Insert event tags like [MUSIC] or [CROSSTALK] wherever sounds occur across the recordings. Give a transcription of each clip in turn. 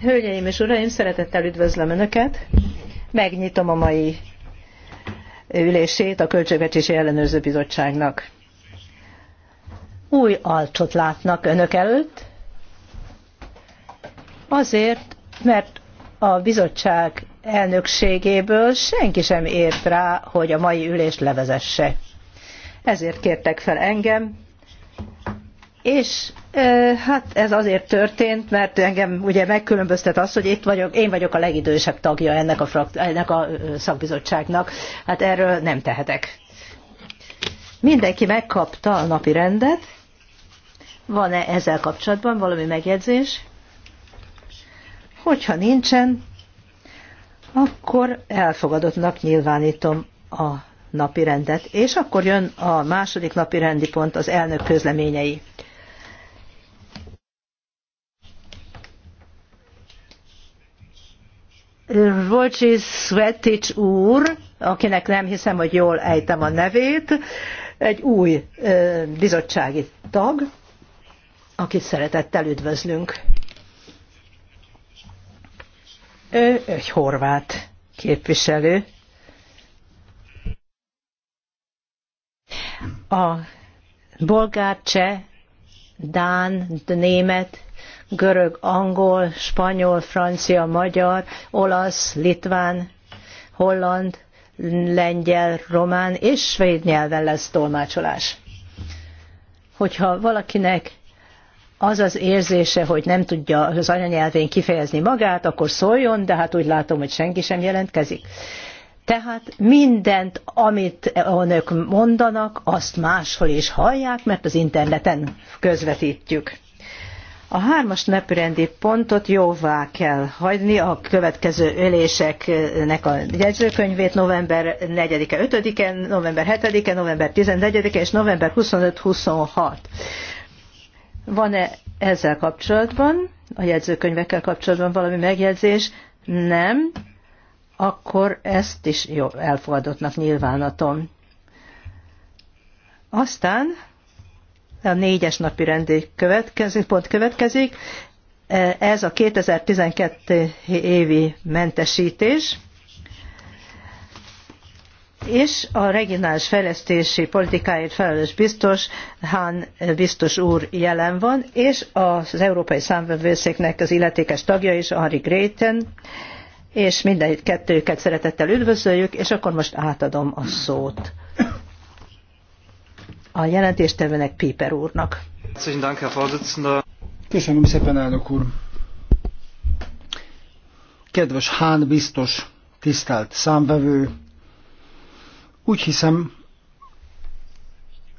Hölgyeim és uraim, szeretettel üdvözlöm Önöket. Megnyitom a mai ülését a Költségvetési Ellenőrző Bizottságnak. Új alcsot látnak Önök előtt, azért, mert a bizottság elnökségéből senki sem ért rá, hogy a mai ülést levezesse. Ezért kértek fel engem, és hát ez azért történt, mert engem ugye megkülönböztet az, hogy itt vagyok, én vagyok a legidősebb tagja ennek a, frakt, ennek a szakbizottságnak. Hát erről nem tehetek. Mindenki megkapta a napi rendet. Van-e ezzel kapcsolatban valami megjegyzés? Hogyha nincsen, akkor elfogadottnak nyilvánítom a napi rendet. És akkor jön a második napi rendi pont, az elnök közleményei. Volcsis Svetics úr, akinek nem hiszem, hogy jól ejtem a nevét, egy új bizottsági tag, akit szeretettel üdvözlünk. Ő egy horvát képviselő. A bolgár, cseh, dán, német, görög, angol, spanyol, francia, magyar, olasz, litván, holland, lengyel, román és svéd nyelven lesz tolmácsolás. Hogyha valakinek az az érzése, hogy nem tudja az anyanyelvén kifejezni magát, akkor szóljon, de hát úgy látom, hogy senki sem jelentkezik. Tehát mindent, amit önök mondanak, azt máshol is hallják, mert az interneten közvetítjük. A hármas napirendi pontot jóvá kell hagyni a következő öléseknek a jegyzőkönyvét november 4-e, 5-e, november 7-e, november 14-e és november 25-26. Van-e ezzel kapcsolatban, a jegyzőkönyvekkel kapcsolatban valami megjegyzés? Nem. Akkor ezt is jó, elfogadottnak nyilvánatom. Aztán a négyes napi rendi következik, pont következik. Ez a 2012 évi mentesítés és a regionális fejlesztési politikáért felelős biztos, Hán biztos úr jelen van, és az Európai Számvevőszéknek az illetékes tagja is, Henri Gréten, és minden kettőjüket szeretettel üdvözöljük, és akkor most átadom a szót a jelentéstevőnek Piper úrnak. Köszönöm szépen, elnök úr! Kedves Hán biztos, tisztelt számvevő, úgy hiszem,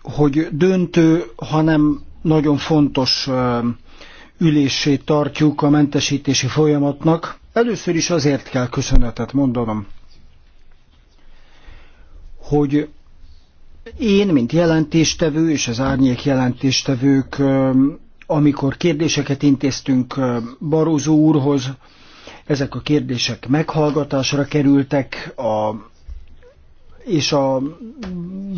hogy döntő, hanem nagyon fontos ülését tartjuk a mentesítési folyamatnak. Először is azért kell köszönetet mondanom, hogy én, mint jelentéstevő és az árnyék jelentéstevők, amikor kérdéseket intéztünk Barózó úrhoz, ezek a kérdések meghallgatásra kerültek, a és a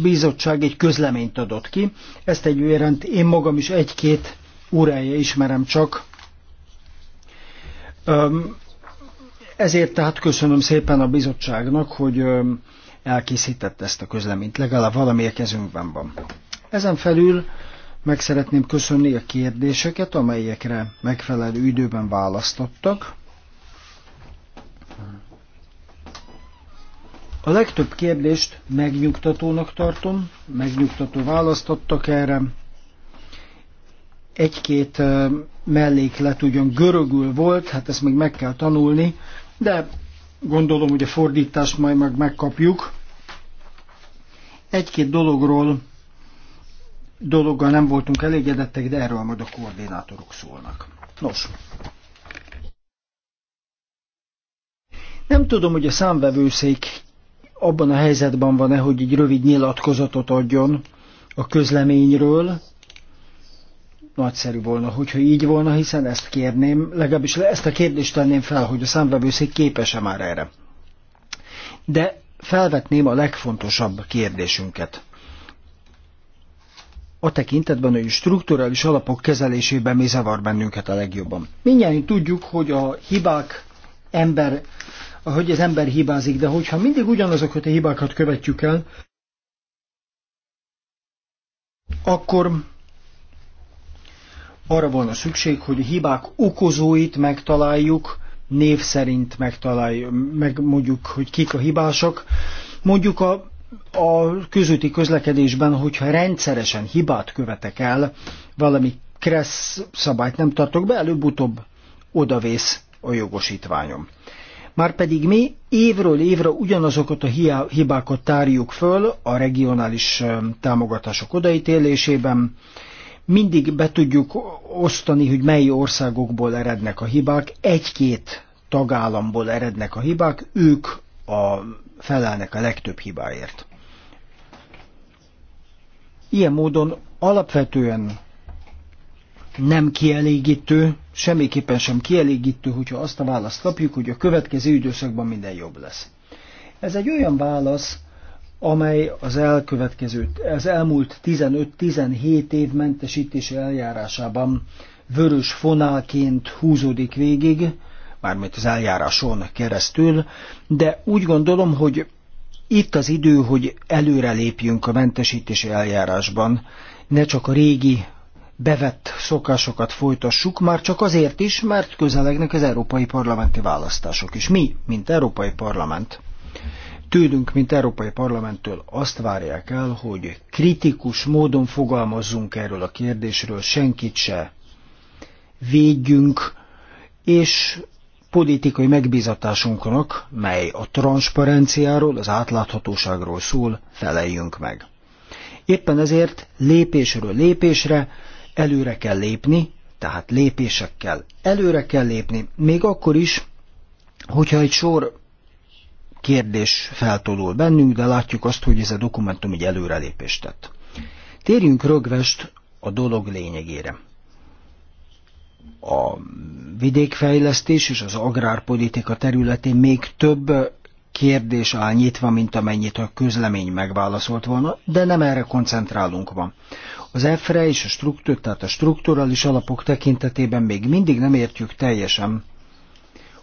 bizottság egy közleményt adott ki. Ezt egy érent én magam is egy-két órája ismerem csak. Ezért tehát köszönöm szépen a bizottságnak, hogy elkészített ezt a közleményt. Legalább valami a kezünkben van. Ezen felül meg szeretném köszönni a kérdéseket, amelyekre megfelelő időben választottak. A legtöbb kérdést megnyugtatónak tartom, megnyugtató választ adtak erre. Egy-két melléklet ugyan görögül volt, hát ezt még meg kell tanulni, de gondolom, hogy a fordítást majd meg megkapjuk. Egy-két dologról, dologgal nem voltunk elégedettek, de erről majd a koordinátorok szólnak. Nos, nem tudom, hogy a számvevőszék abban a helyzetben van-e, hogy egy rövid nyilatkozatot adjon a közleményről. Nagyszerű volna, hogyha így volna, hiszen ezt kérném, legalábbis ezt a kérdést tenném fel, hogy a számvevőszék képes-e már erre. De felvetném a legfontosabb kérdésünket. A tekintetben, hogy strukturális alapok kezelésében mi zavar bennünket a legjobban. Mindjárt tudjuk, hogy a hibák ember hogy az ember hibázik, de hogyha mindig ugyanazokat a hibákat követjük el, akkor arra volna szükség, hogy a hibák okozóit megtaláljuk, név szerint megtaláljuk, meg mondjuk hogy kik a hibások. Mondjuk a a közúti közlekedésben, hogyha rendszeresen hibát követek el, valami kressz szabályt nem tartok be, előbb-utóbb odavész a jogosítványom. Márpedig mi évről évre ugyanazokat a hibákat tárjuk föl a regionális támogatások odaítélésében, mindig be tudjuk osztani, hogy mely országokból erednek a hibák, egy-két tagállamból erednek a hibák, ők a, felelnek a legtöbb hibáért. Ilyen módon alapvetően nem kielégítő, semmiképpen sem kielégítő, hogyha azt a választ kapjuk, hogy a következő időszakban minden jobb lesz. Ez egy olyan válasz, amely az elkövetkező, az elmúlt 15-17 év mentesítési eljárásában vörös fonálként húzódik végig, mármint az eljáráson keresztül, de úgy gondolom, hogy itt az idő, hogy előrelépjünk a mentesítési eljárásban, ne csak a régi bevett szokásokat folytassuk, már csak azért is, mert közelegnek az európai parlamenti választások. is mi, mint európai parlament, tőlünk, mint európai parlamenttől azt várják el, hogy kritikus módon fogalmazzunk erről a kérdésről, senkit se védjünk, és politikai megbizatásunknak, mely a transzparenciáról, az átláthatóságról szól, feleljünk meg. Éppen ezért lépésről lépésre Előre kell lépni, tehát lépésekkel. Előre kell lépni, még akkor is, hogyha egy sor kérdés feltolul bennünk, de látjuk azt, hogy ez a dokumentum egy előrelépést tett. Térjünk rögvest a dolog lényegére. A vidékfejlesztés és az agrárpolitika területén még több kérdés áll nyitva, mint amennyit a közlemény megválaszolt volna, de nem erre koncentrálunk van. Az EFRE és a struktúr, tehát a strukturális alapok tekintetében még mindig nem értjük teljesen,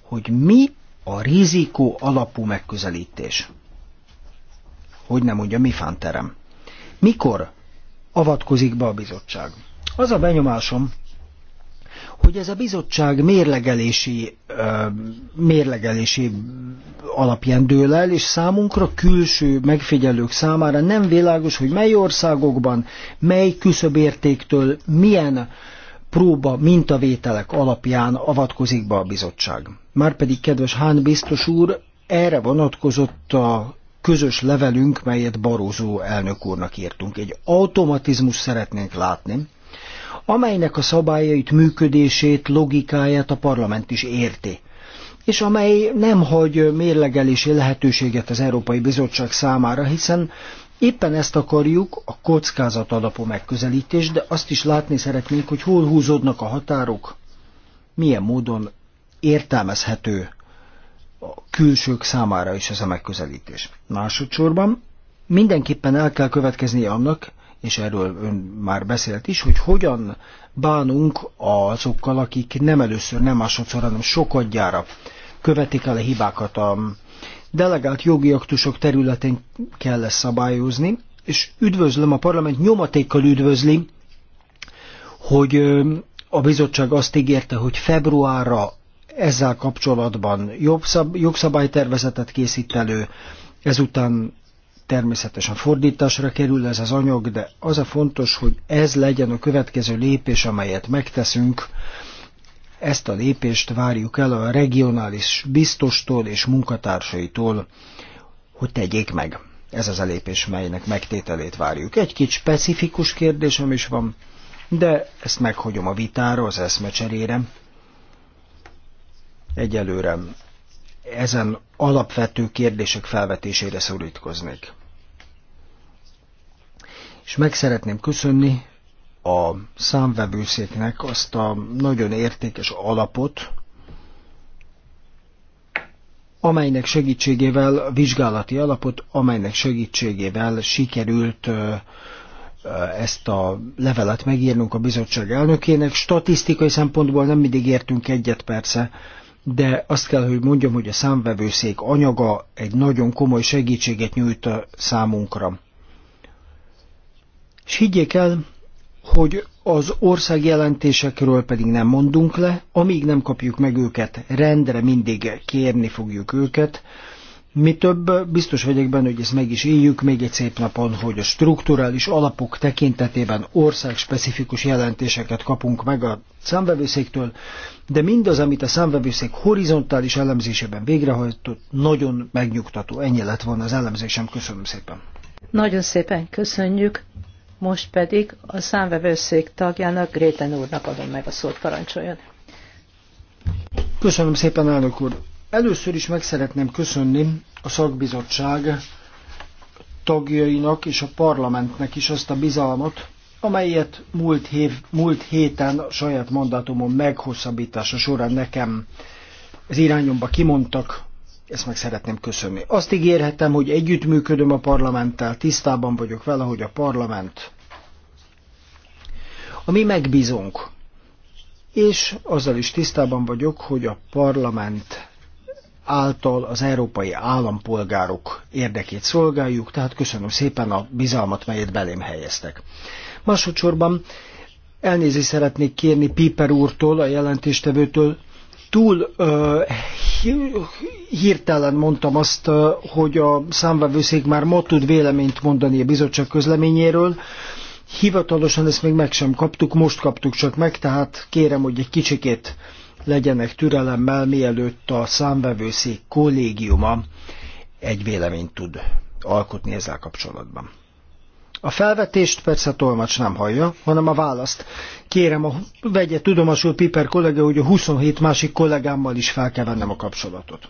hogy mi a rizikó alapú megközelítés. Hogy nem mondja, mi fánterem. Mikor avatkozik be a bizottság? Az a benyomásom, hogy ez a bizottság mérlegelési, mérlegelési alapján dől el, és számunkra külső megfigyelők számára nem világos, hogy mely országokban, mely küszöbértéktől milyen próba mintavételek alapján avatkozik be a bizottság. Márpedig, kedves Hán biztos úr, erre vonatkozott a közös levelünk, melyet Barózó elnök úrnak írtunk. Egy automatizmus szeretnénk látni, amelynek a szabályait, működését, logikáját a parlament is érti és amely nem hagy mérlegelési lehetőséget az Európai Bizottság számára, hiszen éppen ezt akarjuk, a kockázat alapú megközelítés, de azt is látni szeretnénk, hogy hol húzódnak a határok, milyen módon értelmezhető a külsők számára is ez a megközelítés. Másodszorban mindenképpen el kell következnie annak, és erről ön már beszélt is, hogy hogyan bánunk azokkal, akik nem először, nem másodszor, hanem sokadjára követik el a hibákat a delegált jogi aktusok területén kell ezt szabályozni, és üdvözlöm, a parlament nyomatékkal üdvözli, hogy a bizottság azt ígérte, hogy februárra ezzel kapcsolatban jogszabálytervezetet készít elő, ezután Természetesen fordításra kerül ez az anyag, de az a fontos, hogy ez legyen a következő lépés, amelyet megteszünk. Ezt a lépést várjuk el a regionális biztostól és munkatársaitól, hogy tegyék meg. Ez az a lépés, melynek megtételét várjuk. Egy kicsi specifikus kérdésem is van, de ezt meghagyom a vitára, az eszmecserére. Egyelőre ezen alapvető kérdések felvetésére szorítkoznék és meg szeretném köszönni a számvevőszéknek azt a nagyon értékes alapot, amelynek segítségével, vizsgálati alapot, amelynek segítségével sikerült ezt a levelet megírnunk a bizottság elnökének. Statisztikai szempontból nem mindig értünk egyet persze, de azt kell, hogy mondjam, hogy a számvevőszék anyaga egy nagyon komoly segítséget nyújt a számunkra. És higgyék el, hogy az ország jelentésekről pedig nem mondunk le, amíg nem kapjuk meg őket, rendre mindig kérni fogjuk őket. Mi több, biztos vagyok benne, hogy ezt meg is éljük még egy szép napon, hogy a strukturális alapok tekintetében ország-specifikus jelentéseket kapunk meg a számvevőszéktől, de mindaz, amit a számvevőszék horizontális elemzésében végrehajtott, nagyon megnyugtató. Ennyi lett volna az elemzésem. Köszönöm szépen. Nagyon szépen köszönjük. Most pedig a számvevőszék tagjának, Gréten úrnak adom meg a szót, parancsoljon. Köszönöm szépen, elnök úr. Először is meg szeretném köszönni a szakbizottság tagjainak és a parlamentnek is azt a bizalmat, amelyet múlt, hév, múlt héten a saját mandátumom meghosszabbítása során nekem az irányomba kimondtak, ezt meg szeretném köszönni. Azt ígérhetem, hogy együttműködöm a parlamenttel, tisztában vagyok vele, hogy a parlament a mi megbízunk. És azzal is tisztában vagyok, hogy a parlament által az európai állampolgárok érdekét szolgáljuk, tehát köszönöm szépen a bizalmat, melyet belém helyeztek. Másodszorban elnézést szeretnék kérni Piper úrtól, a jelentéstevőtől, túl uh, hirtelen mondtam azt, uh, hogy a számvevőszék már ma tud véleményt mondani a bizottság közleményéről. Hivatalosan ezt még meg sem kaptuk, most kaptuk csak meg, tehát kérem, hogy egy kicsikét legyenek türelemmel, mielőtt a számvevőszék kollégiuma egy véleményt tud alkotni ezzel kapcsolatban. A felvetést persze a tolmács nem hallja, hanem a választ. Kérem, a, vegye tudomásul Piper kollega, hogy a 27 másik kollégámmal is fel kell vennem a kapcsolatot.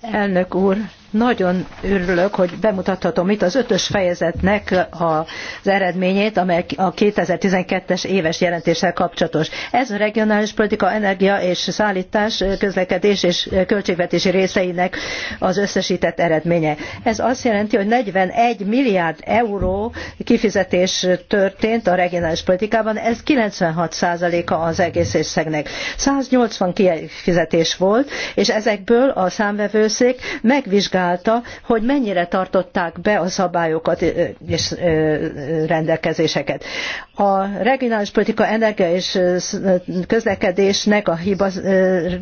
Elnök úr, nagyon örülök, hogy bemutathatom itt az ötös fejezetnek az eredményét, amely a 2012-es éves jelentéssel kapcsolatos. Ez a regionális politika, energia és szállítás, közlekedés és költségvetési részeinek az összesített eredménye. Ez azt jelenti, hogy 41 milliárd euró kifizetés történt a regionális politikában, ez 96%-a az egész összegnek. 180 kifizetés volt, és ezekből a számvevőszék megvizsgálta, vizsgálta, hogy mennyire tartották be a szabályokat és rendelkezéseket. A regionális politika energia és közlekedésnek a hiba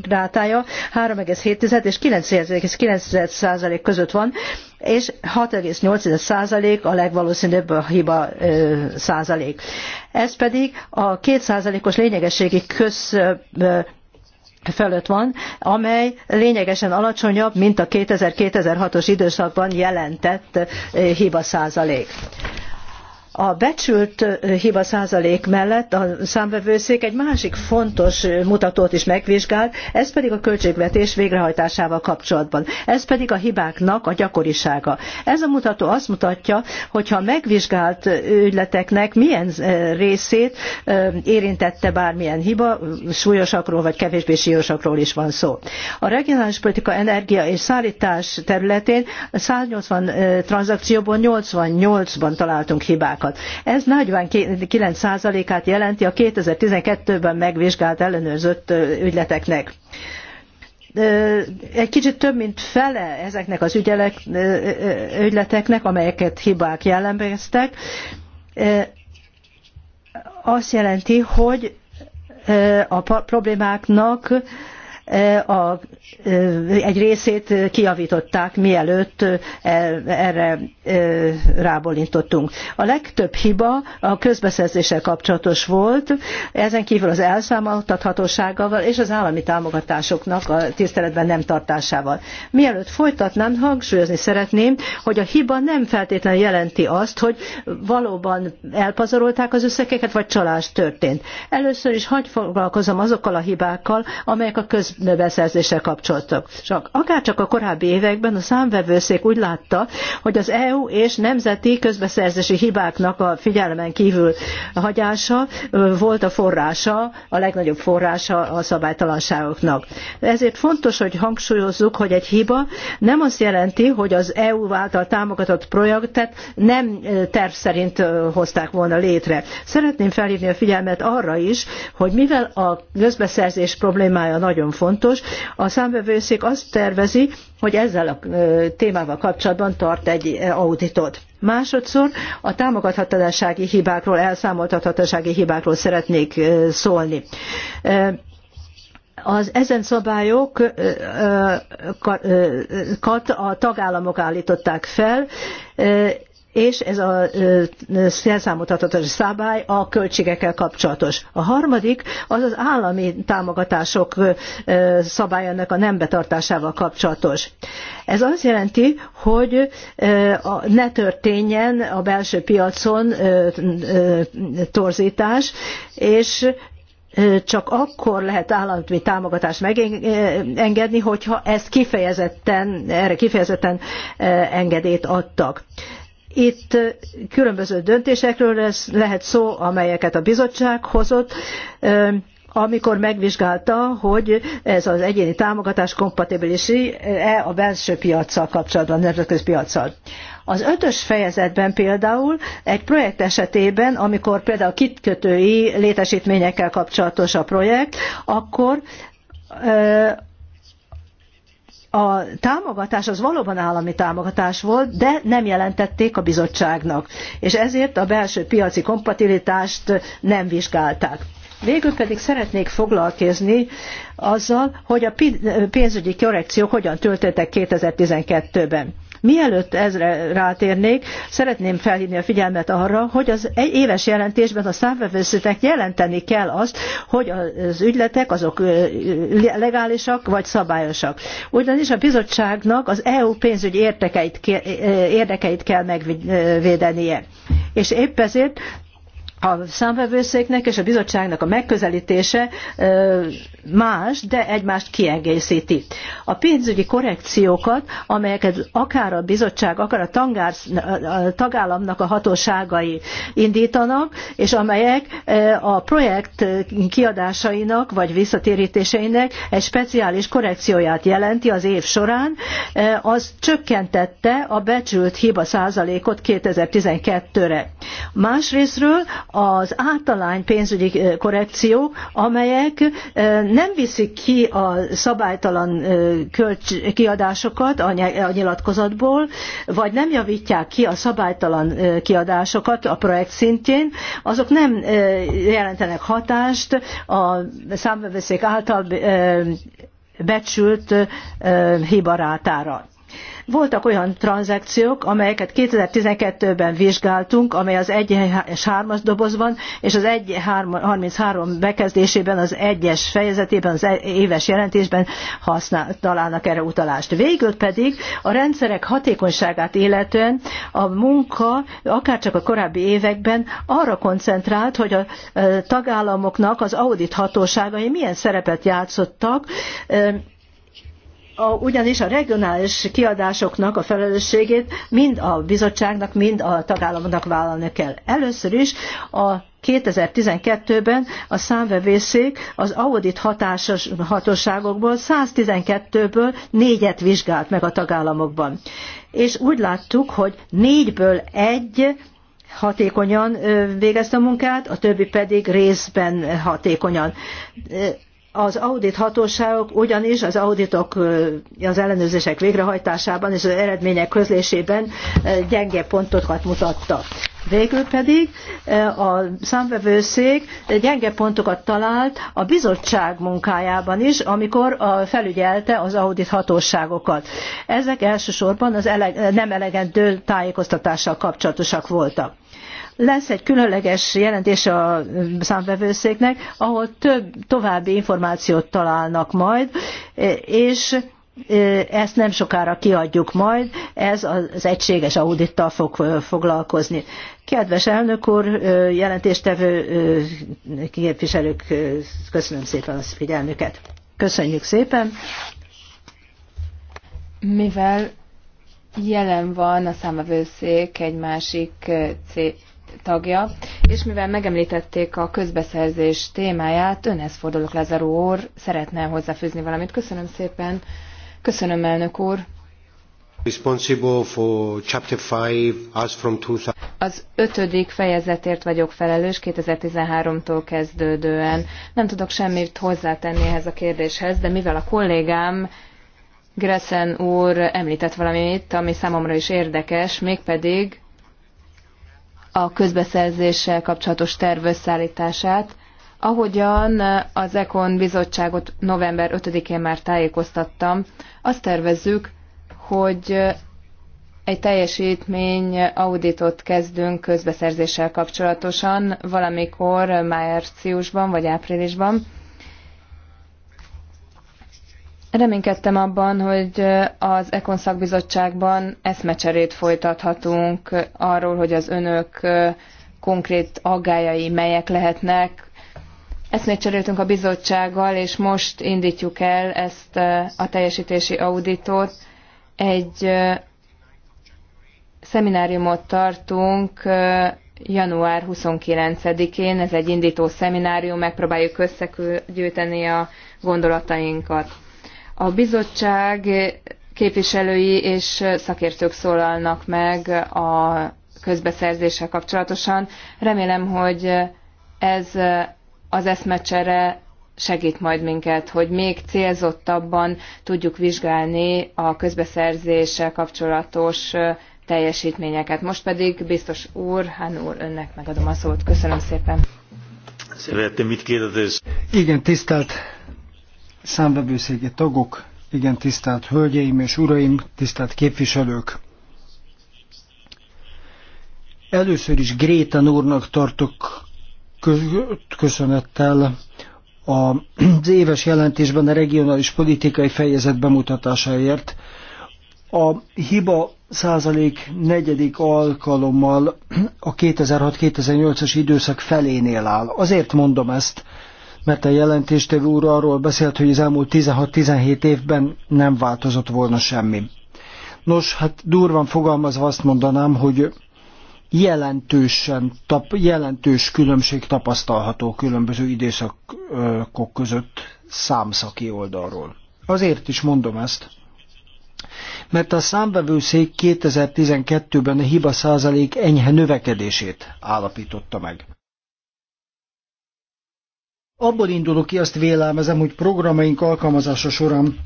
rátája 3,7 és 9,9 között van, és 6,8 a legvalószínűbb a hiba százalék. Ez pedig a 2 os lényegességi köz fölött van, amely lényegesen alacsonyabb, mint a 2000-2006-os időszakban jelentett eh, hiba százalék. A becsült hiba százalék mellett a számvevőszék egy másik fontos mutatót is megvizsgált, ez pedig a költségvetés végrehajtásával kapcsolatban. Ez pedig a hibáknak a gyakorisága. Ez a mutató azt mutatja, hogy ha megvizsgált ügyleteknek milyen részét érintette bármilyen hiba, súlyosakról vagy kevésbé súlyosakról is van szó. A regionális politika energia és szállítás területén 180 tranzakcióból 88-ban találtunk hibákat országokat. Ez 49%-át jelenti a 2012-ben megvizsgált ellenőrzött ügyleteknek egy kicsit több mint fele ezeknek az ügyelek, ügyleteknek, amelyeket hibák jellemeztek, azt jelenti, hogy a problémáknak E, a, e, egy részét kijavították, mielőtt e, erre rábólintottunk. A legtöbb hiba a közbeszerzéssel kapcsolatos volt, ezen kívül az elszámoltathatóságával és az állami támogatásoknak a tiszteletben nem tartásával. Mielőtt folytatnám, hangsúlyozni szeretném, hogy a hiba nem feltétlenül jelenti azt, hogy valóban elpazarolták az összegeket, vagy csalás történt. Először is hagy foglalkozom azokkal a hibákkal, amelyek a köz beszerzéssel kapcsolatok. Csak akárcsak a korábbi években a számvevőszék úgy látta, hogy az EU és nemzeti közbeszerzési hibáknak a figyelmen kívül hagyása volt a forrása, a legnagyobb forrása a szabálytalanságoknak. Ezért fontos, hogy hangsúlyozzuk, hogy egy hiba nem azt jelenti, hogy az EU által támogatott projektet nem terv szerint hozták volna létre. Szeretném felhívni a figyelmet arra is, hogy mivel a közbeszerzés problémája nagyon fontos, fontos. A számvevőszék azt tervezi, hogy ezzel a témával kapcsolatban tart egy auditot. Másodszor a támogathatatlansági hibákról, elszámoltathatósági hibákról szeretnék szólni az ezen szabályokat a tagállamok állították fel, és ez a elszámoltatatás szabály a költségekkel kapcsolatos. A harmadik az az állami támogatások szabályának a nem betartásával kapcsolatos. Ez azt jelenti, hogy ne történjen a belső piacon torzítás, és csak akkor lehet állami támogatást megengedni, hogyha ezt kifejezetten, erre kifejezetten engedélyt adtak. Itt különböző döntésekről lesz, lehet szó, amelyeket a bizottság hozott, amikor megvizsgálta, hogy ez az egyéni támogatás kompatibilis-e a belső piaccal kapcsolatban, a nemzetközi piaccal. Az ötös fejezetben például egy projekt esetében, amikor például kitkötői létesítményekkel kapcsolatos a projekt, akkor a támogatás az valóban állami támogatás volt, de nem jelentették a bizottságnak, és ezért a belső piaci kompatibilitást nem vizsgálták. Végül pedig szeretnék foglalkozni azzal, hogy a pénzügyi korrekciók hogyan töltöttek 2012-ben. Mielőtt ezre rátérnék, szeretném felhívni a figyelmet arra, hogy az éves jelentésben a számvevőszéknek jelenteni kell azt, hogy az ügyletek azok legálisak vagy szabályosak. Ugyanis a bizottságnak az EU pénzügyi érdekeit, érdekeit kell megvédenie. És épp ezért a számvevőszéknek és a bizottságnak a megközelítése más, de egymást kiegészíti. A pénzügyi korrekciókat, amelyeket akár a bizottság, akár a, tangár, a tagállamnak a hatóságai indítanak, és amelyek a projekt kiadásainak vagy visszatérítéseinek egy speciális korrekcióját jelenti az év során, az csökkentette a becsült hiba százalékot 2012-re. Másrésztről az általány pénzügyi korrekció, amelyek nem viszik ki a szabálytalan kiadásokat a nyilatkozatból, vagy nem javítják ki a szabálytalan kiadásokat a projekt szintjén, azok nem jelentenek hatást a számvevőszék által becsült hibarátára. Voltak olyan tranzakciók, amelyeket 2012-ben vizsgáltunk, amely az 1-3-as dobozban és az 1-33 bekezdésében, az 1-es fejezetében, az e- éves jelentésben használ, találnak erre utalást. Végül pedig a rendszerek hatékonyságát illetően a munka, akárcsak a korábbi években arra koncentrált, hogy a e, tagállamoknak az audit hatóságai milyen szerepet játszottak, e, a, ugyanis a regionális kiadásoknak a felelősségét mind a bizottságnak, mind a tagállamnak vállalni kell. Először is a 2012-ben a számvevészék az audit hatásos hatóságokból 112-ből négyet vizsgált meg a tagállamokban. És úgy láttuk, hogy négyből egy hatékonyan végezte a munkát, a többi pedig részben hatékonyan. Az audit hatóságok ugyanis az auditok, az ellenőrzések végrehajtásában és az eredmények közlésében gyenge pontokat mutattak. Végül pedig e, a számvevőszék gyenge pontokat talált a bizottság munkájában is, amikor felügyelte az audit hatóságokat. Ezek elsősorban az ele nem elegendő tájékoztatással kapcsolatosak voltak lesz egy különleges jelentés a e, számvevőszéknek, ahol több további információt találnak majd, e, és ezt nem sokára kiadjuk majd, ez az egységes audittal fog foglalkozni. Kedves elnök úr, jelentéstevő képviselők, köszönöm szépen a figyelmüket. Köszönjük szépen. Mivel jelen van a számvevőszék egy másik tagja, és mivel megemlítették a közbeszerzés témáját, önhez fordulok, Lázaro úr, szeretne hozzáfűzni valamit. Köszönöm szépen Köszönöm, elnök úr. Az ötödik fejezetért vagyok felelős 2013-tól kezdődően. Nem tudok semmit hozzátenni ehhez a kérdéshez, de mivel a kollégám Gressen úr említett valamit, ami számomra is érdekes, mégpedig a közbeszerzéssel kapcsolatos terv összeállítását, Ahogyan az Ekon bizottságot november 5-én már tájékoztattam, azt tervezzük, hogy egy teljesítmény auditot kezdünk közbeszerzéssel kapcsolatosan valamikor márciusban vagy áprilisban. Reménykedtem abban, hogy az Ekon szakbizottságban eszmecserét folytathatunk arról, hogy az önök konkrét aggájai melyek lehetnek Eszmét cseréltünk a bizottsággal, és most indítjuk el ezt a teljesítési auditot. Egy szemináriumot tartunk január 29-én, ez egy indító szeminárium, megpróbáljuk összegyűjteni a gondolatainkat. A bizottság képviselői és szakértők szólalnak meg a közbeszerzéssel kapcsolatosan. Remélem, hogy ez az eszmecsere segít majd minket, hogy még célzottabban tudjuk vizsgálni a közbeszerzéssel kapcsolatos teljesítményeket. Most pedig biztos úr, Hán úr, önnek megadom a szót. Köszönöm szépen. Szeretném mit kérdezni. Igen, tisztelt számbevőszégi tagok, igen, tisztelt hölgyeim és uraim, tisztelt képviselők. Először is Gréta úrnak tartok köszönettel az [CLEARS THROAT] éves jelentésben a regionális politikai fejezet bemutatásáért. A hiba százalék negyedik alkalommal a 2006-2008-as időszak felénél áll. Azért mondom ezt, mert a jelentéstevő úr arról beszélt, hogy az elmúlt 16-17 évben nem változott volna semmi. Nos, hát durvan fogalmazva azt mondanám, hogy jelentősen, tap, jelentős különbség tapasztalható különböző időszakok között számszaki oldalról. Azért is mondom ezt, mert a számbevőszék 2012-ben a hiba százalék enyhe növekedését állapította meg. Abból indulok ki, azt vélelmezem, hogy programaink alkalmazása során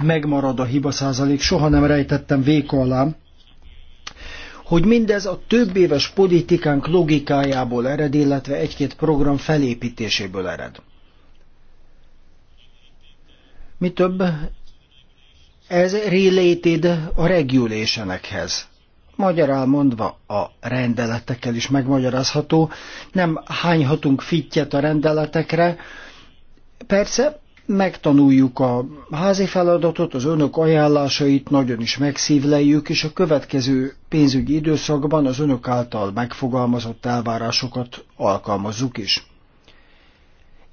megmarad a hiba százalék, soha nem rejtettem véka alá, hogy mindez a több éves politikánk logikájából ered, illetve egy-két program felépítéséből ered. Mi több, ez related a regulationekhez. Magyarán mondva a rendeletekkel is megmagyarázható, nem hányhatunk fittyet a rendeletekre. Persze, megtanuljuk a házi feladatot, az önök ajánlásait nagyon is megszívleljük, és a következő pénzügyi időszakban az önök által megfogalmazott elvárásokat alkalmazzuk is.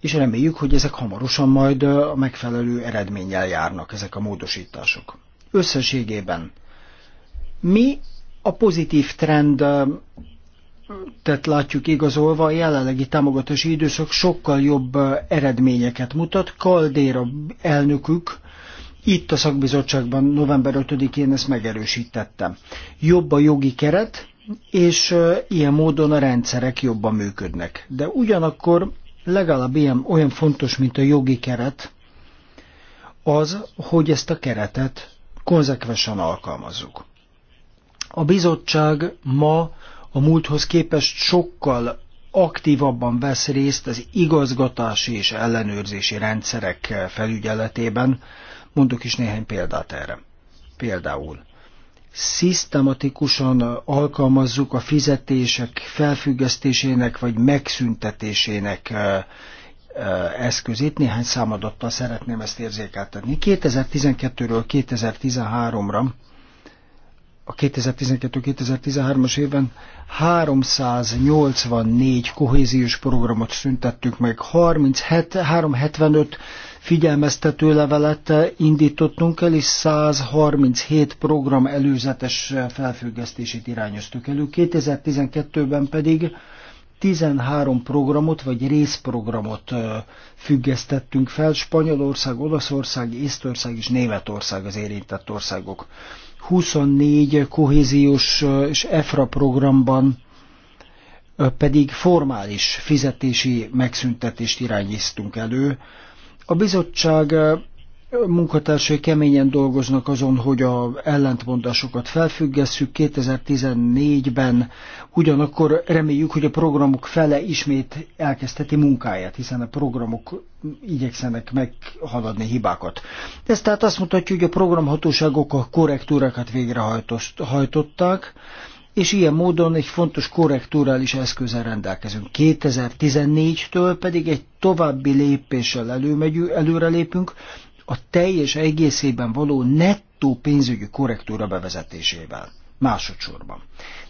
És reméljük, hogy ezek hamarosan majd a megfelelő eredménnyel járnak ezek a módosítások. Összességében mi a pozitív trend tett látjuk igazolva, a jelenlegi támogatási időszak sokkal jobb eredményeket mutat. Kaldéra elnökük itt a szakbizottságban november 5-én ezt megerősítettem. Jobb a jogi keret, és ilyen módon a rendszerek jobban működnek. De ugyanakkor legalább ilyen, olyan fontos, mint a jogi keret, az, hogy ezt a keretet konzekvesen alkalmazzuk. A bizottság ma a múlthoz képest sokkal aktívabban vesz részt az igazgatási és ellenőrzési rendszerek felügyeletében. Mondok is néhány példát erre. Például szisztematikusan alkalmazzuk a fizetések felfüggesztésének vagy megszüntetésének e, e, eszközét. Néhány számadattal szeretném ezt érzékeltetni. 2012-ről 2013-ra a 2012-2013-as évben 384 kohéziós programot szüntettük meg, 37, 375 figyelmeztető levelet indítottunk el, és 137 program előzetes felfüggesztését irányoztuk elő. 2012-ben pedig 13 programot vagy részprogramot függesztettünk fel, Spanyolország, Olaszország, Észtország és Németország az érintett országok. 24 kohéziós és EFRA programban pedig formális fizetési megszüntetést irányíztunk elő. A bizottság munkatársai keményen dolgoznak azon, hogy a ellentmondásokat felfüggesszük 2014-ben, ugyanakkor reméljük, hogy a programok fele ismét elkezdheti munkáját, hiszen a programok igyekszenek meghaladni hibákat. Ez tehát azt mutatja, hogy a programhatóságok a korrektúrákat végrehajtották, és ilyen módon egy fontos korrektúrális eszközzel rendelkezünk. 2014-től pedig egy további lépéssel előmegyünk, előrelépünk, a teljes egészében való nettó pénzügyi korrektúra bevezetésével. Másodszorban.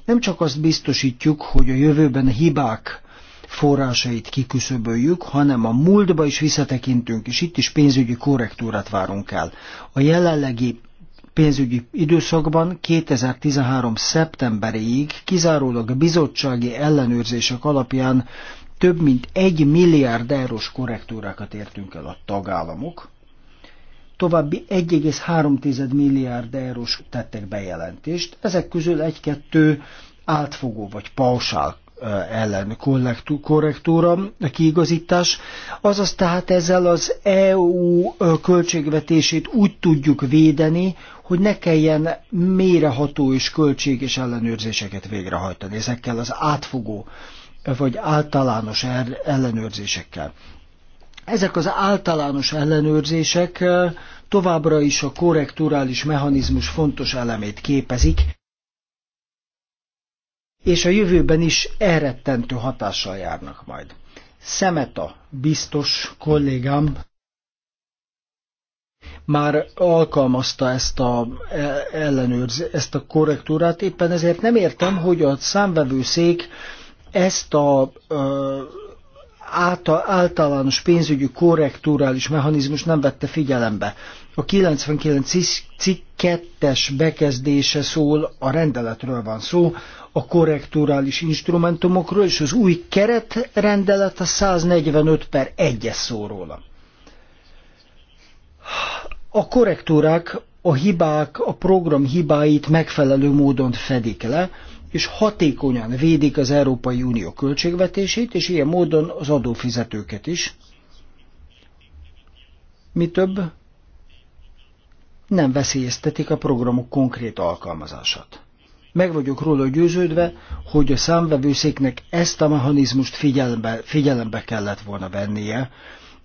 Nem csak azt biztosítjuk, hogy a jövőben a hibák forrásait kiküszöböljük, hanem a múltba is visszatekintünk, és itt is pénzügyi korrektúrát várunk el. A jelenlegi pénzügyi időszakban 2013. szeptemberéig kizárólag a bizottsági ellenőrzések alapján több mint egy milliárd eurós korrektúrákat értünk el a tagállamok, további 1,3 milliárd eurós tettek bejelentést. Ezek közül egy-kettő átfogó vagy pausál ellen korrektúra, kiigazítás. Azaz tehát ezzel az EU költségvetését úgy tudjuk védeni, hogy ne kelljen méreható és költséges ellenőrzéseket végrehajtani ezekkel az átfogó vagy általános er-, ellenőrzésekkel. Ezek az általános ellenőrzések továbbra is a korrekturális mechanizmus fontos elemét képezik, és a jövőben is elrettentő hatással járnak majd. Szemeta, biztos kollégám, már alkalmazta ezt a e, ellenőrz, ezt a korrektúrát, éppen ezért nem értem, hogy a számvevőszék ezt a ö, általános pénzügyi korrektúrális mechanizmus nem vette figyelembe. A 99 cikk bekezdése szól, a rendeletről van szó, a korrektúrális instrumentumokról, és az új keretrendelet a 145 per 1-es szól róla. A korrektúrák a hibák, a program hibáit megfelelő módon fedik le, és hatékonyan védik az Európai Unió költségvetését, és ilyen módon az adófizetőket is. Mi több, nem veszélyeztetik a programok konkrét alkalmazását. Meg vagyok róla győződve, hogy a számvevőszéknek ezt a mechanizmust figyelembe, figyelembe kellett volna vennie,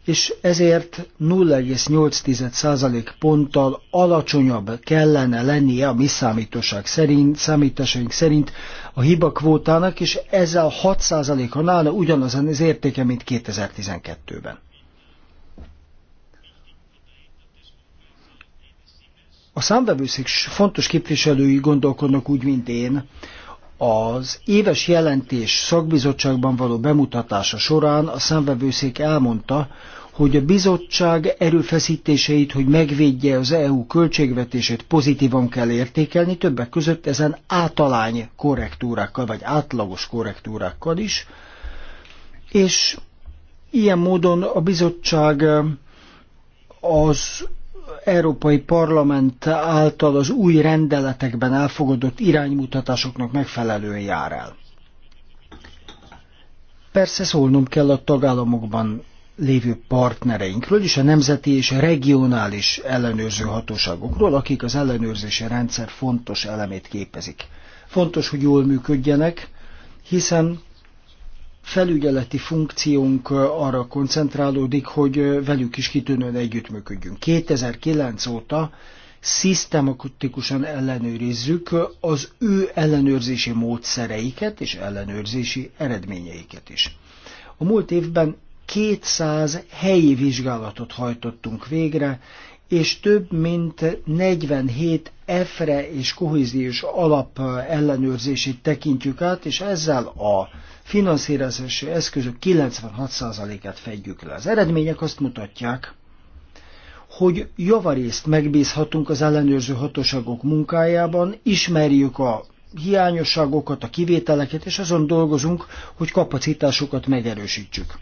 és ezért 0,8% ponttal alacsonyabb kellene lennie a mi számítóság szerint, számításaink szerint a hiba kvótának, és ezzel 6%-a nála ugyanaz az értéke, mint 2012-ben. A számvevőszék fontos képviselői gondolkodnak úgy, mint én, az éves jelentés szakbizottságban való bemutatása során a szemvevőszék elmondta, hogy a bizottság erőfeszítéseit, hogy megvédje az EU költségvetését pozitívan kell értékelni, többek között ezen általány korrektúrákkal, vagy átlagos korrektúrákkal is, és ilyen módon a bizottság eh, az Európai Parlament által az új rendeletekben elfogadott iránymutatásoknak megfelelően jár el. Persze szólnom kell a tagállamokban lévő partnereinkről és a nemzeti és a regionális ellenőrző hatóságokról, akik az ellenőrzési rendszer fontos elemét képezik. Fontos, hogy jól működjenek, hiszen felügyeleti funkciónk arra koncentrálódik, hogy velük is kitűnően együttműködjünk. 2009 óta szisztematikusan ellenőrizzük az ő ellenőrzési módszereiket és ellenőrzési eredményeiket is. A múlt évben 200 helyi vizsgálatot hajtottunk végre, és több mint 47 EFRE és kohéziós alap ellenőrzését tekintjük át, és ezzel a finanszírozási eszközök 96%-át fedjük le. Az eredmények azt mutatják, hogy javarészt megbízhatunk az ellenőrző hatóságok munkájában, ismerjük a hiányosságokat, a kivételeket, és azon dolgozunk, hogy kapacitásokat megerősítsük.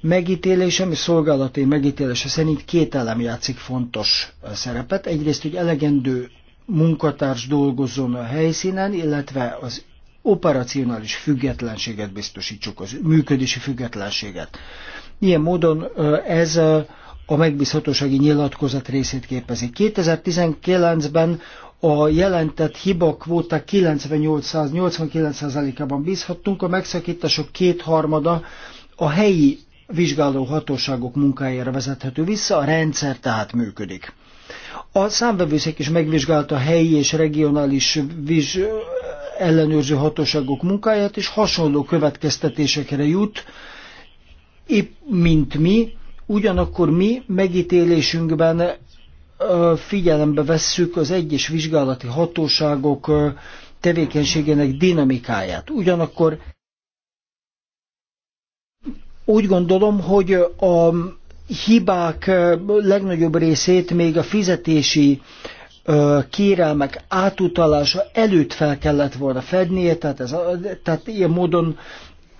Megítélésem és szolgálati megítélése szerint két elem játszik fontos szerepet. Egyrészt, hogy elegendő munkatárs dolgozzon a helyszínen, illetve az operacionális függetlenséget biztosítsuk, az működési függetlenséget. Ilyen módon ez a megbízhatósági nyilatkozat részét képezi. 2019-ben a jelentett hiba kvóta 98%-ában bízhattunk, a megszakítások kétharmada a helyi vizsgáló hatóságok munkájára vezethető vissza, a rendszer tehát működik. A számbevőszék is megvizsgálta a helyi és regionális viz ellenőrző hatóságok munkáját, és hasonló következtetésekre jut, épp mint mi, ugyanakkor mi megítélésünkben figyelembe vesszük az egyes vizsgálati hatóságok tevékenységének dinamikáját. Ugyanakkor úgy gondolom, hogy a hibák legnagyobb részét még a fizetési kérelmek átutalása előtt fel kellett volna fednie, tehát, ez, tehát ilyen módon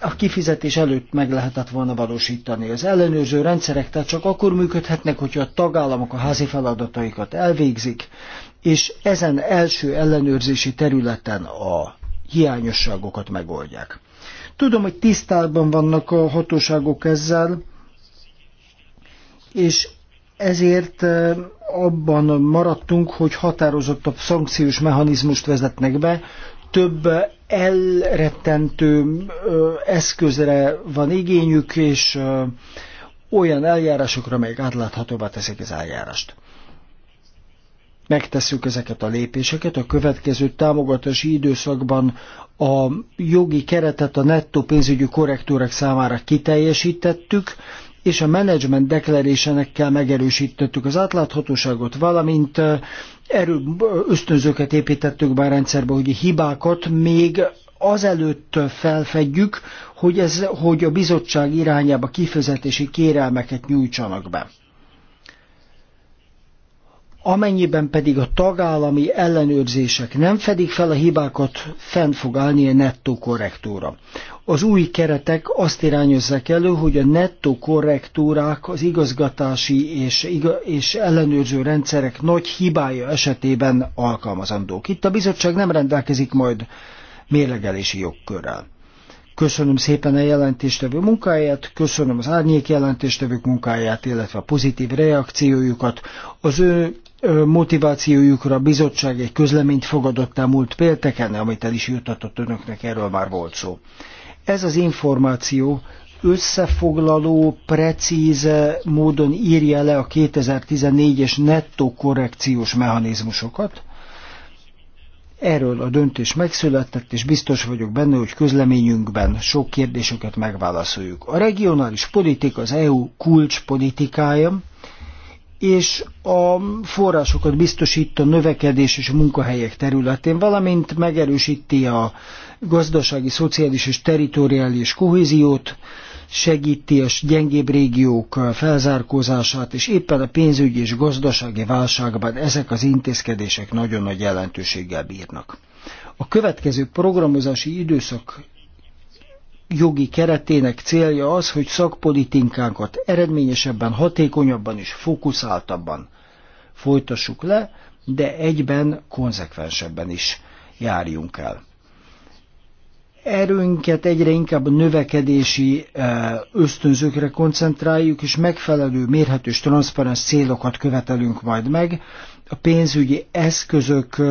a kifizetés előtt meg lehetett volna valósítani. Az ellenőrző rendszerek tehát csak akkor működhetnek, hogyha a tagállamok a házi feladataikat elvégzik, és ezen első ellenőrzési területen a hiányosságokat megoldják. Tudom, hogy tisztában vannak a hatóságok ezzel, és ezért abban maradtunk, hogy határozottabb szankciós mechanizmust vezetnek be, több elrettentő eszközre van igényük, és olyan eljárásokra, amelyek átláthatóvá teszik az eljárást. Megtesszük ezeket a lépéseket, a következő támogatási időszakban a jogi keretet a nettó pénzügyi korrektúrek számára kiteljesítettük, és a Management declaration kell megerősítettük az átláthatóságot, valamint erőbb ösztönzőket építettük be a rendszerbe, hogy hibákat még azelőtt felfedjük, hogy, ez, hogy a bizottság irányába kifizetési kérelmeket nyújtsanak be amennyiben pedig a tagállami ellenőrzések nem fedik fel a hibákat, fent fog állni a nettó korrektúra. Az új keretek azt irányozzák elő, hogy a nettó korrektúrák az igazgatási és, és ellenőrző rendszerek nagy hibája esetében alkalmazandók. Itt a bizottság nem rendelkezik majd mérlegelési jogkörrel. Köszönöm szépen a jelentéstevő munkáját, köszönöm az árnyék jelentéstevők munkáját, illetve a pozitív reakciójukat. Az ő motivációjukra a bizottság egy közleményt fogadott el múlt pélteken, amit el is jutatott önöknek, erről már volt szó. Ez az információ összefoglaló, precíz módon írja le a 2014-es nettó korrekciós mechanizmusokat. Erről a döntés megszületett, és biztos vagyok benne, hogy közleményünkben sok kérdésüket megválaszoljuk. A regionális politika az EU kulcspolitikája, és a forrásokat biztosít a növekedés és a munkahelyek területén, valamint megerősíti a gazdasági, szociális és teritoriális kohéziót, segíti a gyengébb régiók felzárkózását, és éppen a pénzügyi és gazdasági válságban ezek az intézkedések nagyon nagy jelentőséggel bírnak. A következő programozási időszak jogi keretének célja az, hogy szakpolitikánkat eredményesebben, hatékonyabban és fókuszáltabban folytassuk le, de egyben konzekvensebben is járjunk el. Erőnket egyre inkább a növekedési e, ösztönzőkre koncentráljuk, és megfelelő, mérhető és transzparens célokat követelünk majd meg. A pénzügyi eszközök e,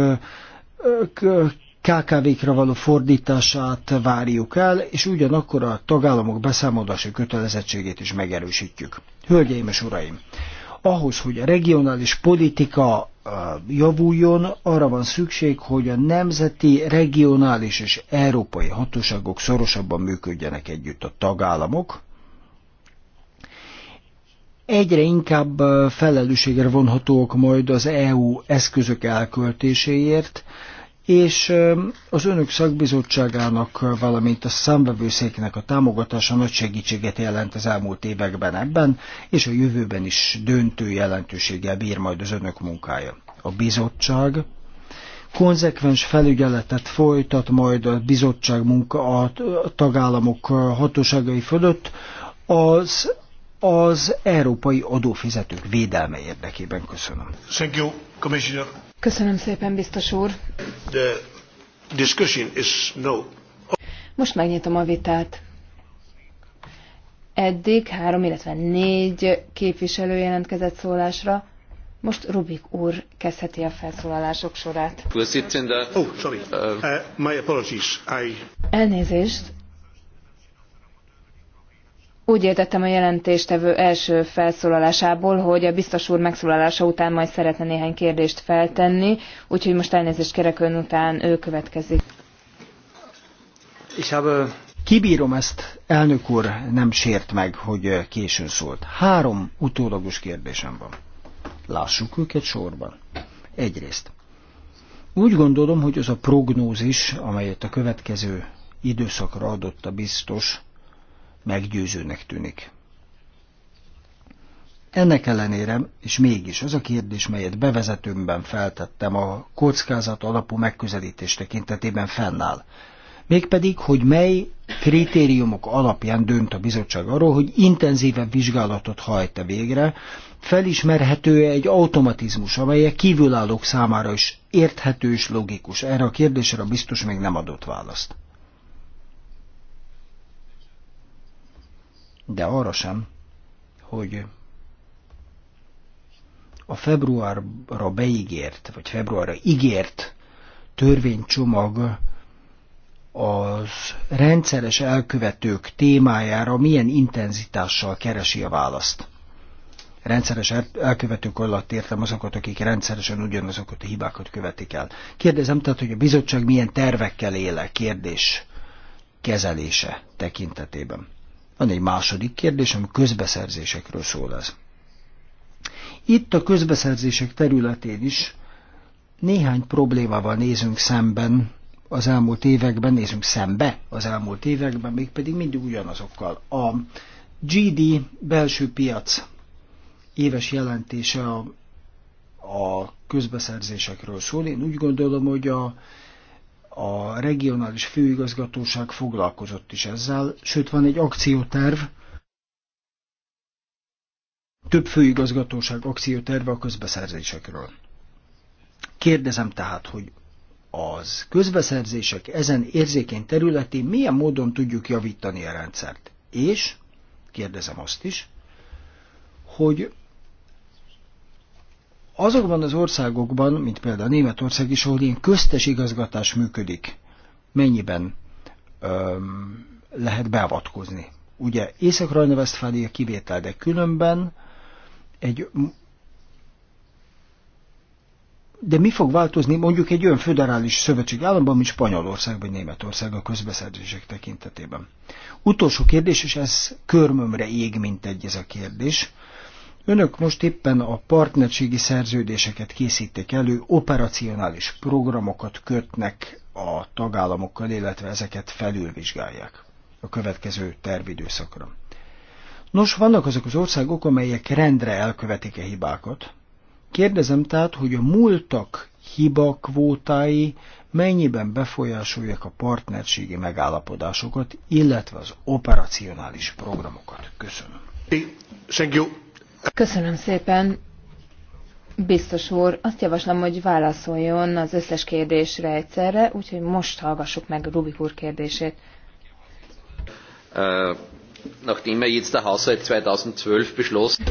e, KKV-kra való fordítását várjuk el, és ugyanakkor a tagállamok beszámolási kötelezettségét is megerősítjük. Hölgyeim és uraim! Ahhoz, hogy a regionális politika uh, javuljon, arra van szükség, hogy a nemzeti, regionális és európai hatóságok szorosabban működjenek együtt a tagállamok, egyre inkább uh, felelősségre vonhatók majd az EU eszközök elköltéséért, és az önök szakbizottságának, valamint a számbevőszéknek a támogatása nagy segítséget jelent az elmúlt években ebben, és a jövőben is döntő jelentőséggel bír majd az önök munkája. A bizottság konzekvens felügyeletet folytat majd a bizottság munka a tagállamok hatóságai fölött az, az európai adófizetők védelme érdekében. Köszönöm. Thank you, Commissioner. Köszönöm szépen, biztos úr. The discussion is no. Most megnyitom a vitát. Eddig három, illetve négy képviselő jelentkezett szólásra. Most Rubik úr kezdheti a felszólalások sorát. Oh, sorry. Uh, uh, my apologies. I... Elnézést, úgy értettem a jelentéstevő első felszólalásából, hogy a biztos úr megszólalása után majd szeretne néhány kérdést feltenni, úgyhogy most elnézést kérek ön után, ő következik. És habe... Kibírom ezt, elnök úr nem sért meg, hogy későn szólt. Három utólagos kérdésem van. Lássuk őket sorban. Egyrészt. Úgy gondolom, hogy az a prognózis, amelyet a következő időszakra adott a biztos, meggyőzőnek tűnik. Ennek ellenére, és mégis az a kérdés, melyet bevezetőmben feltettem, a kockázat alapú megközelítés tekintetében fennáll. Mégpedig, hogy mely kritériumok alapján dönt a bizottság arról, hogy intenzívebb vizsgálatot hajt-e végre, felismerhető -e egy automatizmus, amely a kívülállók számára is érthető és logikus. Erre a kérdésre biztos még nem adott választ. de arra sem, hogy a februárra beígért, vagy februárra ígért törvénycsomag az rendszeres elkövetők témájára milyen intenzitással keresi a választ. Rendszeres elkövetők alatt értem azokat, akik rendszeresen ugyanazokat a hibákat követik el. Kérdezem tehát, hogy a bizottság milyen tervekkel éle kérdés kezelése tekintetében. Van egy második kérdés, ami közbeszerzésekről szól ez. Itt a közbeszerzések területén is néhány problémával nézünk szemben az elmúlt években, nézünk szembe az elmúlt években, mégpedig mindig ugyanazokkal. A GD belső piac éves jelentése a, a közbeszerzésekről szól. Én úgy gondolom, hogy a a regionális főigazgatóság foglalkozott is ezzel, sőt van egy akcióterv, több főigazgatóság akcióterve a közbeszerzésekről. Kérdezem tehát, hogy az közbeszerzések ezen érzékeny területén milyen módon tudjuk javítani a rendszert? És kérdezem azt is, hogy Azokban az országokban, mint például Németország is, ahol ilyen köztes igazgatás működik, mennyiben öm, lehet beavatkozni? Ugye Észak-Rajna-Vesztfália kivétel, de különben egy de mi fog változni mondjuk egy olyan föderális szövetség államban, mint Spanyolország vagy Németország a közbeszerzések tekintetében? Utolsó kérdés, és ez körmömre ég, mint egy ez a kérdés. Önök most éppen a partnerségi szerződéseket készítik elő, operacionális programokat kötnek a tagállamokkal, illetve ezeket felülvizsgálják a következő tervidőszakra. Nos, vannak azok az országok, amelyek rendre elkövetik a e hibákat. Kérdezem tehát, hogy a múltak hiba kvótái mennyiben befolyásolják a partnerségi megállapodásokat, illetve az operacionális programokat. Köszönöm. Thank you. Köszönöm szépen. Biztos úr, azt javaslom, hogy válaszoljon az összes kérdésre egyszerre, úgyhogy most hallgassuk meg Rubik úr kérdését. Er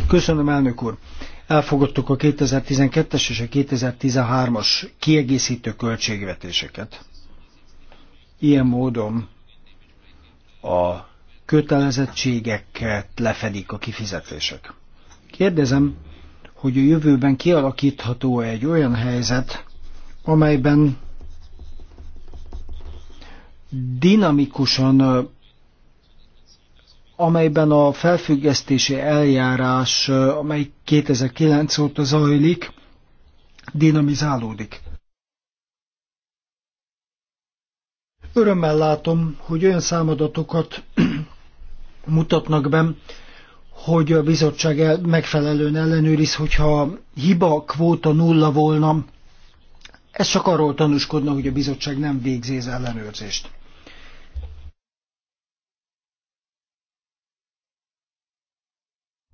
Köszönöm, elnök úr. Elfogadtuk a 2012-es és a 2013-as kiegészítő költségvetéseket. Ilyen módon a kötelezettségeket lefedik a kifizetések. Kérdezem, hogy a jövőben kialakítható -e egy olyan helyzet, amelyben dinamikusan amelyben a felfüggesztési eljárás, amely 2009 óta zajlik, dinamizálódik. Örömmel látom, hogy olyan számadatokat [CLEARS THROAT] mutatnak be, hogy a bizottság el, megfelelően ellenőriz, hogyha hiba kvóta nulla volna, ez csak arról tanúskodna, hogy a bizottság nem végzi az ellenőrzést.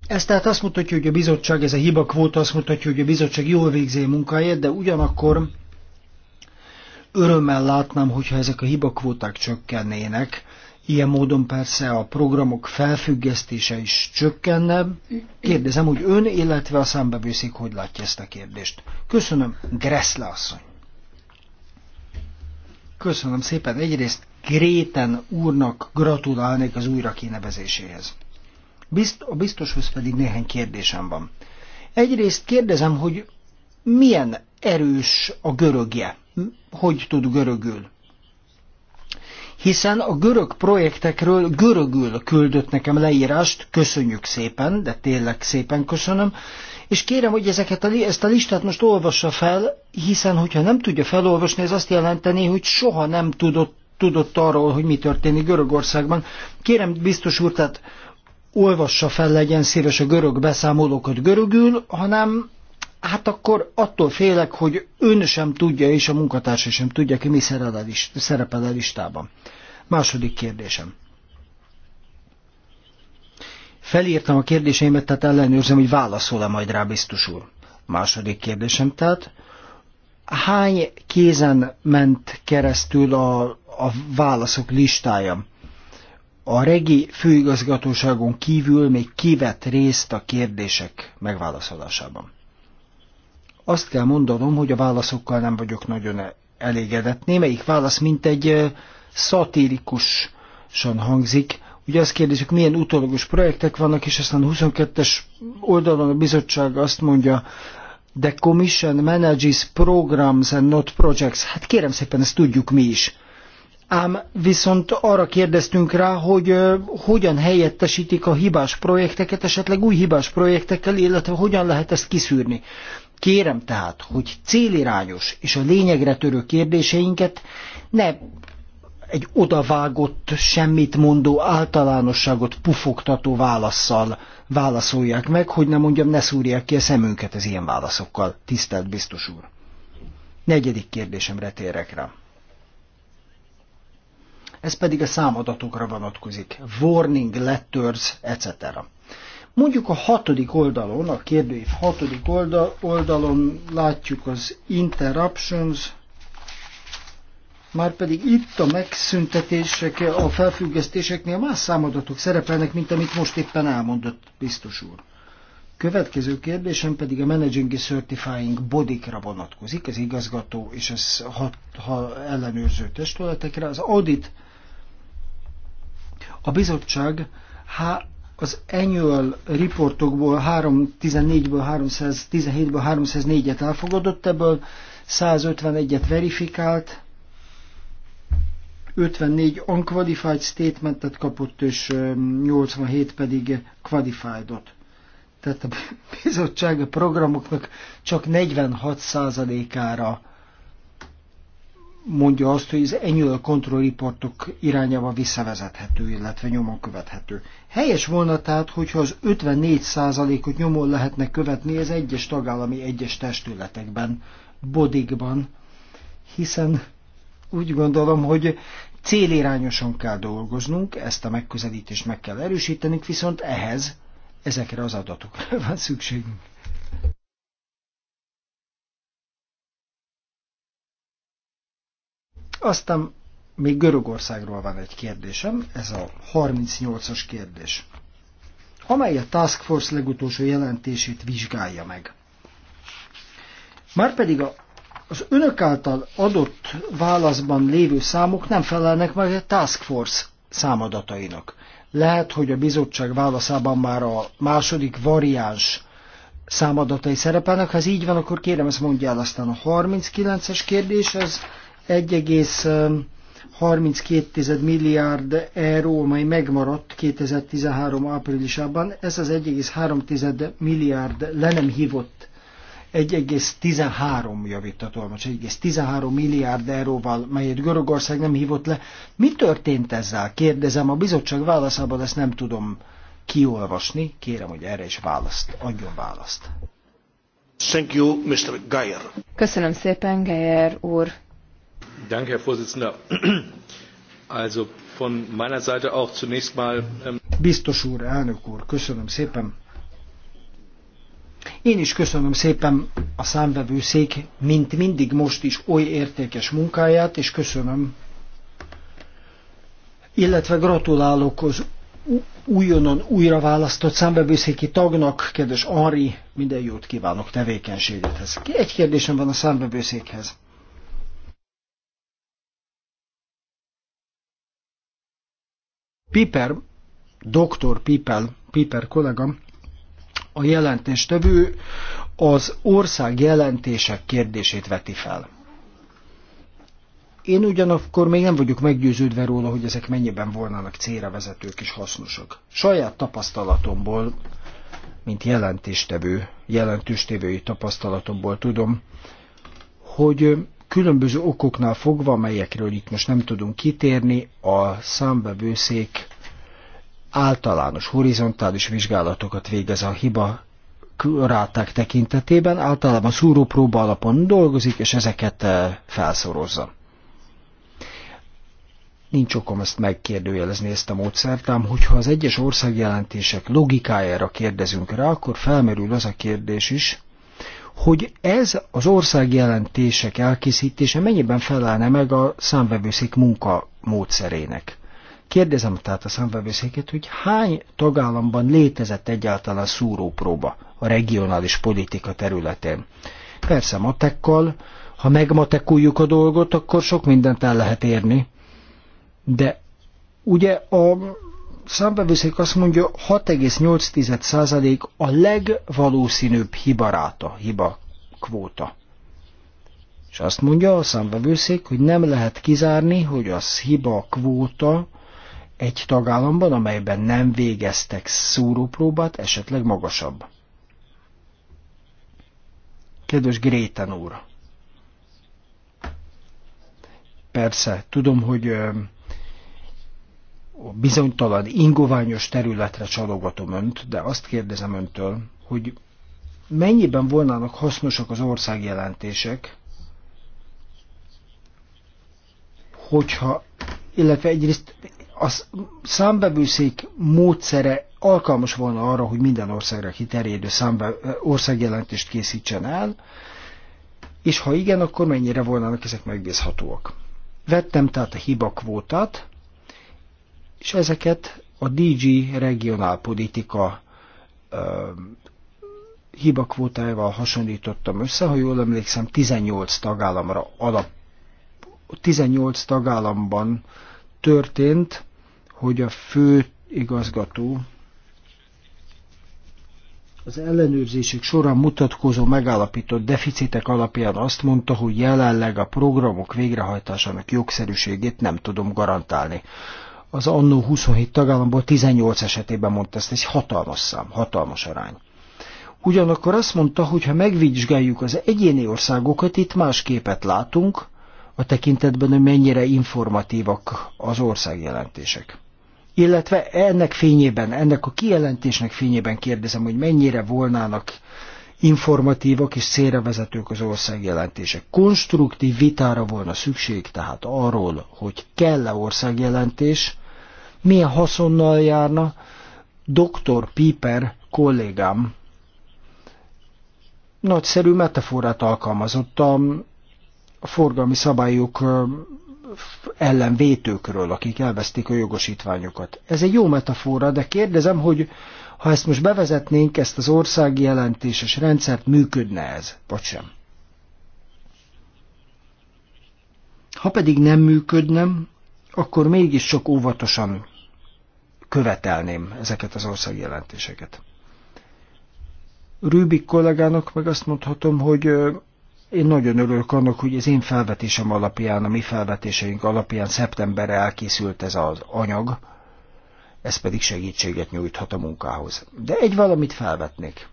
Ez tehát azt mutatja, hogy a bizottság, ez a hiba kvóta azt mutatja, hogy a bizottság jól végzi a munkáját, de ugyanakkor örömmel látnám, hogyha ezek a hibakvóták csökkennének, Ilyen módon persze a programok felfüggesztése is csökkenne. Kérdezem, hogy ön, illetve a számbevőszék hogy látja ezt a kérdést. Köszönöm, Gressle asszony. Köszönöm szépen. Egyrészt Gréten úrnak gratulálnék az újra kinevezéséhez. Bizt, a biztoshoz pedig néhány kérdésem van. Egyrészt kérdezem, hogy milyen erős a görögje? Hogy tud görögül? hiszen a görög projektekről görögül küldött nekem leírást, köszönjük szépen, de tényleg szépen köszönöm, és kérem, hogy ezeket a, ezt a listát most olvassa fel, hiszen hogyha nem tudja felolvasni, ez azt jelenteni, hogy soha nem tudott, tudott arról, hogy mi történik Görögországban. Kérem, biztos úr, tehát olvassa fel, legyen szíves a görög beszámolókat görögül, hanem hát akkor attól félek, hogy ön sem tudja, és a munkatársa sem tudja, ki mi szerepel a listában. Második kérdésem. Felírtam a kérdéseimet, tehát ellenőrzem, hogy válaszol-e majd rá biztos úr. Második kérdésem, tehát hány kézen ment keresztül a, a válaszok listája? A regi főigazgatóságon kívül még kivett részt a kérdések megválaszolásában. Azt kell mondanom, hogy a válaszokkal nem vagyok nagyon elégedett. Némelyik válasz mint egy szatírikusan hangzik. Ugye azt kérdezzük, milyen utólagos projektek vannak, és aztán a 22-es oldalon a bizottság azt mondja, The Commission manages programs and not projects. Hát kérem szépen, ezt tudjuk mi is. Ám viszont arra kérdeztünk rá, hogy uh, hogyan helyettesítik a hibás projekteket, esetleg új hibás projektekkel, illetve hogyan lehet ezt kiszűrni. Kérem tehát, hogy célirányos és a lényegre törő kérdéseinket ne egy odavágott, semmit mondó, általánosságot pufogtató válaszsal válaszolják meg, hogy nem mondjam, ne szúrják ki a szemünket az ilyen válaszokkal, tisztelt biztos úr. Negyedik kérdésemre térek rá. Ez pedig a számadatokra vonatkozik. Warning, letters, etc. Mondjuk a hatodik oldalon, a kérdőív hatodik oldalon látjuk az interruptions, Márpedig itt a megszüntetések, a felfüggesztéseknél más számadatok szerepelnek, mint amit most éppen elmondott biztos úr. Következő kérdésem pedig a Managing Certifying bodikra vonatkozik, az igazgató és az ha, ha ellenőrző testületekre. Az audit a bizottság há, az annual reportokból 314-ből 317-ből 304-et elfogadott, ebből 151-et verifikált, 54 unqualified statementet kapott, és 87 pedig qualifiedot. Tehát a bizottság a programoknak csak 46%-ára mondja azt, hogy az annual control reportok irányába visszavezethető, illetve nyomon követhető. Helyes volna tehát, hogyha az 54%-ot nyomon lehetne követni az egyes tagállami egyes testületekben, bodikban, hiszen úgy gondolom, hogy Célirányosan kell dolgoznunk, ezt a megközelítést meg kell erősítenünk, viszont ehhez ezekre az adatokra [LAUGHS] van szükségünk. Aztán még Görögországról van egy kérdésem, ez a 38-as kérdés, amely a Task Force legutolsó jelentését vizsgálja meg. Márpedig a az önök által adott válaszban lévő számok nem felelnek meg a Task Force számadatainak. Lehet, hogy a bizottság válaszában már a második variáns számadatai szerepelnek. Ha ez így van, akkor kérem, ezt mondja el aztán a 39-es kérdés, az 1,32 milliárd euró, amely megmaradt 2013 áprilisában. Ez az 1,3 milliárd le nem hívott 1,13 javít a 1,13 milliárd euróval, melyet Görögország nem hívott le. Mi történt ezzel? Kérdezem, a bizottság válaszában ezt nem tudom kiolvasni. Kérem, hogy erre is választ, adjon választ. Thank you, Mr. Geyer. Köszönöm szépen, Geyer úr. Danke, Herr Vorsitzender. also von meiner Seite auch zunächst mal... Ähm, Biztos úr, elnök úr, köszönöm szépen én is köszönöm szépen a számvevőszék, mint mindig most is oly értékes munkáját, és köszönöm, illetve gratulálok az újonnan újra választott számbevőszéki tagnak, kedves Ari, minden jót kívánok tevékenységethez. Egy kérdésem van a számbevőszékhez. Piper, doktor Piper, Piper kollégám, a jelentéstevő az ország jelentések kérdését veti fel. Én ugyanakkor még nem vagyok meggyőződve róla, hogy ezek mennyiben volnának célra vezetők és hasznosak. Saját tapasztalatomból, mint jelentéstevő, jelentőstévői tapasztalatomból tudom, hogy különböző okoknál fogva, amelyekről itt most nem tudunk kitérni, a számbevőszék általános horizontális vizsgálatokat végez a hiba ráták tekintetében, általában szúrópróba alapon dolgozik, és ezeket eh, felszorozza. Nincs okom ezt megkérdőjelezni ezt a módszert, ám hogyha az egyes országjelentések logikájára kérdezünk rá, akkor felmerül az a kérdés is, hogy ez az országjelentések elkészítése mennyiben felelne meg a számvevőszék munka módszerének. Kérdezem tehát a számvevőszéket, hogy hány tagállamban létezett egyáltalán szúrópróba a regionális politika területén. Persze matekkal, ha megmatekuljuk a dolgot, akkor sok mindent el lehet érni. De ugye a számbevőszék azt mondja, 6,8% a legvalószínűbb hibaráta, hiba kvóta. És azt mondja a számbevőszék, hogy nem lehet kizárni, hogy az hiba kvóta egy tagállamban, amelyben nem végeztek szúrópróbát, esetleg magasabb. Kedves Gréten úr! Persze, tudom, hogy a bizonytalan, ingoványos területre csalogatom önt, de azt kérdezem öntől, hogy mennyiben volnának hasznosak az országjelentések, hogyha, illetve egyrészt a számbevőszék módszere alkalmas volna arra, hogy minden országra kiterjedő számbe, országjelentést készítsen el, és ha igen, akkor mennyire volnának ezek megbízhatóak. Vettem tehát a hibakvótát, és ezeket a DG regionálpolitika ö, hibakvótájával hasonlítottam össze, ha jól emlékszem, 18 tagállamra alap, 18 tagállamban történt hogy a fő igazgató az ellenőrzések során mutatkozó megállapított deficitek alapján azt mondta, hogy jelenleg a programok végrehajtásának jogszerűségét nem tudom garantálni. Az annó 27 tagállamból 18 esetében mondta ezt, ez hatalmas szám, hatalmas arány. Ugyanakkor azt mondta, hogy ha megvizsgáljuk az egyéni országokat, itt más képet látunk, a tekintetben, hogy mennyire informatívak az országjelentések. Illetve ennek fényében, ennek a kijelentésnek fényében kérdezem, hogy mennyire volnának informatívak és szélrevezetők az országjelentések. Konstruktív vitára volna szükség tehát arról, hogy kell-e országjelentés, milyen haszonnal járna. Dr. Piper kollégám nagyszerű metaforát alkalmazottam a forgalmi szabályok ellenvétőkről, akik elvesztik a jogosítványokat. Ez egy jó metafora, de kérdezem, hogy ha ezt most bevezetnénk, ezt az országi jelentéses rendszert, működne ez, vagy sem? Ha pedig nem működne, akkor mégiscsak óvatosan követelném ezeket az jelentéseket. Rübik kollégának meg azt mondhatom, hogy én nagyon örülök annak, hogy az én felvetésem alapján, a mi felvetéseink alapján szeptemberre elkészült ez az anyag, ez pedig segítséget nyújthat a munkához. De egy valamit felvetnék.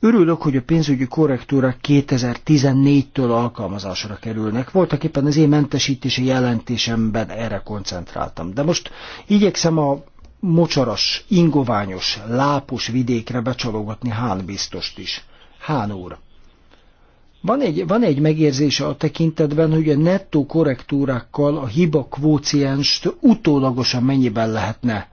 Örülök, hogy a pénzügyi korrektúrák 2014-től alkalmazásra kerülnek. Voltak éppen az én mentesítési jelentésemben erre koncentráltam. De most igyekszem a mocsaras, ingoványos, lápos vidékre becsalogatni Hán biztost is. Hán úr, van egy, van egy megérzése a tekintetben, hogy a nettó korrektúrákkal a hiba kvócienst utólagosan mennyiben lehetne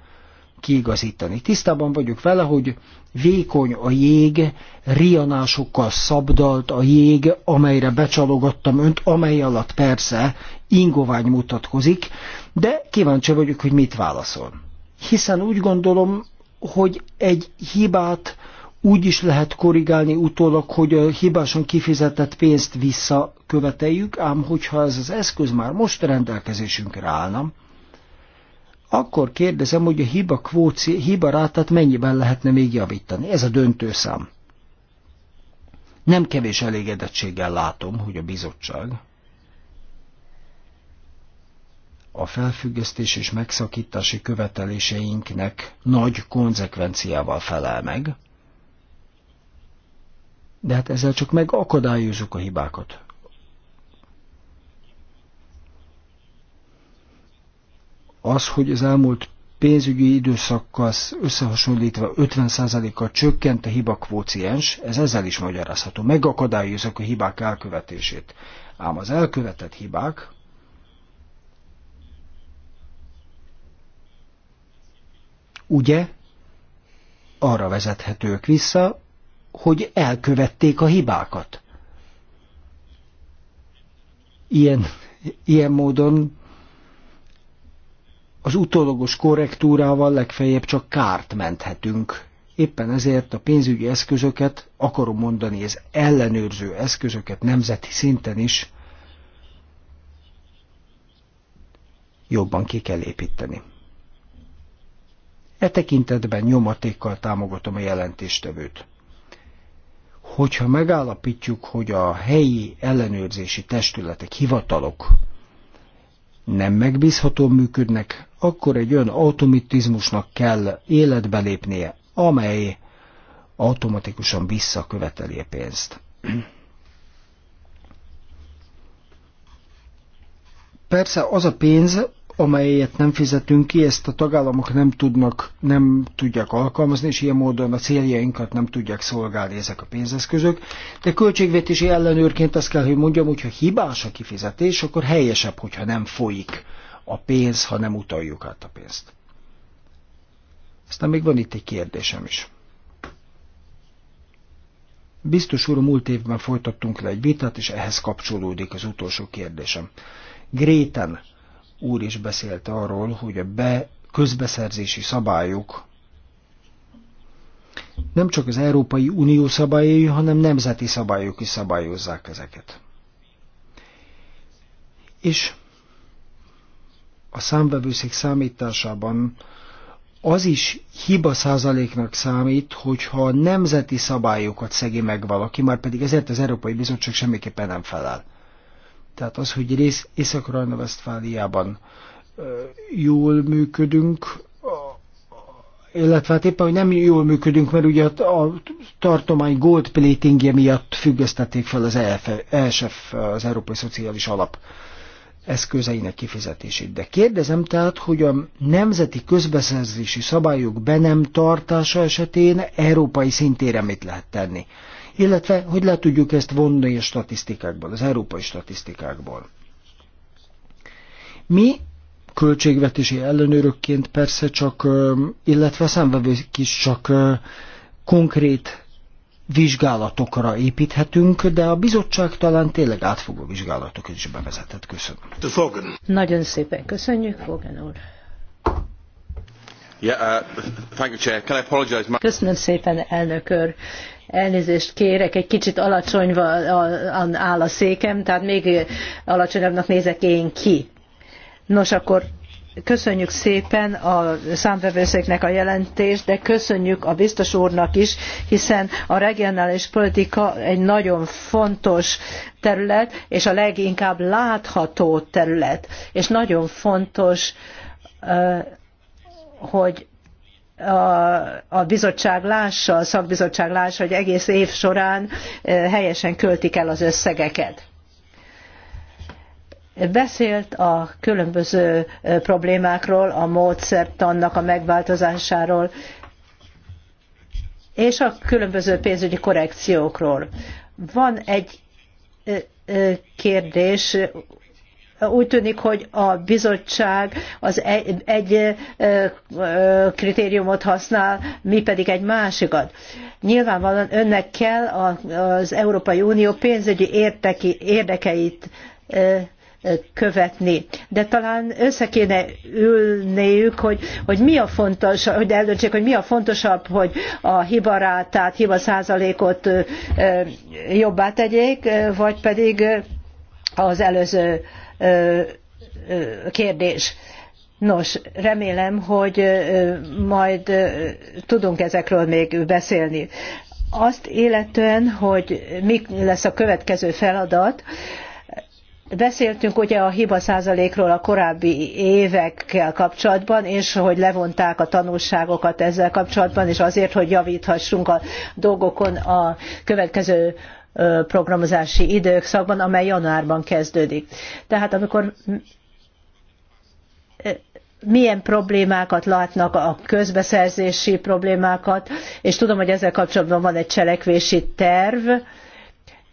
kiigazítani. Tisztában vagyok vele, hogy vékony a jég, rianásokkal szabdalt a jég, amelyre becsalogattam önt, amely alatt persze ingovány mutatkozik, de kíváncsi vagyok, hogy mit válaszol. Hiszen úgy gondolom, hogy egy hibát úgy is lehet korrigálni utólag, hogy a hibásan kifizetett pénzt visszaköveteljük, ám hogyha ez az eszköz már most rendelkezésünkre állna, akkor kérdezem, hogy a hiba, kvóci, hiba rátát mennyiben lehetne még javítani. Ez a döntő szám. Nem kevés elégedettséggel látom, hogy a bizottság a felfüggesztés és megszakítási követeléseinknek nagy konzekvenciával felel meg, de hát ezzel csak megakadályozzuk a hibákat. Az, hogy az elmúlt pénzügyi időszakkal összehasonlítva 50%-kal csökkent a hiba kvóciens, ez ezzel is magyarázható. Megakadályozok a hibák elkövetését. Ám az elkövetett hibák ugye arra vezethetők vissza, hogy elkövették a hibákat. Ilyen, ilyen módon az utólagos korrektúrával legfeljebb csak kárt menthetünk. Éppen ezért a pénzügyi eszközöket, akarom mondani, az ellenőrző eszközöket nemzeti szinten is jobban ki kell építeni. E tekintetben nyomatékkal támogatom a jelentéstevőt hogyha megállapítjuk, hogy a helyi ellenőrzési testületek, hivatalok nem megbízható működnek, akkor egy olyan automatizmusnak kell életbe lépnie, amely automatikusan visszaköveteli a pénzt. Persze az a pénz, amelyet nem fizetünk ki, ezt a tagállamok nem tudnak, nem tudják alkalmazni, és ilyen módon a céljainkat nem tudják szolgálni ezek a pénzeszközök. De költségvetési ellenőrként azt kell, hogy mondjam, hogyha hibás a kifizetés, akkor helyesebb, hogyha nem folyik a pénz, ha nem utaljuk át a pénzt. Aztán még van itt egy kérdésem is. Biztos úr, múlt évben folytattunk le egy vitát, és ehhez kapcsolódik az utolsó kérdésem. Gréten úr is beszélt arról, hogy a be közbeszerzési szabályok nem csak az Európai Unió szabályai, hanem nemzeti szabályok is szabályozzák ezeket. És a számvevőszék számításában az is hiba százaléknak számít, hogyha nemzeti szabályokat szegi meg valaki, már pedig ezért az Európai Bizottság semmiképpen nem felel. Tehát az, hogy rész észak vesztfáliában jól működünk, illetve hát éppen, hogy nem jól működünk, mert ugye a tartomány gold platingje miatt függesztették fel az ESF, e az Európai Szociális Alap eszközeinek kifizetését. De kérdezem tehát, hogy a nemzeti közbeszerzési szabályok be nem tartása esetén európai szintére mit lehet tenni? illetve hogy le tudjuk ezt vonni a statisztikákból, az európai statisztikákból. Mi költségvetési ellenőrökként persze csak, illetve számvevők is csak konkrét vizsgálatokra építhetünk, de a bizottság talán tényleg átfogó vizsgálatokat is bevezetett. Köszönöm. Nagyon szépen köszönjük, Fogan úr. Uh, Köszönöm szépen, elnök úr. Elnézést kérek, egy kicsit alacsony áll a székem, tehát még alacsonyabbnak nézek én ki. Nos, akkor köszönjük szépen a számvevőszéknek a jelentést, de köszönjük a biztos úrnak is, hiszen a regionális politika egy nagyon fontos terület, és a leginkább látható terület, és nagyon fontos hogy a, a bizottság lássa, a szakbizottság lássa, hogy egész év során helyesen költik el az összegeket. Beszélt a különböző problémákról, a módszertannak a megváltozásáról, és a különböző pénzügyi korrekciókról. Van egy kérdés, úgy tűnik, hogy a bizottság az egy, egy kritériumot használ, mi pedig egy másikat. Nyilvánvalóan önnek kell az Európai Unió pénzügyi érteki, érdekeit követni. De talán össze kéne ülniük, hogy, hogy mi a fontos, hogy eldöntsék, hogy mi a fontosabb, hogy a hibarátát, hiba százalékot jobbá tegyék, vagy pedig az előző kérdés. Nos, remélem, hogy majd tudunk ezekről még beszélni. Azt illetően, hogy mi lesz a következő feladat, Beszéltünk ugye a hiba százalékról a korábbi évekkel kapcsolatban, és hogy levonták a tanulságokat ezzel kapcsolatban, és azért, hogy javíthassunk a dolgokon a következő programozási időszakban, amely januárban kezdődik. Tehát amikor milyen problémákat látnak, a közbeszerzési problémákat, és tudom, hogy ezzel kapcsolatban van egy cselekvési terv,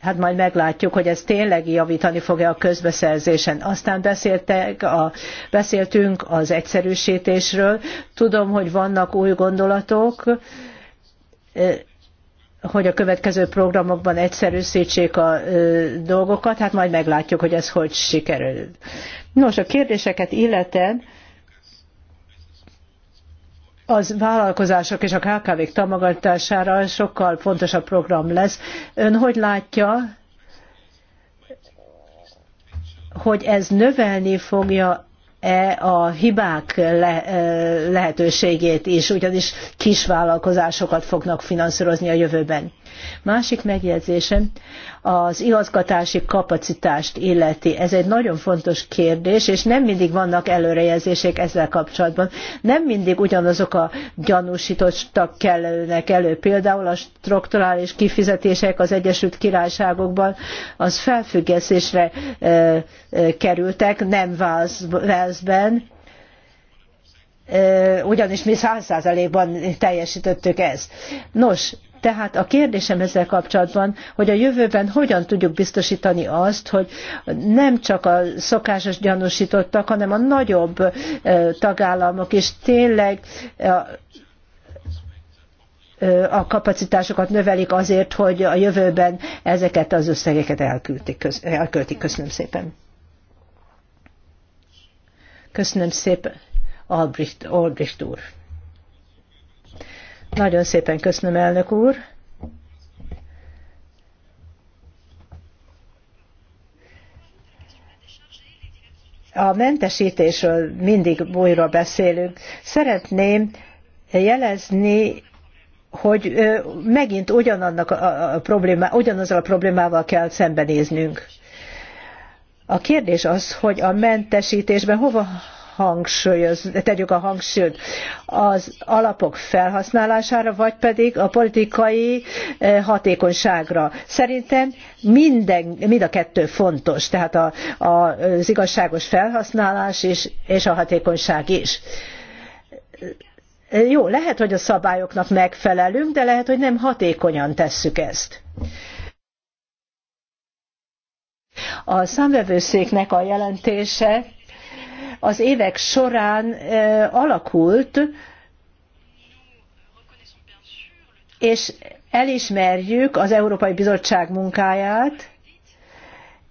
hát majd meglátjuk, hogy ez tényleg javítani fog-e a közbeszerzésen. Aztán beszéltek a, beszéltünk az egyszerűsítésről. Tudom, hogy vannak új gondolatok, hogy a következő programokban egyszerűsítsék a dolgokat, hát majd meglátjuk, hogy ez hogy sikerül. Nos, a kérdéseket illeten az vállalkozások és a KKV-k támogatására sokkal fontosabb program lesz. Ön hogy látja, hogy ez növelni fogja e a hibák le, e, lehetőségét is, ugyanis kisvállalkozásokat fognak finanszírozni a jövőben. Másik megjegyzésem az igazgatási kapacitást illeti. Ez egy nagyon fontos kérdés, és nem mindig vannak előrejelzések ezzel kapcsolatban. Nem mindig ugyanazok a gyanúsítottak kellőnek elő. Például a strukturális kifizetések az Egyesült Királyságokban az felfüggesztésre e, e, kerültek, nem Velszben, ugyanis mi száz százalékban teljesítettük ezt. Nos, tehát a kérdésem ezzel kapcsolatban, hogy a jövőben hogyan tudjuk biztosítani azt, hogy nem csak a szokásos gyanúsítottak, hanem a nagyobb tagállamok is tényleg a kapacitásokat növelik azért, hogy a jövőben ezeket az összegeket elköltik. Köszönöm szépen. Köszönöm szépen, Albrecht, Albrecht úr. Nagyon szépen köszönöm, elnök úr. A mentesítésről mindig újra beszélünk. Szeretném jelezni, hogy megint ugyanannak a problémá, ugyanazzal a problémával kell szembenéznünk. A kérdés az, hogy a mentesítésben hova hangsúlyoz, tegyük a hangsúlyt az alapok felhasználására, vagy pedig a politikai eh, hatékonyságra. Szerintem minden, mind a kettő fontos, tehát a, a, az igazságos felhasználás is, és a hatékonyság is eh, jó, lehet, hogy a szabályoknak megfelelünk, de lehet, hogy nem hatékonyan tesszük ezt. A számvevőszéknek a jelentése az évek során alakult, és elismerjük az Európai Bizottság munkáját,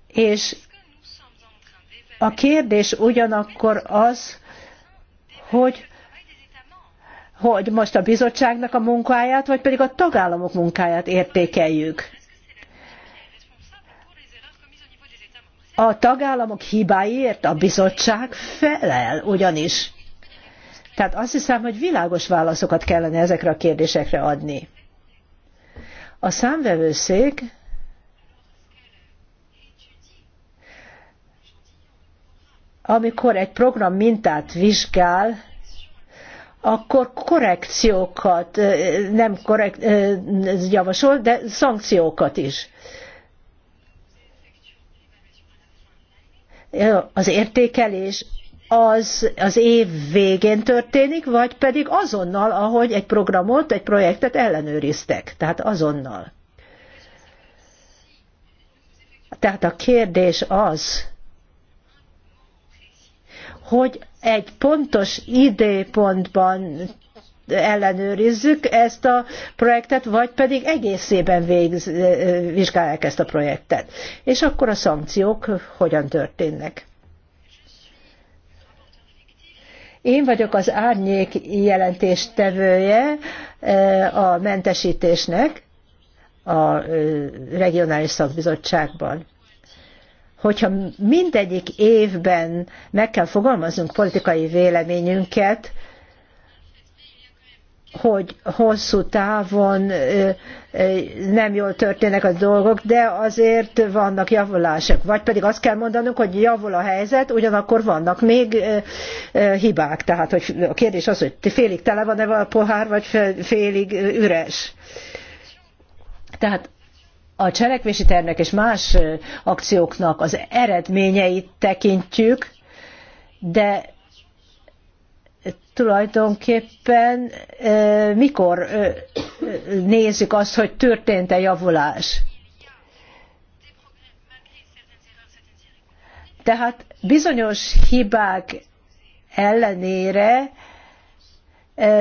és a kérdés ugyanakkor az, hogy hogy most a bizottságnak a munkáját, vagy pedig a tagállamok munkáját értékeljük. A tagállamok hibáiért a bizottság felel ugyanis. Tehát azt hiszem, hogy világos válaszokat kellene ezekre a kérdésekre adni. A számvevőszék amikor egy program mintát vizsgál, akkor korrekciókat, nem korrekt, javasol, de szankciókat is. az értékelés az az év végén történik, vagy pedig azonnal, ahogy egy programot, egy projektet ellenőriztek. Tehát azonnal. Tehát a kérdés az, hogy egy pontos időpontban ellenőrizzük ezt a projektet, vagy pedig egészében végz, vizsgálják ezt a projektet. És akkor a szankciók hogyan történnek? Én vagyok az árnyék jelentéstevője a mentesítésnek a regionális szakbizottságban. Hogyha mindegyik évben meg kell fogalmaznunk politikai véleményünket, hogy hosszú távon nem jól történnek a dolgok, de azért vannak javulások. Vagy pedig azt kell mondanunk, hogy javul a helyzet, ugyanakkor vannak még hibák. Tehát hogy a kérdés az, hogy félig tele van-e a pohár, vagy félig üres. Tehát a cselekvési tervnek és más akcióknak az eredményeit tekintjük, de tulajdonképpen mikor nézzük azt, hogy történt-e javulás. Tehát bizonyos hibák ellenére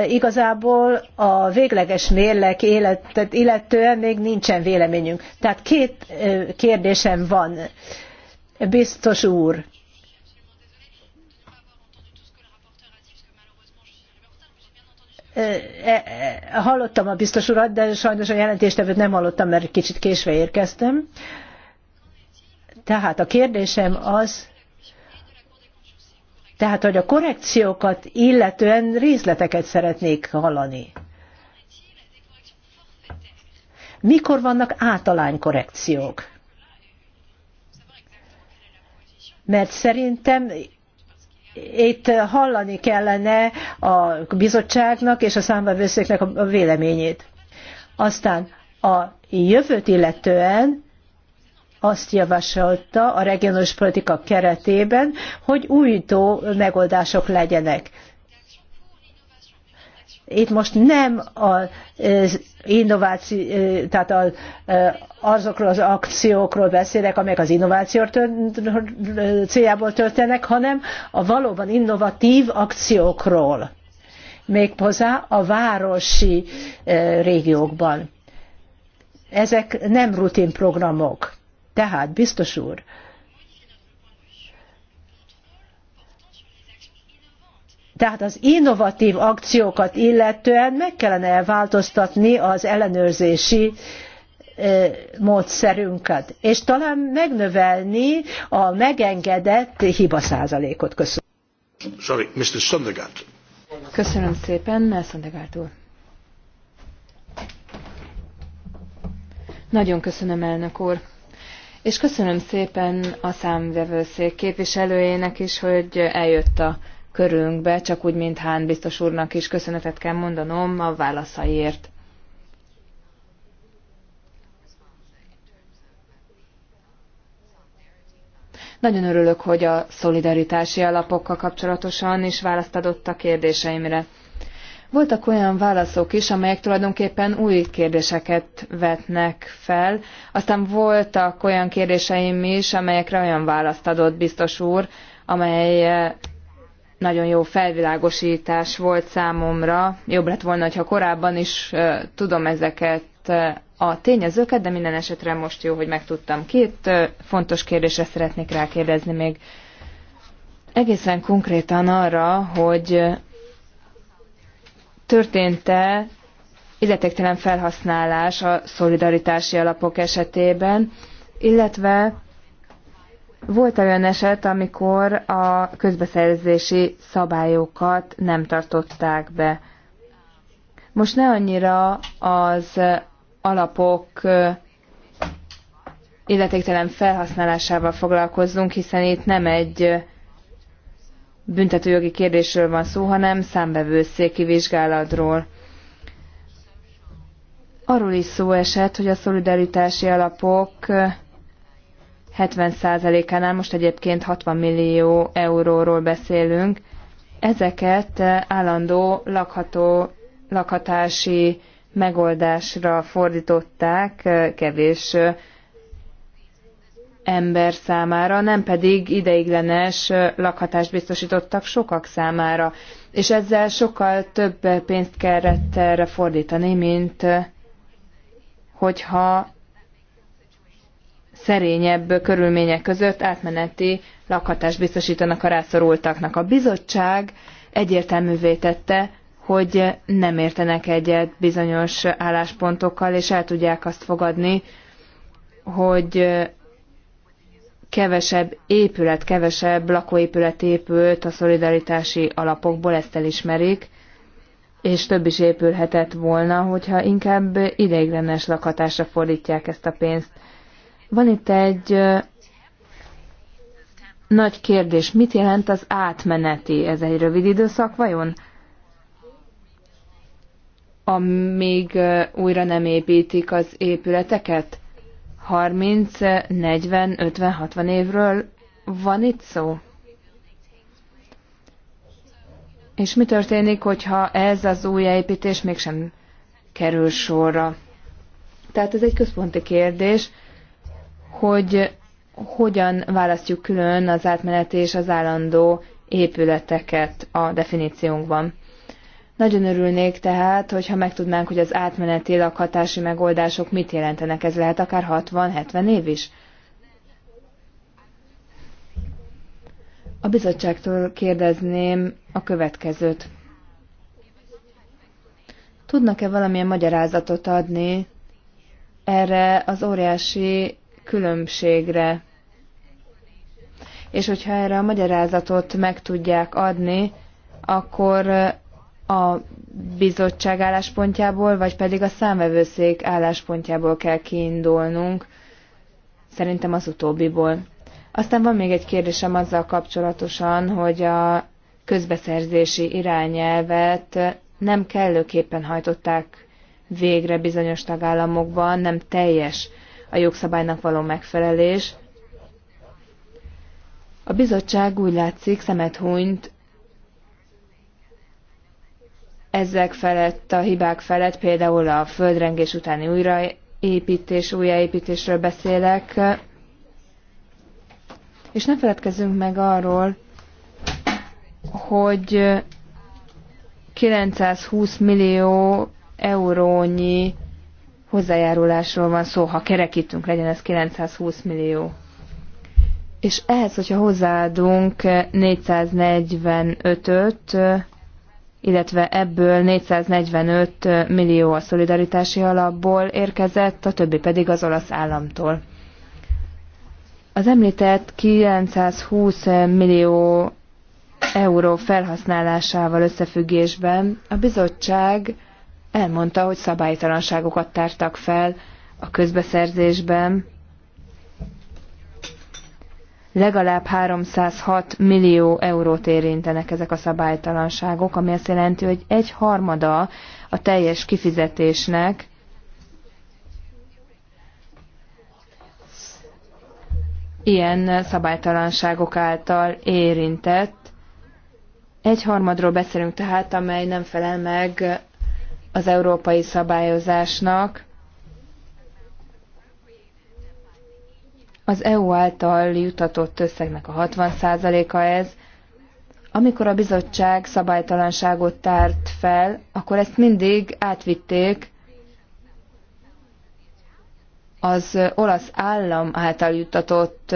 igazából a végleges mérlek életet illetően még nincsen véleményünk. Tehát két kérdésem van, biztos úr E, e, hallottam a biztos urat, de sajnos a jelentéstevőt nem hallottam, mert kicsit késve érkeztem. Tehát a kérdésem az, tehát, hogy a korrekciókat illetően részleteket szeretnék hallani. Mikor vannak általány korrekciók? Mert szerintem itt hallani kellene a bizottságnak és a számbevőszéknek a véleményét. Aztán a jövőt illetően azt javasolta a regionális politika keretében, hogy újító megoldások legyenek. Itt most nem az innováció, tehát azokról az akciókról beszélek, amelyek az innováció céljából történnek, hanem a valóban innovatív akciókról, méghozzá a városi régiókban. Ezek nem rutin programok. Tehát, biztos úr, Tehát az innovatív akciókat illetően meg kellene változtatni az ellenőrzési módszerünket, és talán megnövelni a megengedett hiba százalékot. Köszönöm. Sorry, Mr. Sundergaard. Köszönöm szépen, úr. Nagyon köszönöm, elnök úr. És köszönöm szépen a számvevőszék képviselőjének is, hogy eljött a körünkbe, csak úgy, mint Hán biztos úrnak is köszönetet kell mondanom a válaszaiért. Nagyon örülök, hogy a szolidaritási alapokkal kapcsolatosan is választ adott a kérdéseimre. Voltak olyan válaszok is, amelyek tulajdonképpen új kérdéseket vetnek fel, aztán voltak olyan kérdéseim is, amelyekre olyan választ adott biztos úr, amely eh, nagyon jó felvilágosítás volt számomra. Jobb lett volna, ha korábban is tudom ezeket a tényezőket, de minden esetre most jó, hogy megtudtam. Két fontos kérdésre szeretnék rákérdezni még. Egészen konkrétan arra, hogy történt-e illetéktelen felhasználás a szolidaritási alapok esetében, illetve volt olyan eset, amikor a közbeszerzési szabályokat nem tartották be. Most ne annyira az alapok illetéktelen felhasználásával foglalkozzunk, hiszen itt nem egy büntetőjogi kérdésről van szó, hanem számbevőszéki vizsgálatról. Arról is szó esett, hogy a szolidaritási alapok 70%-ánál, most egyébként 60 millió euróról beszélünk, ezeket állandó lakható, lakhatási megoldásra fordították kevés ember számára, nem pedig ideiglenes lakhatást biztosítottak sokak számára. És ezzel sokkal több pénzt kellett erre fordítani, mint hogyha szerényebb körülmények között átmeneti lakhatást biztosítanak a rászorultaknak. A bizottság egyértelművé tette, hogy nem értenek egyet bizonyos álláspontokkal, és el tudják azt fogadni, hogy kevesebb épület, kevesebb lakóépület épült a szolidaritási alapokból, ezt elismerik, és több is épülhetett volna, hogyha inkább ideiglenes lakhatásra fordítják ezt a pénzt. Van itt egy nagy kérdés, mit jelent az átmeneti? Ez egy rövid időszak vajon? Amíg újra nem építik az épületeket? 30, 40, 50, 60 évről van itt szó? És mi történik, hogyha ez az új építés mégsem kerül sorra? Tehát ez egy központi kérdés hogy hogyan választjuk külön az átmeneti és az állandó épületeket a definíciónkban. Nagyon örülnék tehát, hogyha megtudnánk, hogy az átmeneti lakhatási megoldások mit jelentenek. Ez lehet akár 60-70 év is. A bizottságtól kérdezném a következőt. Tudnak-e valamilyen magyarázatot adni erre az óriási különbségre. És hogyha erre a magyarázatot meg tudják adni, akkor a bizottság álláspontjából, vagy pedig a számvevőszék álláspontjából kell kiindulnunk, szerintem az utóbbiból. Aztán van még egy kérdésem azzal kapcsolatosan, hogy a közbeszerzési irányelvet nem kellőképpen hajtották végre bizonyos tagállamokban, nem teljes a jogszabálynak való megfelelés. A bizottság úgy látszik szemet hunyt ezek felett, a hibák felett, például a földrengés utáni újraépítés, újjáépítésről beszélek, és ne feledkezzünk meg arról, hogy 920 millió eurónyi hozzájárulásról van szó, ha kerekítünk, legyen ez 920 millió. És ehhez, hogyha hozzáadunk 445-öt, illetve ebből 445 millió a szolidaritási alapból érkezett, a többi pedig az olasz államtól. Az említett 920 millió euró felhasználásával összefüggésben a bizottság elmondta, hogy szabálytalanságokat tártak fel a közbeszerzésben. Legalább 306 millió eurót érintenek ezek a szabálytalanságok, ami azt jelenti, hogy egy harmada a teljes kifizetésnek, ilyen szabálytalanságok által érintett. Egy harmadról beszélünk tehát, amely nem felel meg az európai szabályozásnak az EU által jutatott összegnek a 60%-a ez. Amikor a bizottság szabálytalanságot tárt fel, akkor ezt mindig átvitték az olasz állam által jutatott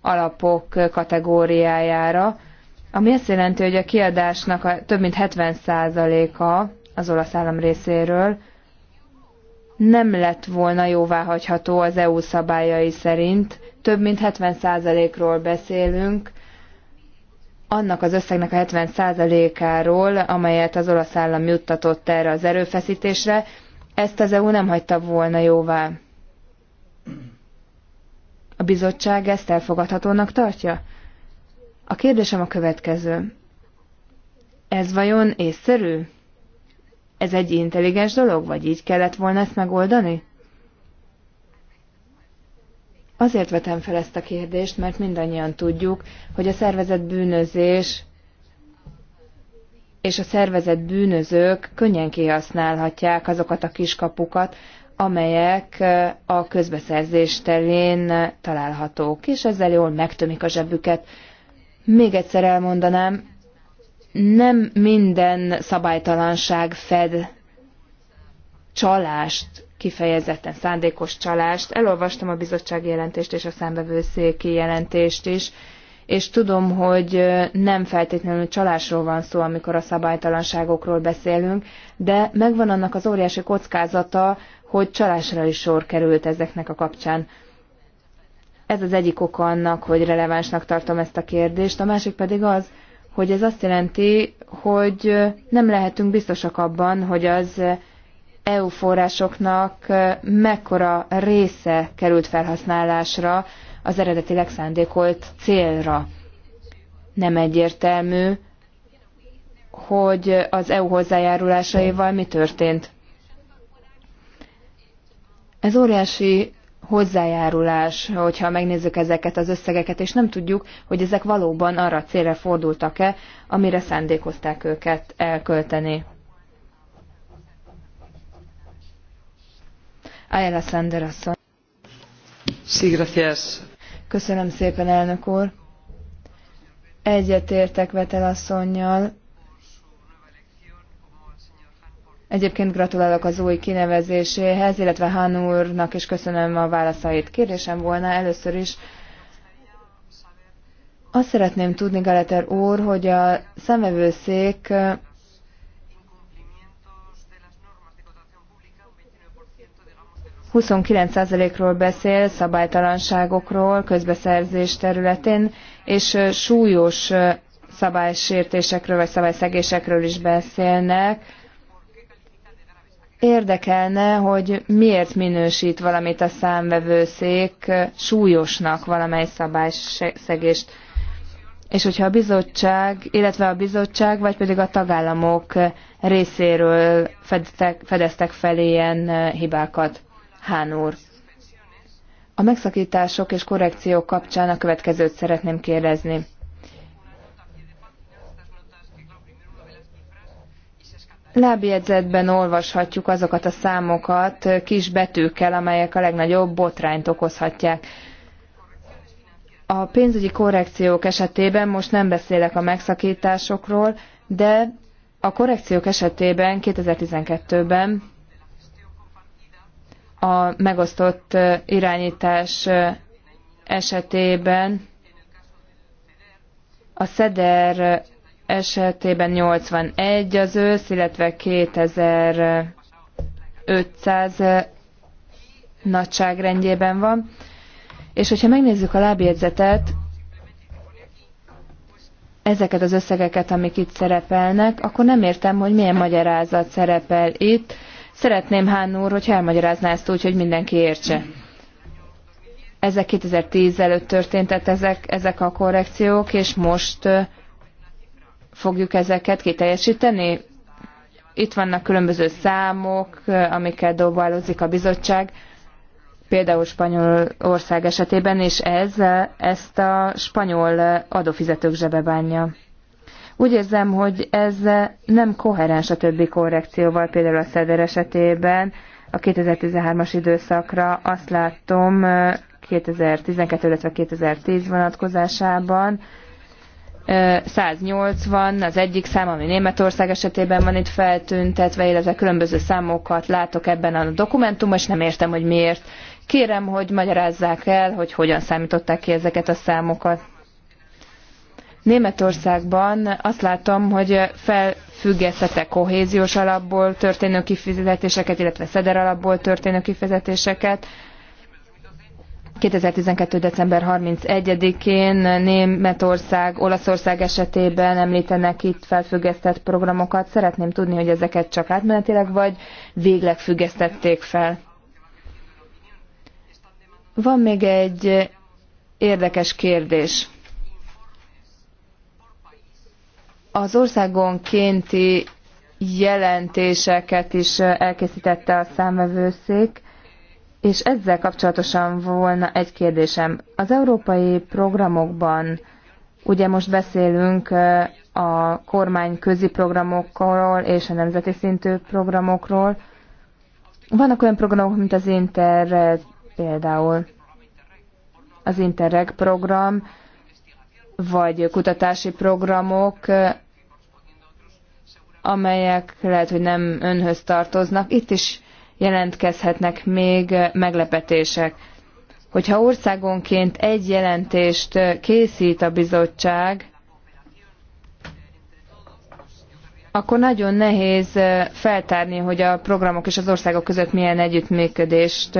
alapok kategóriájára, ami azt jelenti, hogy a kiadásnak a több mint 70%-a az olasz állam részéről, nem lett volna jóváhagyható az EU szabályai szerint. Több mint 70%-ról beszélünk, annak az összegnek a 70%-áról, amelyet az olasz állam juttatott erre az erőfeszítésre, ezt az EU nem hagyta volna jóvá. A bizottság ezt elfogadhatónak tartja? A kérdésem a következő. Ez vajon észszerű? Ez egy intelligens dolog, vagy így kellett volna ezt megoldani? Azért vetem fel ezt a kérdést, mert mindannyian tudjuk, hogy a szervezet bűnözés és a szervezet bűnözők könnyen kihasználhatják azokat a kiskapukat, amelyek a közbeszerzés terén találhatók, és ezzel jól megtömik a zsebüket. Még egyszer elmondanám, nem minden szabálytalanság fed csalást, kifejezetten szándékos csalást. Elolvastam a bizottsági jelentést és a számbevőszéki jelentést is, és tudom, hogy nem feltétlenül csalásról van szó, amikor a szabálytalanságokról beszélünk, de megvan annak az óriási kockázata, hogy csalásra is sor került ezeknek a kapcsán. Ez az egyik oka annak, hogy relevánsnak tartom ezt a kérdést, a másik pedig az, hogy ez azt jelenti, hogy nem lehetünk biztosak abban, hogy az EU forrásoknak mekkora része került felhasználásra az eredetileg szándékolt célra. Nem egyértelmű, hogy az EU hozzájárulásaival mi történt. Ez óriási hozzájárulás, hogyha megnézzük ezeket az összegeket, és nem tudjuk, hogy ezek valóban arra a célra fordultak-e, amire szándékozták őket elkölteni. Ayala Sander asszony. Sí, gracias. Köszönöm szépen, elnök úr. Egyetértek Vetel asszonynal, Egyébként gratulálok az új kinevezéséhez, illetve Han úrnak is köszönöm a válaszait. Kérdésem volna először is, azt szeretném tudni, Galeter úr, hogy a szemevőszék ról beszél szabálytalanságokról közbeszerzés területén, és súlyos szabálysértésekről vagy szabályszegésekről is beszélnek Érdekelne, hogy miért minősít valamit a számvevőszék súlyosnak valamely szabályszegést. És hogyha a bizottság, illetve a bizottság, vagy pedig a tagállamok részéről fedeztek, fedeztek fel ilyen eh, hibákat. Hán úr. A megszakítások és korrekciók kapcsán a következőt szeretném kérdezni. lábjegyzetben olvashatjuk azokat a számokat kis betűkkel, amelyek a legnagyobb botrányt okozhatják. A pénzügyi korrekciók esetében most nem beszélek a megszakításokról, de a korrekciók esetében 2012-ben a megosztott irányítás esetében a SZEDER esetében 81 az ősz, illetve 2500 nagyságrendjében van. És hogyha megnézzük a lábjegyzetet, ezeket az összegeket, amik itt szerepelnek, akkor nem értem, hogy milyen magyarázat szerepel itt. Szeretném, Hán úr, hogy elmagyarázná ezt úgy, hogy mindenki értse. Ezek 2010 előtt történtek ezek, ezek a korrekciók, és most fogjuk ezeket kiteljesíteni? Itt vannak különböző számok, amikkel dobálózik a bizottság, például Spanyolország esetében, és ez ezt a spanyol adófizetők zsebe bánja. Úgy érzem, hogy ez nem koherens a többi korrekcióval, például a Szeder esetében, a 2013-as időszakra azt látom 2012, illetve 2010 vonatkozásában, 180 az egyik szám, ami Németország esetében van itt feltüntetve, illetve különböző számokat látok ebben a dokumentumban, és nem értem, hogy miért. Kérem, hogy magyarázzák el, hogy hogyan számították ki ezeket a számokat. Németországban azt látom, hogy felfüggesztette kohéziós alapból történő kifizetéseket, illetve szeder alapból történő kifizetéseket, 2012. december 31-én Németország, Olaszország esetében említenek itt felfüggesztett programokat. Szeretném tudni, hogy ezeket csak átmenetileg vagy végleg függesztették fel. Van még egy érdekes kérdés. Az országonkénti jelentéseket is elkészítette a számvevőszék és ezzel kapcsolatosan volna egy kérdésem. Az európai programokban ugye most beszélünk a kormány közi programokról és a nemzeti szintű programokról. Vannak olyan programok, mint az Interreg például. Az Interreg program, vagy kutatási programok, amelyek lehet, hogy nem önhöz tartoznak. Itt is jelentkezhetnek még meglepetések. Hogyha országonként egy jelentést készít a bizottság, akkor nagyon nehéz feltárni, hogy a programok és az országok között milyen együttműködést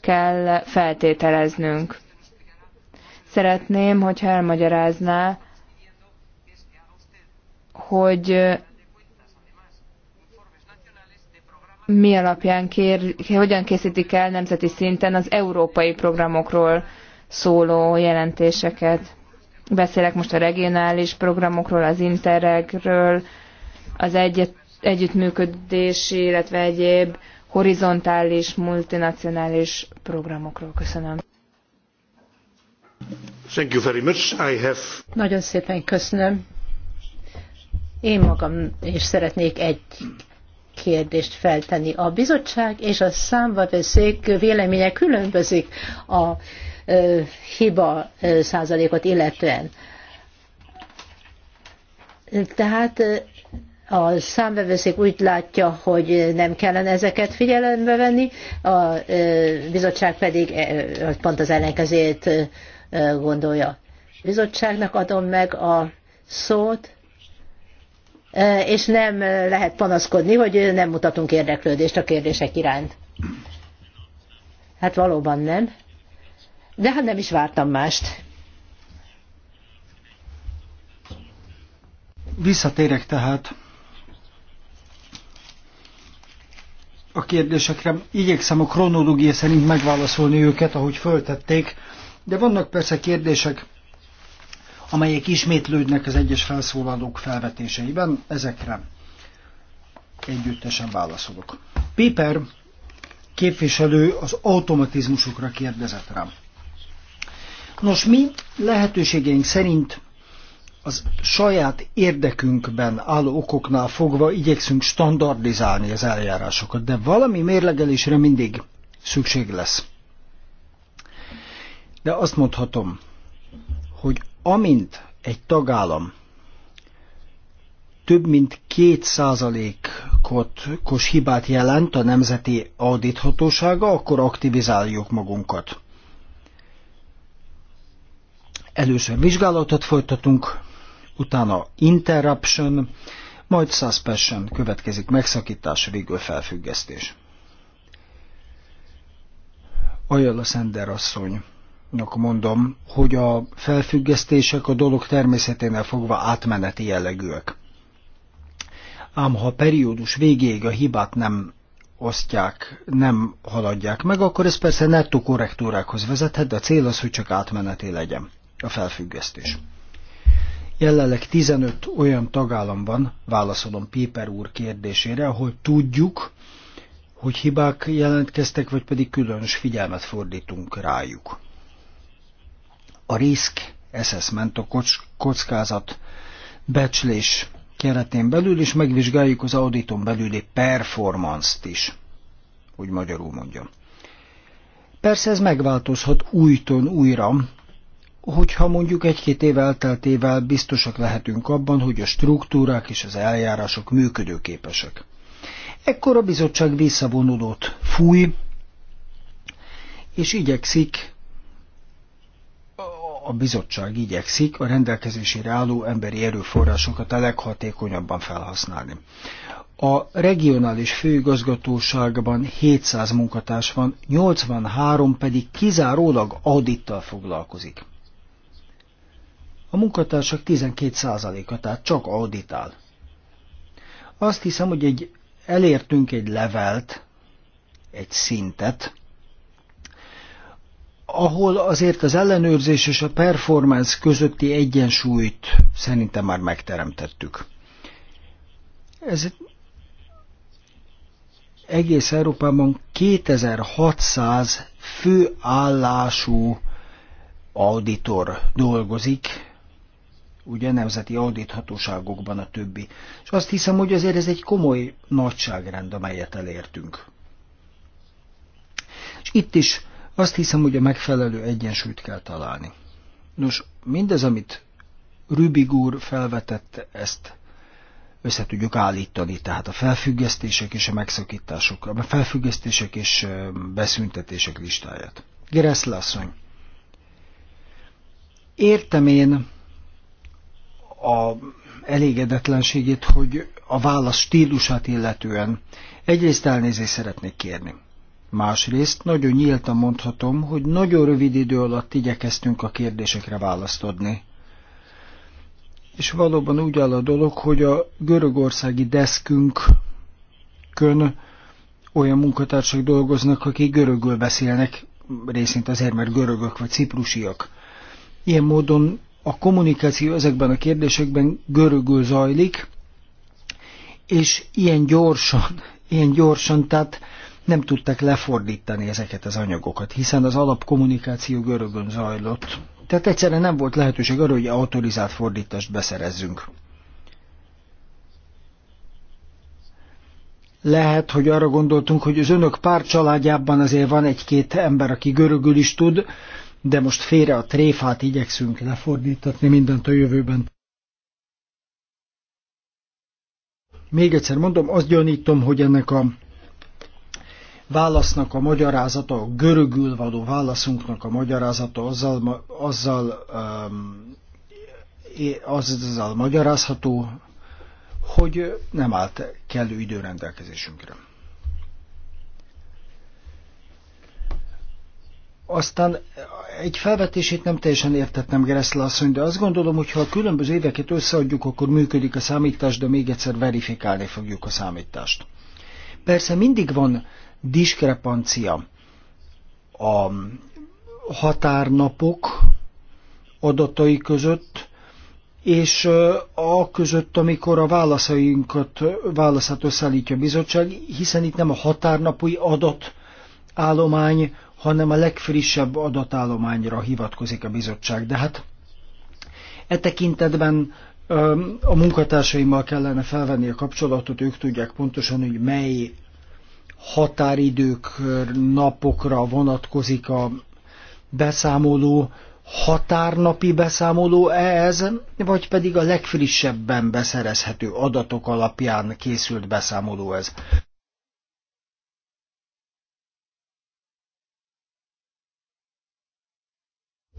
kell feltételeznünk. Szeretném, hogyha elmagyarázná, hogy mi alapján kér, hogyan készítik el nemzeti szinten az európai programokról szóló jelentéseket. Beszélek most a regionális programokról, az interregről, az egyet, együttműködési, illetve egyéb horizontális, multinacionális programokról. Köszönöm. Thank you very much. I have... Nagyon szépen köszönöm. Én magam is szeretnék egy kérdést feltenni. A bizottság és a számvevőszék véleménye különbözik a hiba százalékot illetően. Tehát a számbevőszék úgy látja, hogy nem kellene ezeket figyelembe venni, a bizottság pedig pont az ellenkezét gondolja. A bizottságnak adom meg a szót, és nem lehet panaszkodni, hogy nem mutatunk érdeklődést a kérdések iránt. Hát valóban nem. De hát nem is vártam mást. Visszatérek tehát a kérdésekre. Igyekszem a kronológia szerint megválaszolni őket, ahogy föltették, de vannak persze kérdések, amelyek ismétlődnek az egyes felszólalók felvetéseiben, ezekre együttesen válaszolok. Péper képviselő az automatizmusokra kérdezett rám. Nos, mi lehetőségeink szerint az saját érdekünkben álló okoknál fogva igyekszünk standardizálni az eljárásokat, de valami mérlegelésre mindig szükség lesz. De azt mondhatom, hogy Amint egy tagállam több mint két százalékos hibát jelent a nemzeti audíthatósága, akkor aktivizáljuk magunkat. Először vizsgálatot folytatunk, utána interruption, majd suspension következik megszakítás, végül felfüggesztés. Ajala Szender asszony mondom, hogy a felfüggesztések a dolog természeténél fogva átmeneti jellegűek. Ám ha a periódus végéig a hibát nem osztják, nem haladják meg, akkor ez persze nettó korrektúrákhoz vezethet, de a cél az, hogy csak átmeneti legyen a felfüggesztés. Jelenleg 15 olyan tagállam van, válaszolom Péper úr kérdésére, ahol tudjuk, hogy hibák jelentkeztek, vagy pedig különös figyelmet fordítunk rájuk a risk assessment, a kockázat becslés keretén belül, és megvizsgáljuk az auditon belüli performance-t is, úgy magyarul mondjam. Persze ez megváltozhat újton újra, hogyha mondjuk egy-két év elteltével biztosak lehetünk abban, hogy a struktúrák és az eljárások működőképesek. Ekkor a bizottság visszavonulót fúj, és igyekszik a bizottság igyekszik a rendelkezésére álló emberi erőforrásokat a leghatékonyabban felhasználni. A regionális főigazgatóságban 700 munkatárs van, 83 pedig kizárólag audittal foglalkozik. A munkatársak 12%-a tehát csak auditál. Azt hiszem, hogy egy, elértünk egy levelt, egy szintet, ahol azért az ellenőrzés és a performance közötti egyensúlyt szerintem már megteremtettük. Ez egész Európában 2600 főállású auditor dolgozik, ugye nemzeti audíthatóságokban a többi. És azt hiszem, hogy azért ez egy komoly nagyságrend, amelyet elértünk. És itt is azt hiszem, hogy a megfelelő egyensúlyt kell találni. Nos, mindez, amit Rübig úr felvetett, ezt össze tudjuk állítani, tehát a felfüggesztések és a megszakítások, a felfüggesztések és beszüntetések listáját. Gereszle asszony, értem én a elégedetlenségét, hogy a válasz stílusát illetően egyrészt elnézést szeretnék kérni. Másrészt nagyon nyíltan mondhatom, hogy nagyon rövid idő alatt igyekeztünk a kérdésekre választ adni. És valóban úgy áll a dolog, hogy a görögországi deszkünkön olyan munkatársak dolgoznak, akik görögül beszélnek, részint azért, mert görögök vagy ciprusiak. Ilyen módon a kommunikáció ezekben a kérdésekben görögül zajlik, és ilyen gyorsan, [LAUGHS] ilyen gyorsan, tehát nem tudták lefordítani ezeket az anyagokat, hiszen az alapkommunikáció görögön zajlott. Tehát egyszerűen nem volt lehetőség arra, hogy autorizált fordítást beszerezzünk. Lehet, hogy arra gondoltunk, hogy az önök pár családjában azért van egy-két ember, aki görögül is tud, de most félre a tréfát igyekszünk lefordítatni mindent a jövőben. Még egyszer mondom, azt gyanítom, hogy ennek a válasznak a magyarázata, a görögül való válaszunknak a magyarázata azzal, azzal, um, azzal magyarázható, hogy nem állt kellő idő rendelkezésünkre. Aztán egy felvetését nem teljesen értettem Gressle asszony, de azt gondolom, hogy ha a különböző éveket összeadjuk, akkor működik a számítás, de még egyszer verifikálni fogjuk a számítást. Persze mindig van diskrepancia a határnapok adatai között, és a között, amikor a válaszainkat, válaszát összeállítja a bizottság, hiszen itt nem a határnapi adatállomány, hanem a legfrissebb adatállományra hivatkozik a bizottság. De hát e tekintetben a munkatársaimmal kellene felvenni a kapcsolatot, ők tudják pontosan, hogy mely határidők napokra vonatkozik a beszámoló, határnapi beszámoló ez, vagy pedig a legfrissebben beszerezhető adatok alapján készült beszámoló ez.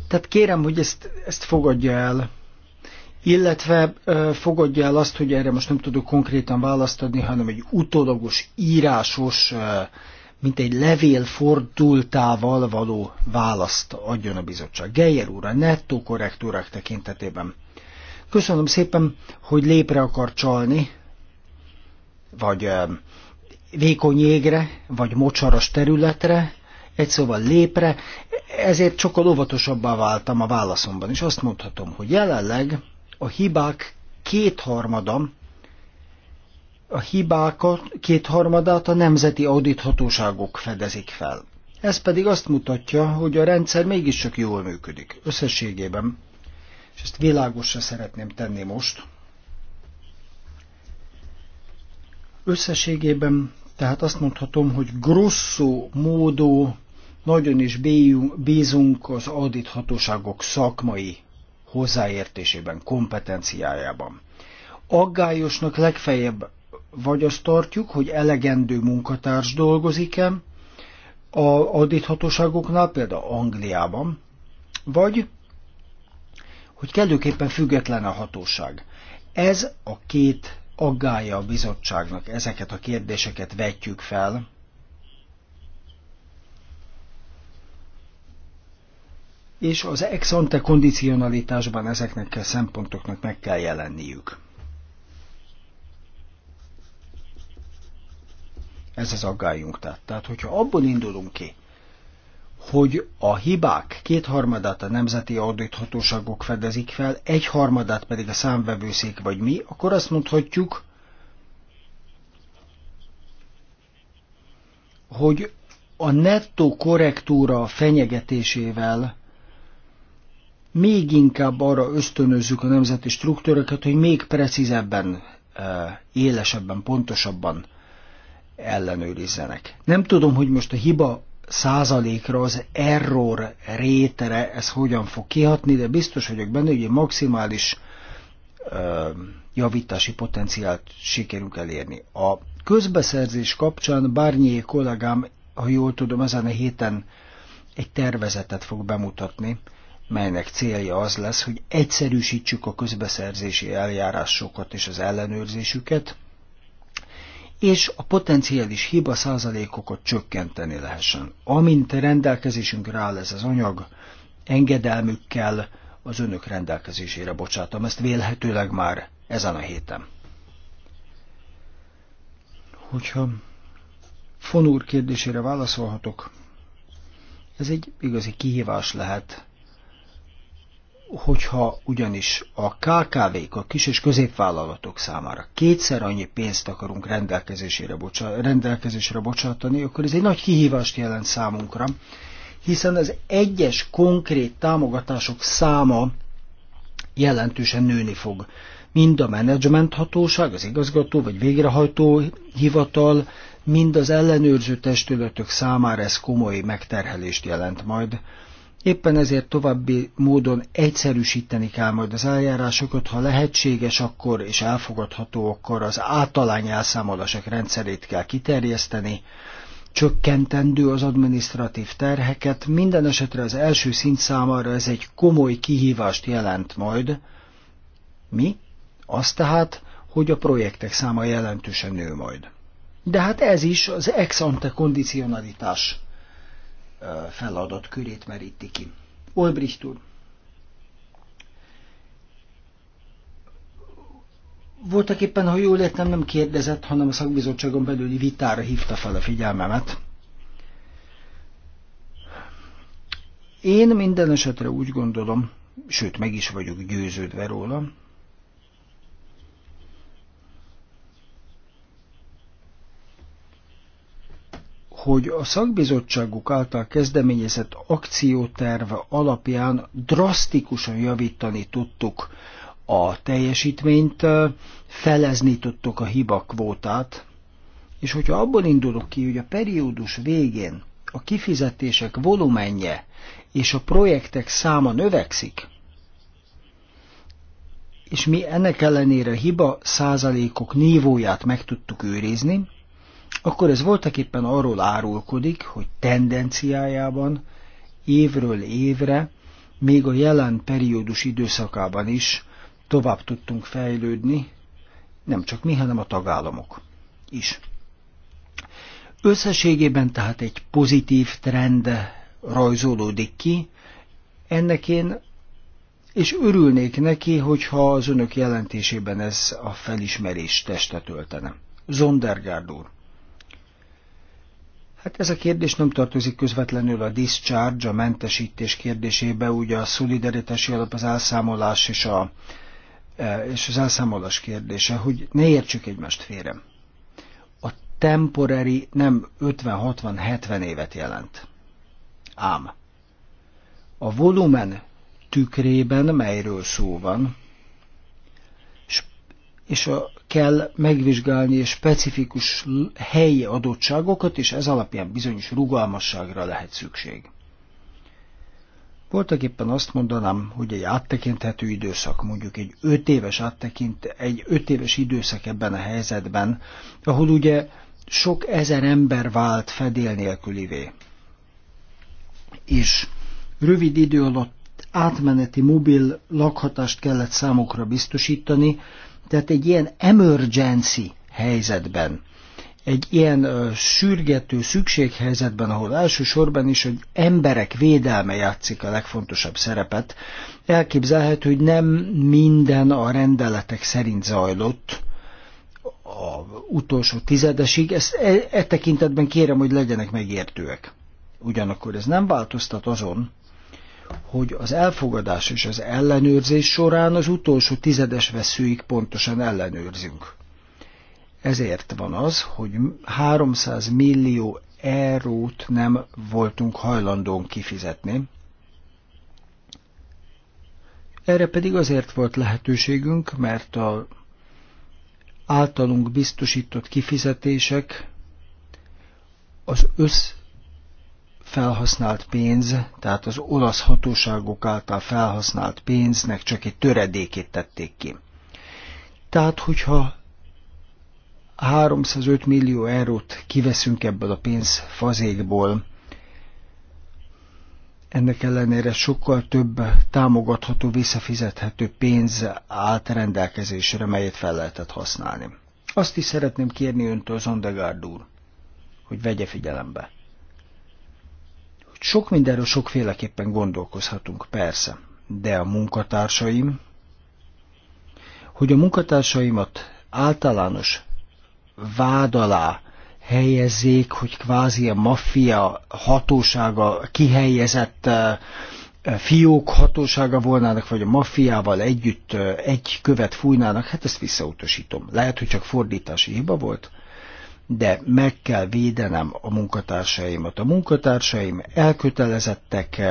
Tehát kérem, hogy ezt, ezt fogadja el illetve fogadja el azt, hogy erre most nem tudok konkrétan választ adni, hanem egy utólagos, írásos, mint egy levél fordultával való választ adjon a bizottság. Geyer úr, a nettó korrektúrák tekintetében. Köszönöm szépen, hogy lépre akar csalni, vagy vékony égre, vagy mocsaras területre, egy szóval lépre, ezért sokkal óvatosabbá váltam a válaszomban, és azt mondhatom, hogy jelenleg a hibák kétharmada, a hibákat kétharmadát a nemzeti audíthatóságok fedezik fel. Ez pedig azt mutatja, hogy a rendszer mégiscsak jól működik. Összességében, és ezt világosra szeretném tenni most, összességében tehát azt mondhatom, hogy grosszó módó nagyon is bízunk az audíthatóságok szakmai hozzáértésében, kompetenciájában. Aggályosnak legfeljebb vagy azt tartjuk, hogy elegendő munkatárs dolgozik-e a adíthatóságoknál, például Angliában, vagy hogy kellőképpen független a hatóság. Ez a két aggája a bizottságnak, ezeket a kérdéseket vetjük fel, és az ex ante kondicionalitásban ezeknek a szempontoknak meg kell jelenniük. Ez az aggályunk. Tehát, tehát hogyha abból indulunk ki, hogy a hibák kétharmadát a nemzeti audithatóságok fedezik fel, egyharmadát pedig a számvevőszék vagy mi, akkor azt mondhatjuk, hogy a nettó korrektúra fenyegetésével még inkább arra ösztönözzük a nemzeti struktúrákat, hogy még precízebben, élesebben, pontosabban ellenőrizzenek. Nem tudom, hogy most a hiba százalékra, az error rétere ez hogyan fog kihatni, de biztos vagyok benne, hogy egy maximális ö, javítási potenciált sikerünk elérni. A közbeszerzés kapcsán Bárnyi kollégám, ha jól tudom, ezen a héten egy tervezetet fog bemutatni, melynek célja az lesz, hogy egyszerűsítsük a közbeszerzési eljárásokat és az ellenőrzésüket, és a potenciális hiba százalékokat csökkenteni lehessen. Amint rendelkezésünkre áll ez az anyag, engedelmükkel az önök rendelkezésére bocsátom. Ezt vélhetőleg már ezen a héten. Hogyha Fonúr kérdésére válaszolhatok, ez egy igazi kihívás lehet hogyha ugyanis a KKV-k, a kis és középvállalatok számára kétszer annyi pénzt akarunk rendelkezésére bocsa, rendelkezésre bocsátani, akkor ez egy nagy kihívást jelent számunkra, hiszen az egyes konkrét támogatások száma jelentősen nőni fog. Mind a menedzsment hatóság, az igazgató vagy végrehajtó hivatal, mind az ellenőrző testületök számára ez komoly megterhelést jelent majd Éppen ezért további módon egyszerűsíteni kell majd az eljárásokat, ha lehetséges akkor és elfogadható, akkor az általány elszámolások rendszerét kell kiterjeszteni, csökkentendő az adminisztratív terheket, minden esetre az első szint számára ez egy komoly kihívást jelent majd. Mi? Az tehát, hogy a projektek száma jelentősen nő majd. De hát ez is az ex ante kondicionalitás feladatkörét meríti ki. Olbricht úr. Voltak éppen, ha jól értem, nem kérdezett, hanem a szakbizottságon belüli vitára hívta fel a figyelmemet. Én minden esetre úgy gondolom, sőt meg is vagyok győződve róla, hogy a szakbizottságuk által kezdeményezett akcióterv alapján drasztikusan javítani tudtuk a teljesítményt, felezni tudtuk a hibakvótát, és hogyha abból indulok ki, hogy a periódus végén a kifizetések volumenje és a projektek száma növekszik, és mi ennek ellenére hiba százalékok nívóját meg tudtuk őrizni, akkor ez voltak éppen arról árulkodik, hogy tendenciájában évről évre, még a jelen periódus időszakában is tovább tudtunk fejlődni, nem csak mi, hanem a tagállamok is. Összességében tehát egy pozitív trend rajzolódik ki, ennek én, és örülnék neki, hogyha az önök jelentésében ez a felismerés testet öltene. Zondergárd úr. Hát ez a kérdés nem tartozik közvetlenül a discharge, a mentesítés kérdésébe, ugye a szolidaritási alap, az elszámolás és, a, e, és az elszámolás kérdése, hogy ne értsük egymást félre. A temporary nem 50-60-70 évet jelent. Ám a volumen tükrében, melyről szó van, és a kell megvizsgálni és specifikus helyi adottságokat, és ez alapján bizonyos rugalmasságra lehet szükség. Voltak éppen azt mondanám, hogy egy áttekinthető időszak, mondjuk egy öt éves áttekint, egy öt éves időszak ebben a helyzetben, ahol ugye sok ezer ember vált fedél nélkülivé. És rövid idő alatt átmeneti mobil lakhatást kellett számukra biztosítani, tehát egy ilyen emergency helyzetben, egy ilyen ö, sürgető szükséghelyzetben, ahol elsősorban is hogy emberek védelme játszik a legfontosabb szerepet, elképzelhető, hogy nem minden a rendeletek szerint zajlott, a utolsó tizedesig, ezt e, e tekintetben kérem, hogy legyenek megértőek. Ugyanakkor ez nem változtat azon, hogy az elfogadás és az ellenőrzés során az utolsó tizedes veszőig pontosan ellenőrzünk. Ezért van az, hogy 300 millió eurót nem voltunk hajlandón kifizetni. Erre pedig azért volt lehetőségünk, mert a általunk biztosított kifizetések az össz felhasznált pénz, tehát az olasz hatóságok által felhasznált pénznek csak egy töredékét tették ki. Tehát, hogyha 305 millió eurót kiveszünk ebből a pénzfazékból, ennek ellenére sokkal több támogatható, visszafizethető pénz állt rendelkezésre, melyet fel lehetett használni. Azt is szeretném kérni öntől, Zondegárd úr, hogy vegye figyelembe, sok mindenről sokféleképpen gondolkozhatunk, persze, de a munkatársaim, hogy a munkatársaimat általános vád alá helyezzék, hogy kvázi a maffia hatósága kihelyezett fiók hatósága volnának, vagy a maffiával együtt egy követ fújnának, hát ezt visszautasítom. Lehet, hogy csak fordítási hiba volt, de meg kell védenem a munkatársaimat. A munkatársaim elkötelezettek,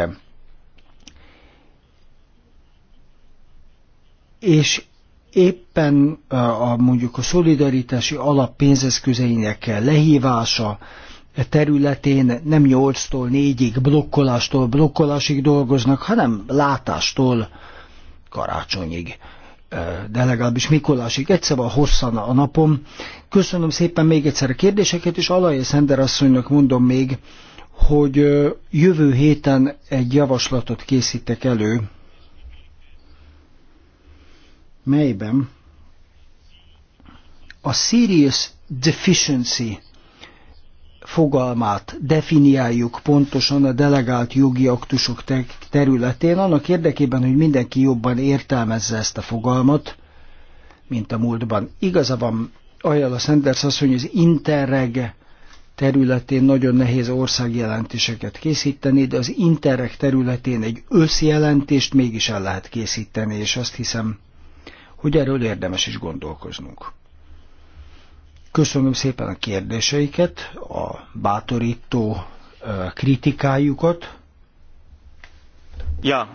és éppen a, mondjuk a szolidaritási alap pénzeszközeinek lehívása területén nem 8-tól 4-ig blokkolástól blokkolásig dolgoznak, hanem látástól karácsonyig de legalábbis Mikolásig. Egyszer van hosszan a napom. Köszönöm szépen még egyszer a kérdéseket, és Alaja Szender asszonynak mondom még, hogy jövő héten egy javaslatot készítek elő, melyben a Serious Deficiency fogalmát definiáljuk pontosan a delegált jogi aktusok területén, annak érdekében, hogy mindenki jobban értelmezze ezt a fogalmat, mint a múltban. Igaza van Ajjal a Sanders hogy az Interreg területén nagyon nehéz országjelentéseket készíteni, de az Interreg területén egy összjelentést mégis el lehet készíteni, és azt hiszem, hogy erről érdemes is gondolkoznunk. Köszönöm szépen a kérdéseiket, a bátorító kritikájukat. Ja,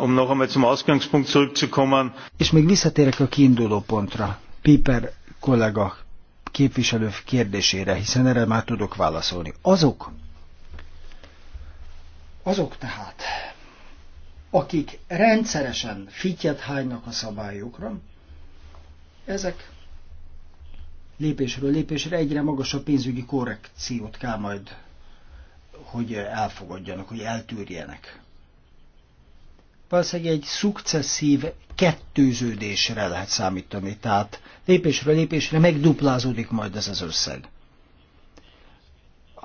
um noch einmal zum Ausgangspunkt zurückzukommen. És még visszatérek a kiinduló pontra. Piper kollega képviselő kérdésére, hiszen erre már tudok válaszolni. Azok, azok tehát, akik rendszeresen fityet hánynak a szabályokra, ezek lépésről lépésre egyre magasabb pénzügyi korrekciót kell majd, hogy elfogadjanak, hogy eltűrjenek. Valószínűleg egy szukcesszív kettőződésre lehet számítani, tehát lépésről lépésre megduplázódik majd ez az összeg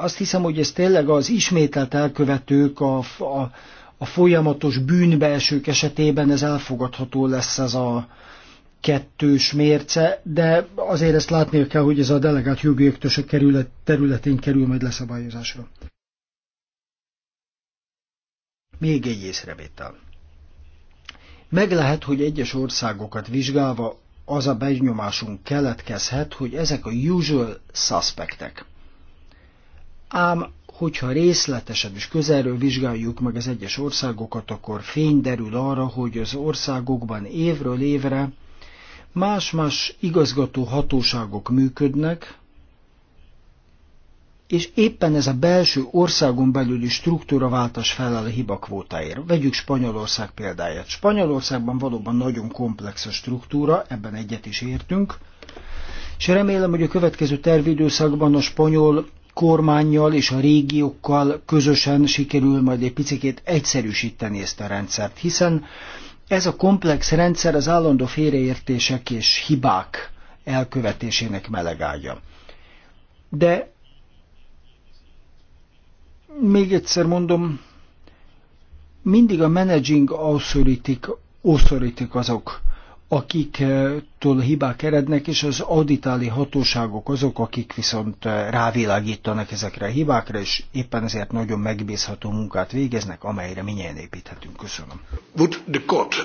azt hiszem, hogy ez tényleg az ismételt elkövetők, a, a, a folyamatos bűnbeesők esetében ez elfogadható lesz ez a, kettős mérce, de azért ezt látni kell, hogy ez a delegált jogi öktösök kerület, területén kerül majd leszabályozásra. Még egy észrevétel. Meg lehet, hogy egyes országokat vizsgálva az a benyomásunk keletkezhet, hogy ezek a usual suspectek. Ám, hogyha részletesen és közelről vizsgáljuk meg az egyes országokat, akkor fény derül arra, hogy az országokban évről évre Más-más igazgató hatóságok működnek, és éppen ez a belső országon belüli struktúraváltás felel a hibakvótáért. Vegyük Spanyolország példáját. Spanyolországban valóban nagyon komplex a struktúra, ebben egyet is értünk, és remélem, hogy a következő tervidőszakban a spanyol kormányjal és a régiókkal közösen sikerül majd egy picit egyszerűsíteni ezt a rendszert, hiszen ez a komplex rendszer az állandó félreértések és hibák elkövetésének melegágya. De még egyszer mondom, mindig a managing authority, authority azok, akiktől hibák erednek, és az auditáli hatóságok azok, akik viszont eh, rávilágítanak ezekre a hibákra, és éppen ezért nagyon megbízható munkát végeznek, amelyre minnyien építhetünk. Köszönöm. Would the court?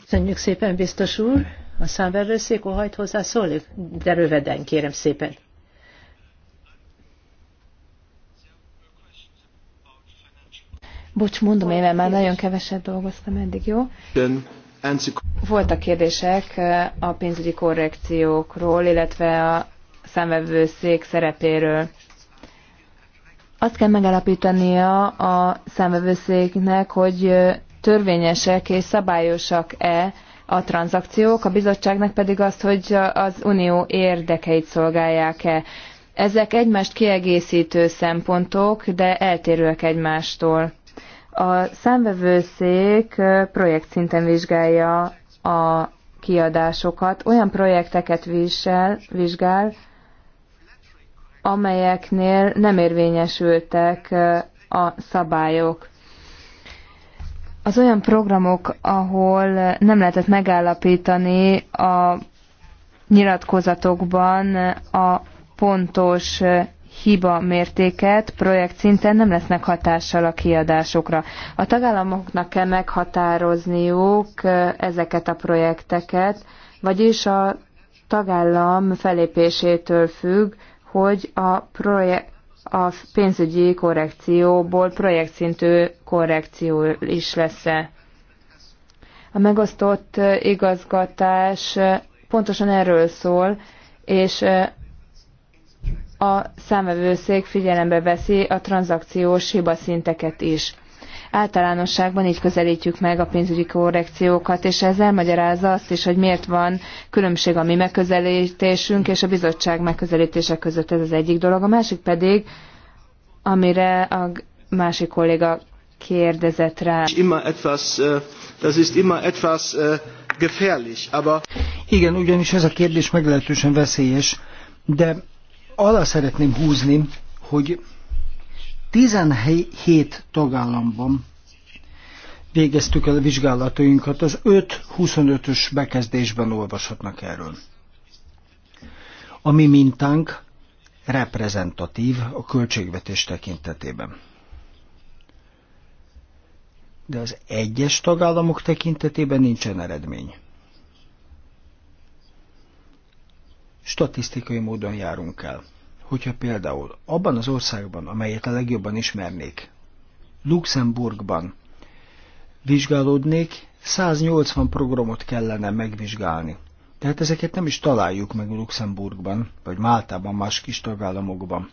Köszönjük szépen, biztos úr. A számverőszék hajt hozzászólni, de röveden, kérem szépen. Bocs, mondom, én már nagyon keveset dolgoztam eddig, jó? Then voltak kérdések a pénzügyi korrekciókról, illetve a számvevőszék szerepéről. Azt kell megalapítania a számvevőszéknek, hogy törvényesek és szabályosak-e a tranzakciók, a bizottságnak pedig azt, hogy az unió érdekeit szolgálják-e. Ezek egymást kiegészítő szempontok, de eltérőek egymástól. A számvevőszék projekt szinten vizsgálja a kiadásokat, olyan projekteket visel, vizsgál, amelyeknél nem érvényesültek a szabályok. Az olyan programok, ahol nem lehetett megállapítani a nyilatkozatokban a pontos hiba mértéket projekt szinten nem lesznek hatással a kiadásokra. A tagállamoknak kell meghatározniuk ezeket a projekteket, vagyis a tagállam felépésétől függ, hogy a, projek- a pénzügyi korrekcióból projektszintű korrekció is lesz-e. A megosztott igazgatás pontosan erről szól, és a számvevőszék figyelembe veszi a tranzakciós hibaszinteket is. Általánosságban így közelítjük meg a pénzügyi korrekciókat, és ez elmagyarázza azt is, hogy miért van különbség a mi megközelítésünk és a bizottság megközelítése között. Ez az egyik dolog. A másik pedig, amire a másik kolléga kérdezett rá. Äh, das ist immer etwas äh, gefährlich, aber... Igen, ugyanis ez a kérdés meglehetősen veszélyes, de alá szeretném húzni, hogy 17 tagállamban végeztük el a vizsgálatainkat, az 5-25-ös bekezdésben olvashatnak erről. A mi mintánk reprezentatív a költségvetés tekintetében. De az egyes tagállamok tekintetében nincsen eredmény. statisztikai módon járunk el. Hogyha például abban az országban, amelyet a legjobban ismernék, Luxemburgban vizsgálódnék, 180 programot kellene megvizsgálni. Tehát ezeket nem is találjuk meg Luxemburgban, vagy Máltában, más kis tagállamokban.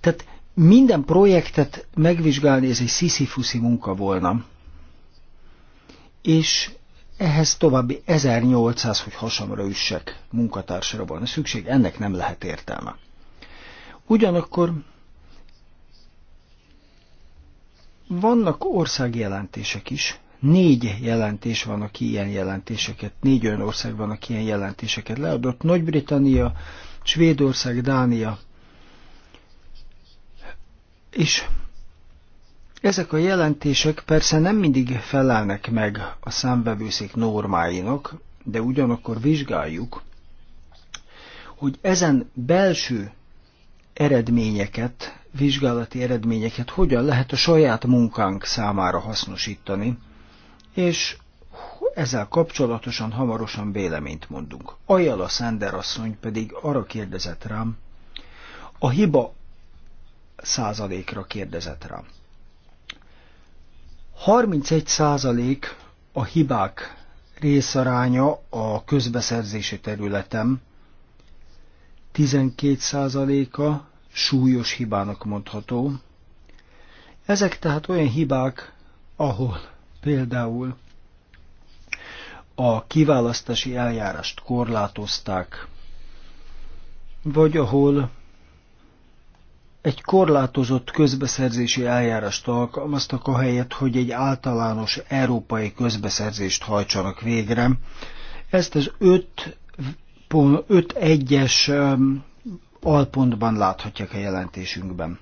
Tehát minden projektet megvizsgálni, ez egy sziszifuszi munka volna. És ehhez további 1800, hogy hasamra üssek munkatársra van szükség, ennek nem lehet értelme. Ugyanakkor vannak országjelentések is, négy jelentés van, aki ilyen jelentéseket, négy olyan ország van, aki ilyen jelentéseket leadott, Nagy-Britannia, Svédország, Dánia, és ezek a jelentések persze nem mindig felelnek meg a számvevőszék normáinak, de ugyanakkor vizsgáljuk, hogy ezen belső eredményeket, vizsgálati eredményeket hogyan lehet a saját munkánk számára hasznosítani, és ezzel kapcsolatosan hamarosan véleményt mondunk. Ajala Szender asszony pedig arra kérdezett rám, a hiba százalékra kérdezett rám. 31% százalék a hibák részaránya a közbeszerzési területem, 12%-a súlyos hibának mondható. Ezek tehát olyan hibák, ahol például a kiválasztási eljárást korlátozták, vagy ahol egy korlátozott közbeszerzési eljárást alkalmaztak a helyet, hogy egy általános európai közbeszerzést hajtsanak végre. Ezt az 5.1-es alpontban láthatják a jelentésünkben.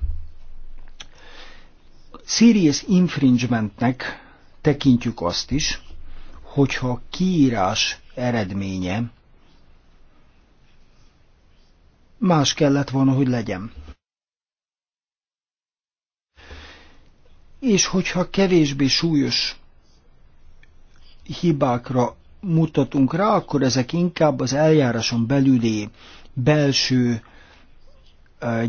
Serious infringementnek tekintjük azt is, hogyha kiírás eredménye más kellett volna, hogy legyen. és hogyha kevésbé súlyos hibákra mutatunk rá, akkor ezek inkább az eljáráson belüli belső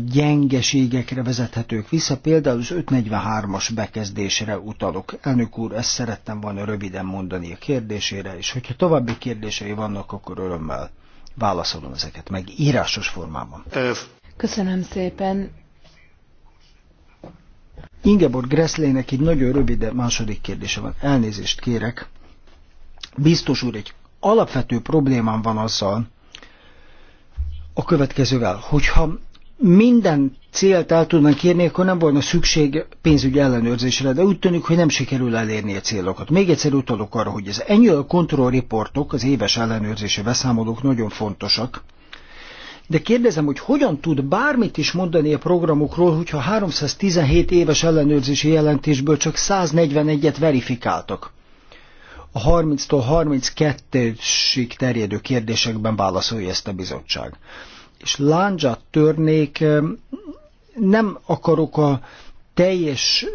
gyengeségekre vezethetők vissza, például az 543-as bekezdésre utalok. Elnök úr, ezt szerettem volna röviden mondani a kérdésére, és hogyha további kérdései vannak, akkor örömmel válaszolom ezeket meg írásos formában. Köszönöm szépen. Ingeborg Gresslének egy nagyon rövid, de második kérdése van. Elnézést kérek. Biztos úr, egy alapvető problémám van azzal, a következővel, hogyha minden célt el tudnánk érni, akkor nem volna szükség pénzügyi ellenőrzésre, de úgy tűnik, hogy nem sikerül elérni a célokat. Még egyszer utalok arra, hogy ez ennyi a kontrollriportok, az éves ellenőrzési beszámolók nagyon fontosak, de kérdezem, hogy hogyan tud bármit is mondani a programokról, hogyha 317 éves ellenőrzési jelentésből csak 141-et verifikáltak. A 30-tól 32-ig terjedő kérdésekben válaszolja ezt a bizottság. És láncsát törnék, nem akarok a teljes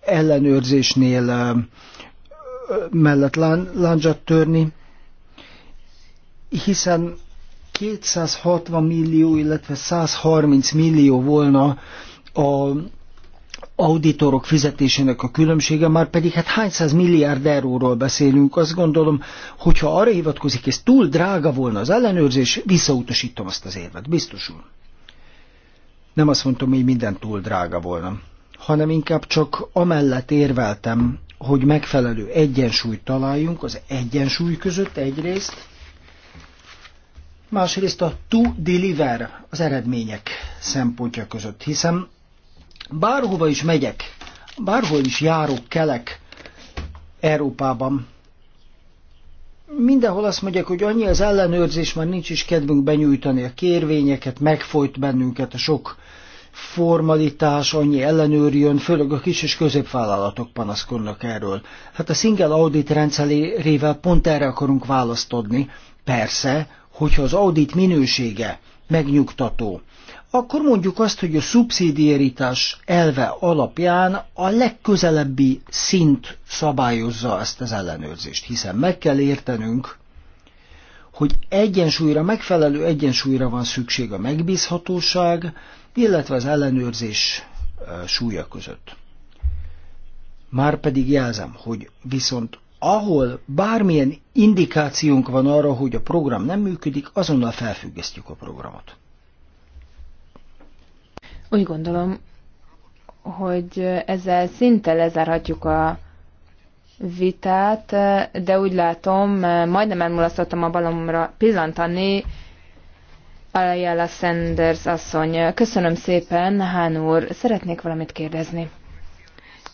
ellenőrzésnél mellett láncsát törni, hiszen 260 millió, illetve 130 millió volna a auditorok fizetésének a különbsége, már pedig hát hány száz milliárd euróról beszélünk, azt gondolom, hogyha arra hivatkozik, ez túl drága volna az ellenőrzés, visszautasítom azt az érvet, biztosul. Nem azt mondtam, hogy minden túl drága volna, hanem inkább csak amellett érveltem, hogy megfelelő egyensúlyt találjunk az egyensúly között egyrészt, másrészt a to deliver az eredmények szempontja között, hiszen bárhova is megyek, bárhol is járok, kelek Európában, mindenhol azt mondják, hogy annyi az ellenőrzés, már nincs is kedvünk benyújtani a kérvényeket, megfolyt bennünket a sok formalitás, annyi ellenőr jön, főleg a kis és középvállalatok panaszkodnak erről. Hát a single audit rendszerével pont erre akarunk választodni, Persze, hogyha az audit minősége megnyugtató, akkor mondjuk azt, hogy a szubszidiaritás elve alapján a legközelebbi szint szabályozza ezt az ellenőrzést, hiszen meg kell értenünk, hogy egyensúlyra, megfelelő egyensúlyra van szükség a megbízhatóság, illetve az ellenőrzés súlya között. Már pedig jelzem, hogy viszont ahol bármilyen indikációnk van arra, hogy a program nem működik, azonnal felfüggesztjük a programot. Úgy gondolom, hogy ezzel szinte lezárhatjuk a vitát, de úgy látom, majdnem elmulasztottam a balomra pillantani, Alajala Sanders asszony. Köszönöm szépen, Hán úr. Szeretnék valamit kérdezni.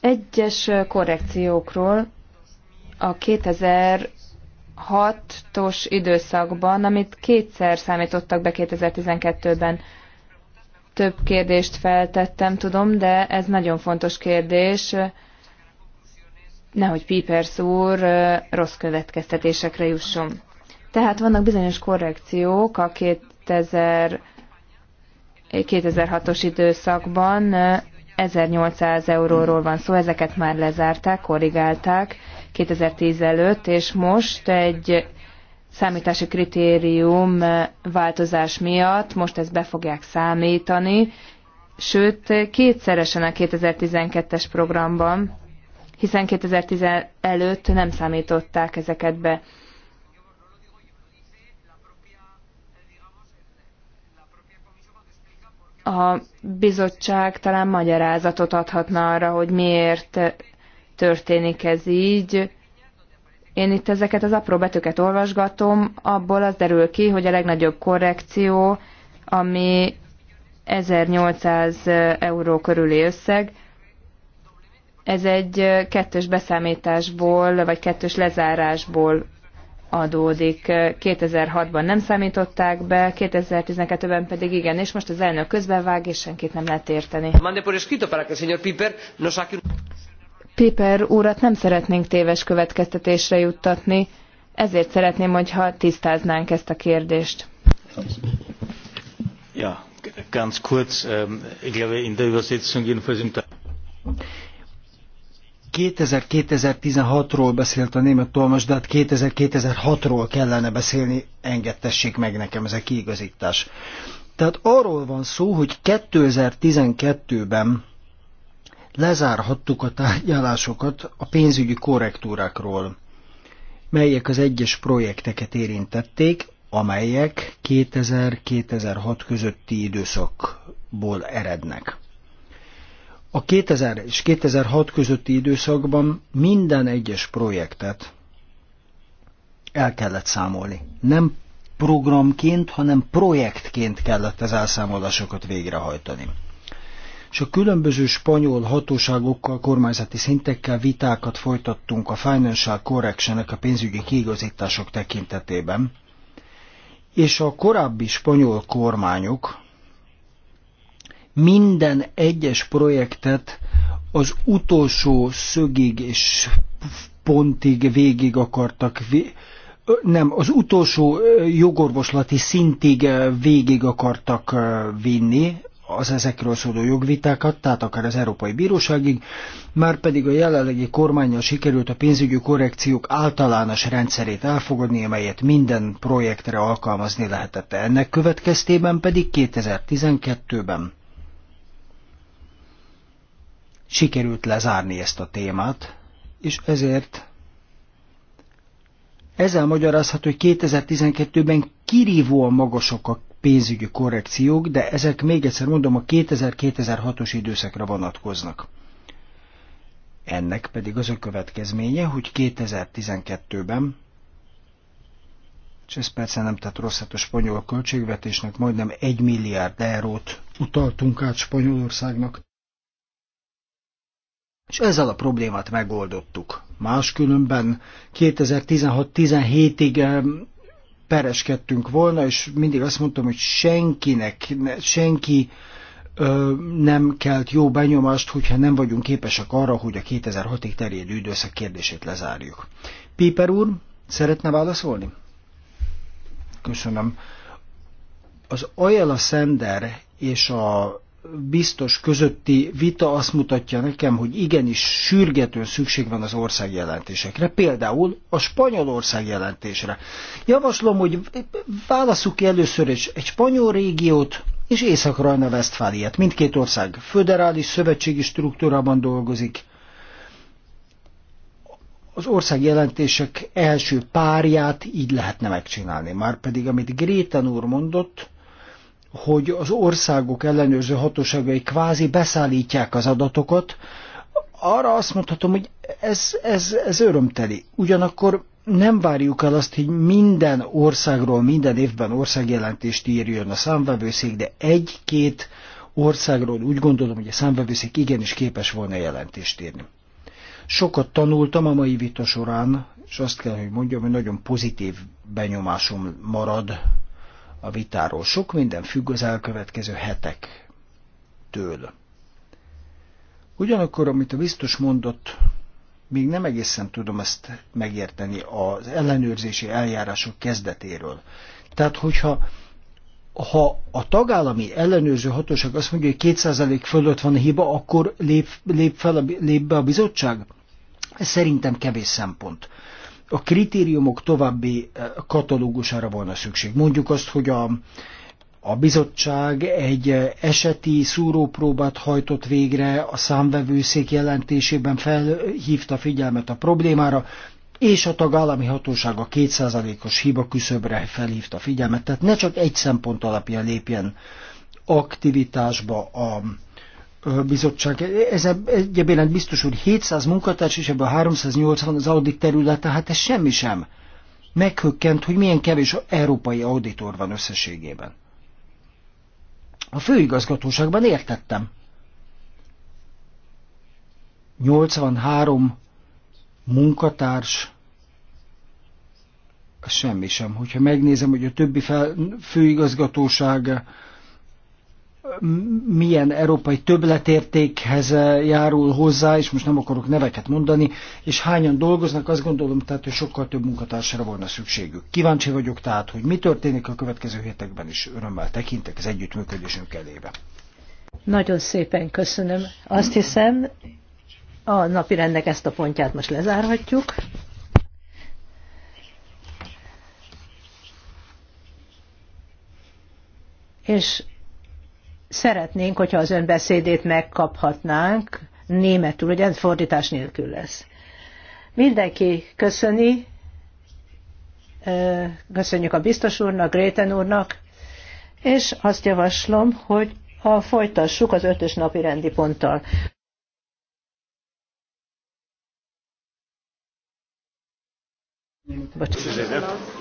Egyes korrekciókról a 2006-os időszakban, amit kétszer számítottak be 2012-ben. Több kérdést feltettem, tudom, de ez nagyon fontos kérdés. Nehogy Pipers úr rossz következtetésekre jusson. Tehát vannak bizonyos korrekciók a 2000 2006-os eh, időszakban 1800 euróról van szó, ezeket már lezárták, korrigálták, 2010 előtt, és most egy számítási kritérium változás miatt most ezt be fogják számítani, sőt kétszeresen a 2012-es programban, hiszen 2010 előtt nem számították ezeket be. A bizottság talán magyarázatot adhatna arra, hogy miért történik ez így. Én itt ezeket az apró betűket olvasgatom, abból az derül ki, hogy a legnagyobb korrekció, ami 1800 euró körüli összeg, ez egy kettős beszámításból, vagy kettős lezárásból adódik. 2006-ban nem számították be, 2012-ben pedig igen, és most az elnök vág, és senkit nem lehet érteni. Piper úrat nem szeretnénk téves következtetésre juttatni, ezért szeretném, hogyha tisztáznánk ezt a kérdést. Ja, ganz kurz, ähm, ich glaube in der Übersetzung jedenfalls im 2000-2016-ról beszélt a német tolmas, de hát 2000-2006-ról kellene beszélni, engedtessék meg nekem ez a kiigazítás. Tehát arról van szó, hogy 2012-ben lezárhattuk a tárgyalásokat a pénzügyi korrektúrákról, melyek az egyes projekteket érintették, amelyek 2000-2006 közötti időszakból erednek. A 2000 és 2006 közötti időszakban minden egyes projektet el kellett számolni. Nem programként, hanem projektként kellett az elszámolásokat végrehajtani és a különböző spanyol hatóságokkal, kormányzati szintekkel vitákat folytattunk a financial correction a pénzügyi kiigazítások tekintetében, és a korábbi spanyol kormányok minden egyes projektet az utolsó szögig és pontig végig akartak vi- nem, az utolsó jogorvoslati szintig végig akartak vinni, az ezekről szóló jogvitákat, tehát akár az Európai Bíróságig, már pedig a jelenlegi kormányjal sikerült a pénzügyi korrekciók általános rendszerét elfogadni, amelyet minden projektre alkalmazni lehetett. Ennek következtében pedig 2012-ben sikerült lezárni ezt a témát, és ezért ezzel magyarázható, hogy 2012-ben kirívóan magasak a pénzügyi korrekciók, de ezek még egyszer mondom a 2000-2006-os időszakra vonatkoznak. Ennek pedig az a következménye, hogy 2012-ben, és ez persze nem tett rosszat a spanyol költségvetésnek, majdnem 1 milliárd eurót utaltunk át Spanyolországnak, és ezzel a problémát megoldottuk. Máskülönben 2016-17-ig eh, pereskedtünk volna, és mindig azt mondtam, hogy senkinek, senki eh, nem kelt jó benyomást, hogyha nem vagyunk képesek arra, hogy a 2006-ig terjedő időszak kérdését lezárjuk. Piper úr, szeretne válaszolni? Köszönöm. Az Ajala Sender és a biztos közötti vita azt mutatja nekem, hogy igenis sürgetően szükség van az országjelentésekre, például a Spanyolország jelentésre. Javaslom, hogy válaszuk ki először egy, egy spanyol régiót és Észak-Rajna-Vesztfáliát. Mindkét ország föderális szövetségi struktúrában dolgozik. Az ország jelentések első párját így lehetne megcsinálni. Márpedig, amit Gréten úr mondott, hogy az országok ellenőrző hatóságai kvázi beszállítják az adatokat, arra azt mondhatom, hogy ez, ez, ez örömteli. Ugyanakkor nem várjuk el azt, hogy minden országról minden évben országjelentést írjon a számvevőszék, de egy-két országról úgy gondolom, hogy a számvevőszék igenis képes volna jelentést írni. Sokat tanultam a mai vita során, és azt kell, hogy mondjam, hogy nagyon pozitív benyomásom marad a vitáról. Sok minden függ az elkövetkező hetektől. Ugyanakkor, amit a biztos mondott, még nem egészen tudom ezt megérteni az ellenőrzési eljárások kezdetéről. Tehát, hogyha ha a tagállami ellenőrző hatóság azt mondja, hogy 2% fölött van hiba, akkor lép, lép, fel a, lép be a bizottság? Ez szerintem kevés szempont a kritériumok további eh, katalógusára volna szükség. Mondjuk azt, hogy a, a bizottság egy eh, eseti szúrópróbát hajtott végre, a számvevőszék jelentésében felhívta figyelmet a problémára, és a tagállami hatóság a kétszázalékos hiba küszöbre felhívta figyelmet. Tehát ne csak egy szempont alapján lépjen aktivitásba a bizottság. Ez egyébként biztos, hogy 700 munkatárs, és ebből 380 az audit területe, hát ez semmi sem. Meghökkent, hogy milyen kevés európai auditor van összességében. A főigazgatóságban értettem. 83 munkatárs, semmi sem. Hogyha megnézem, hogy a többi fel, főigazgatóság milyen európai többletértékhez eh, járul hozzá, és most nem akarok neveket mondani, és hányan dolgoznak, azt gondolom, tehát, hogy sokkal több munkatársra volna szükségük. Kíváncsi vagyok tehát, hogy mi történik a következő hétekben, és örömmel tekintek az együttműködésünk elébe. Nagyon szépen köszönöm. Azt hiszem, a napi rendnek ezt a pontját most lezárhatjuk. És Szeretnénk, hogyha az ön beszédét megkaphatnánk, németül, ugye fordítás nélkül lesz. Mindenki köszöni, köszönjük a biztos úrnak, Gréten úrnak, és azt javaslom, hogy ha folytassuk az ötös napi rendi ponttal. Bocsánat.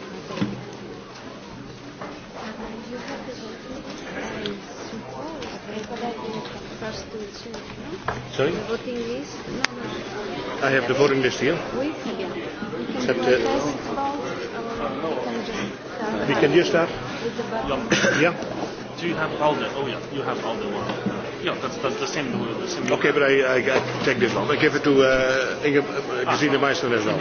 to no? Sorry? The voting list? No, no. I have the voting list here. We, yeah. We can Except, do uh, test vote, or we can just start. We can just start? Yeah. Do you have all the, oh yeah, you have all the ones. Yeah, that's, that's the same rule. The same rule. Okay, but I, I, I take this one. I give it to uh, Inge, uh, eh, ah. Gesine Meissner as well.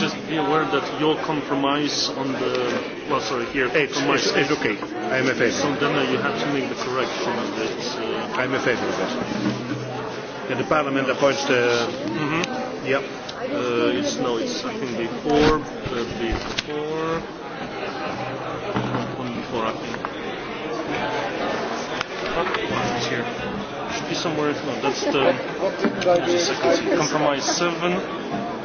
Just be aware that your compromise on the, well, sorry, here, it's, compromise it's, it's okay. I am a favor. So then uh, you have to make the correction of it. Uh, I am a favor of that. Yeah, the parliament yeah. appoints the... Eh, mm-hmm. Yep. Uh, it's, no, it's, I think, before, uh, before, one before, I think. Okay. one is here copy somewhere? No, that's the [LAUGHS] compromise seven,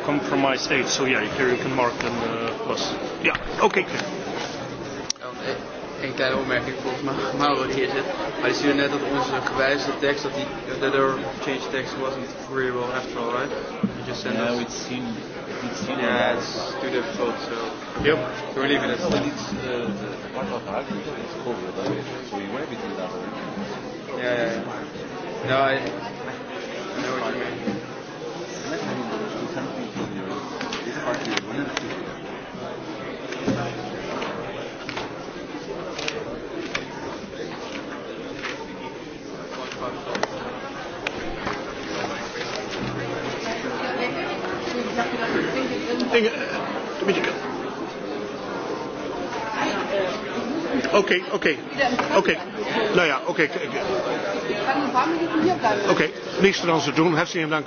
compromise eight. So yeah, here you can mark and uh, plus. Yeah, okay. okay. Eh, Een eh, kleine opmerking volgens [LAUGHS] Mauro die hier zit. Maar die zie je net dat onze gewijzigde tekst, dat die that our change text wasn't agreeable after all, right? You just send yeah, us. it seemed, it seemed yeah, it's too difficult, so. Yep. we're leaving it. No, it's uh, part of the is covered, so we might to be done. Yeah, yeah, yeah. No, I, I know what you mean. Okay, okay. Okay. Nou ja, oké. Okay. Oké, okay. niks er aan te doen. Hartelijk dank.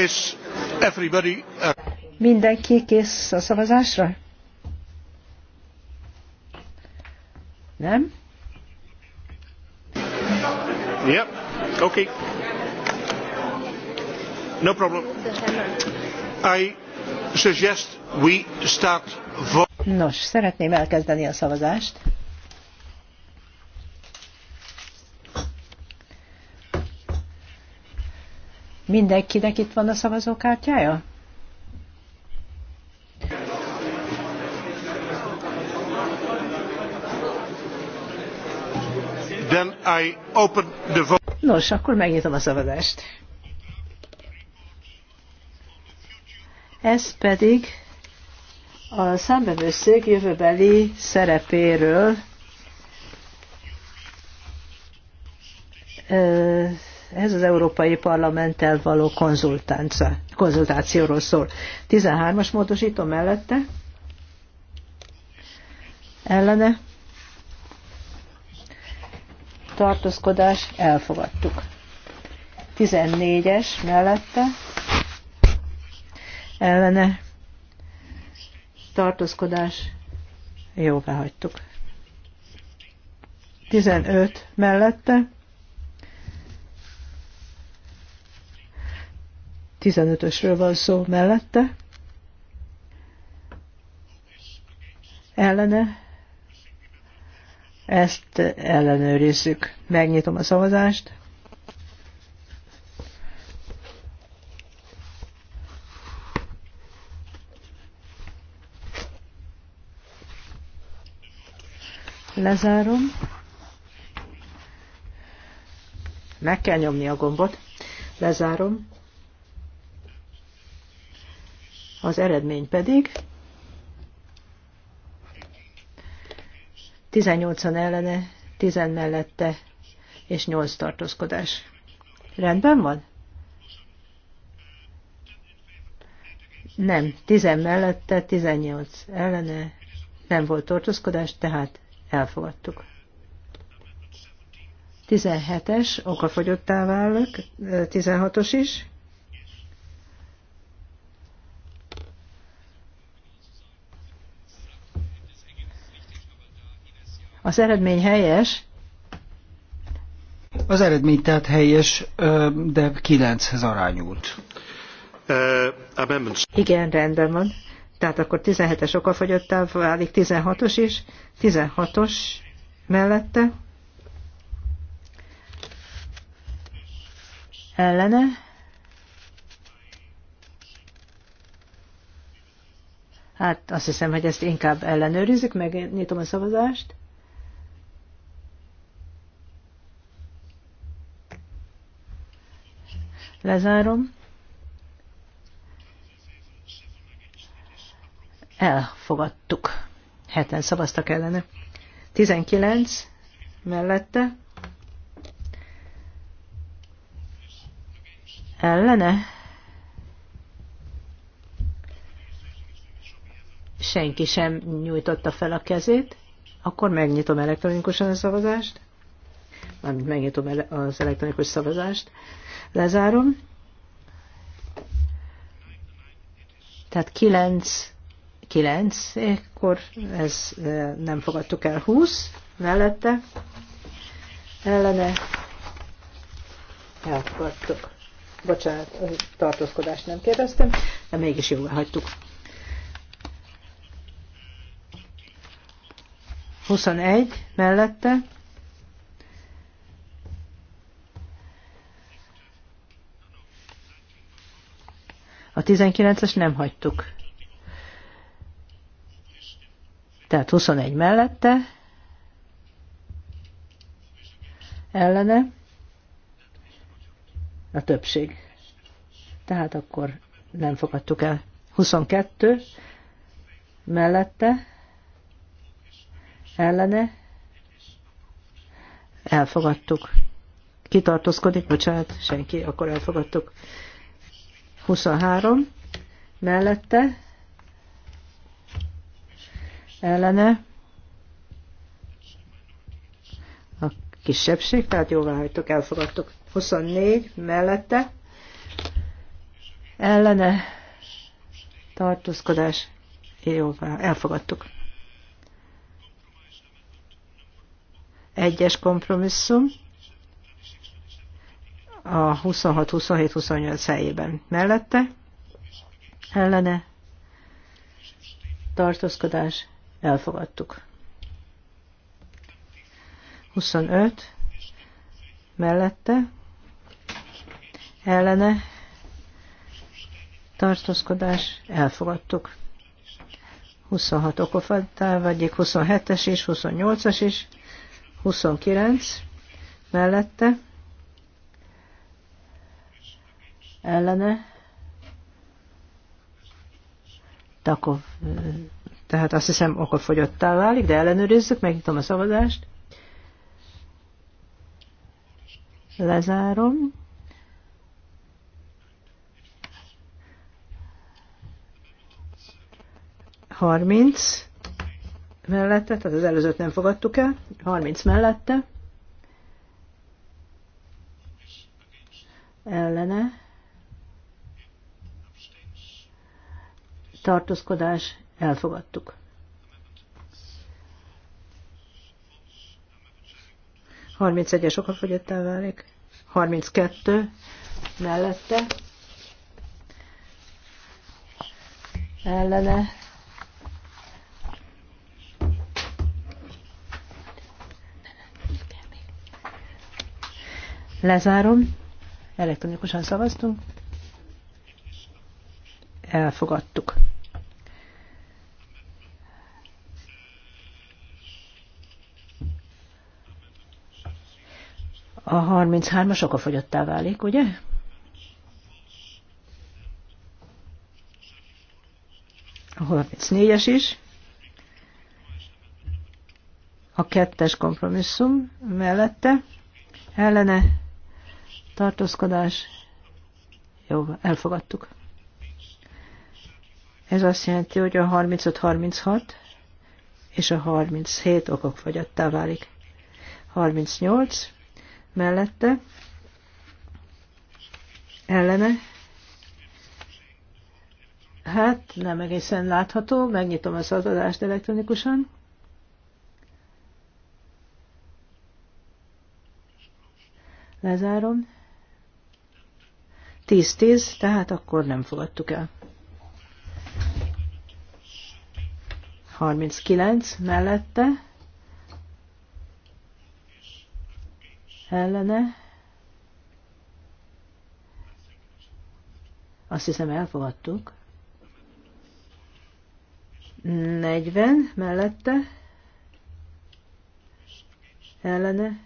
Uh, Mindenki kész a szavazásra? Nem? Yep, okay. No problem. I suggest we start Nos, szeretném elkezdeni a szavazást. Mindenkinek itt van a szavazókártyája? Then I open the vote. Nos, akkor megnyitom a szavazást. Ez pedig a számbevőszék jövőbeli szerepéről ez az Európai Parlamenttel való konzultációról szól. 13-as módosító mellette ellene tartózkodás elfogadtuk. 14-es mellette ellene tartózkodás jóvá hagytuk. 15 mellette 15-ösről van szó mellette. Ellene. Ezt ellenőrizzük. Megnyitom a szavazást. Lezárom. Meg kell nyomni a gombot. Lezárom. Az eredmény pedig 18-an ellene, 10 mellette és 8 tartózkodás. Rendben van? Nem, 10 mellette, 18 ellene, nem volt tartózkodás, tehát elfogadtuk. 17-es, okafogyottá válik, 16-os is. Az eredmény helyes? Az eredmény tehát helyes, de 9-hez arányult. Uh, Igen, rendben van. Tehát akkor 17-es okafogyottá válik, 16-os is, 16-os mellette. Ellene. Hát azt hiszem, hogy ezt inkább ellenőrizzük, megnyitom a szavazást. Lezárom. Elfogadtuk. Heten szavaztak ellene. 19 mellette. Ellene. Senki sem nyújtotta fel a kezét. Akkor megnyitom elektronikusan a szavazást. Mármint megnyitom az elektronikus szavazást. Lezárom. Tehát 9, 9, ekkor ez nem fogadtuk el 20, mellette, ellene elfogadtuk. Bocsánat, a tartózkodást nem kérdeztem, de mégis jóvá hagytuk. 21 mellette, A 19-es nem hagytuk. Tehát 21 mellette, ellene, a többség. Tehát akkor nem fogadtuk el. 22 mellette, ellene, elfogadtuk. Kitartózkodik, bocsánat, senki, akkor elfogadtuk. 23 mellette ellene a kisebbség, tehát jóvá hagytok, elfogadtok. 24 mellette ellene tartózkodás, jóvá, elfogadtuk. Egyes kompromisszum a 26-27-28 helyében. Mellette ellene tartózkodás elfogadtuk. 25 mellette ellene tartózkodás elfogadtuk. 26 okofattá vagyik 27-es is, 28-as is, 29 mellette ellene. Takov, tehát azt hiszem akkor fogyottá válik, de ellenőrizzük, megnyitom a szavazást. Lezárom. Harminc mellette, tehát az előzőt nem fogadtuk el, 30 mellette, ellene, tartózkodás, elfogadtuk. Harminc egyes el válik, 32 mellette, ellene, Lezárom. Elektronikusan szavaztunk. Elfogadtuk. A 33-as fogyottá válik, ugye? A 34-es is. A kettes kompromisszum mellette. Ellene tartózkodás. Jó, elfogadtuk. Ez azt jelenti, hogy a 35-36 és a 37 okok fogyattá válik. 38 mellette, ellene. Hát nem egészen látható, megnyitom a szabadást elektronikusan. Lezárom. 10-10, tehát akkor nem fogadtuk el. 39 mellette ellene. Azt hiszem elfogadtuk. 40 mellette ellene.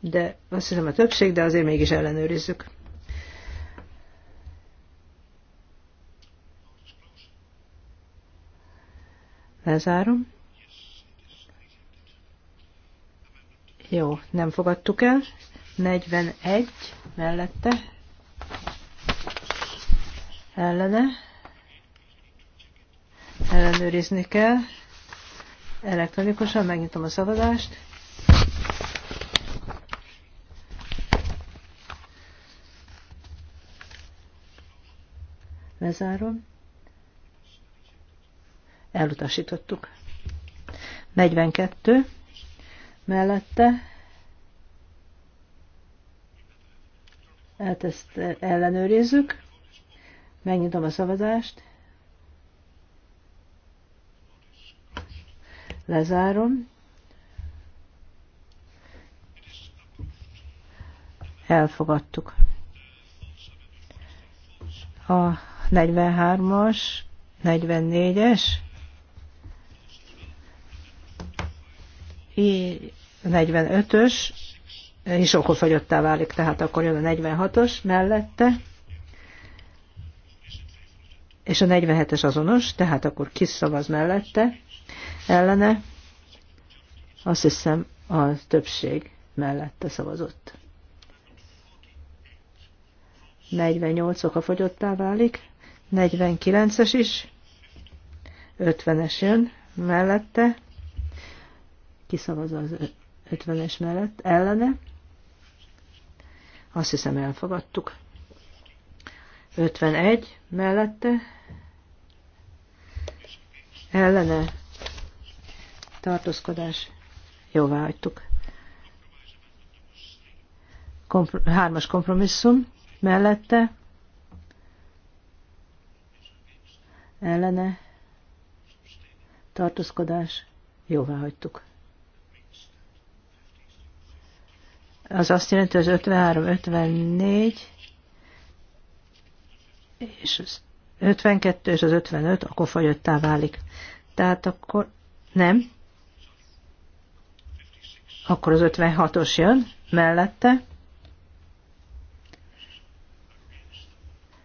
De azt hiszem a többség, de azért mégis ellenőrizzük. Lezárom. Jó, nem fogadtuk el. 41 mellette. Ellene. Ellenőrizni kell. Elektronikusan megnyitom a szavazást. Lezárom. Elutasítottuk. 42 mellette. Hát ezt ellenőrizzük. Megnyitom a szavazást. Lezárom. Elfogadtuk. A 43-as, 44-es, 45-ös, és okofagyottá válik, tehát akkor jön a 46-os mellette, és a 47-es azonos, tehát akkor kiszavaz mellette, ellene, azt hiszem a többség mellette szavazott. 48 oka fogyottá válik, 49-es is, 50-es jön mellette, kiszavaz az 50-es mellett ellene. Azt hiszem elfogadtuk. 51 mellette ellene tartózkodás jóvá hagytuk. Kompr- hármas kompromisszum mellette ellene tartózkodás jóvá hagytuk. az azt jelenti, hogy az 53, 54 és az 52 és az 55 akkor fagyottá válik. Tehát akkor nem. Akkor az 56-os jön mellette.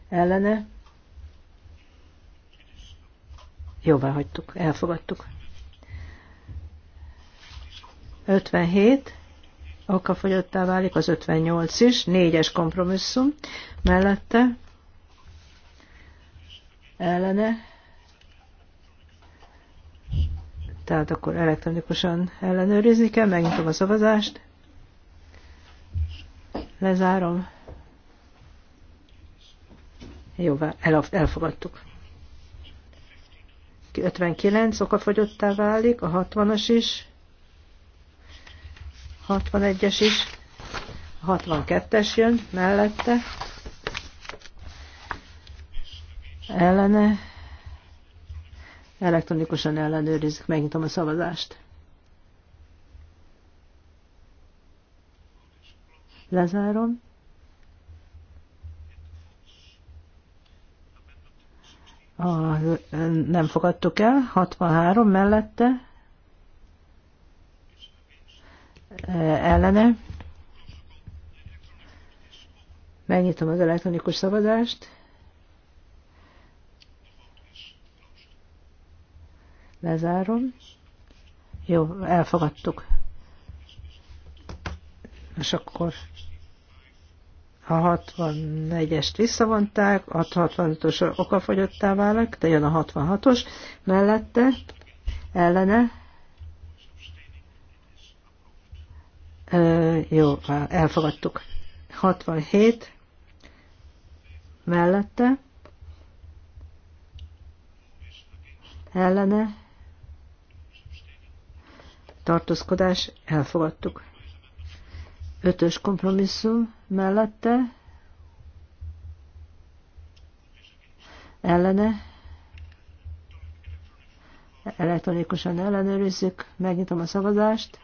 Ellene. Jóvá hagytuk, elfogadtuk. 57 okafogyottá válik az 58 is, négyes kompromisszum mellette, ellene, tehát akkor elektronikusan ellenőrizni kell, megnyitom a szavazást, lezárom, jó, elfogadtuk. 59 okafogyottá válik, a 60-as is, 61-es is, 62-es jön mellette, ellene, elektronikusan ellenőrizzük, megnyitom a szavazást. Lezárom. A, nem fogadtuk el, 63 mellette, Eh, ellene. Megnyitom az elektronikus szavazást. Lezárom. Jó, elfogadtuk. És akkor a 64-est visszavonták, a 65-ös okafogyottá válik, de jön a 66-os mellette, ellene, Jó, elfogadtuk. 67 mellette, ellene, tartózkodás, elfogadtuk. Ötös kompromisszum mellette, ellene, elektronikusan ellenőrizzük, megnyitom a szavazást,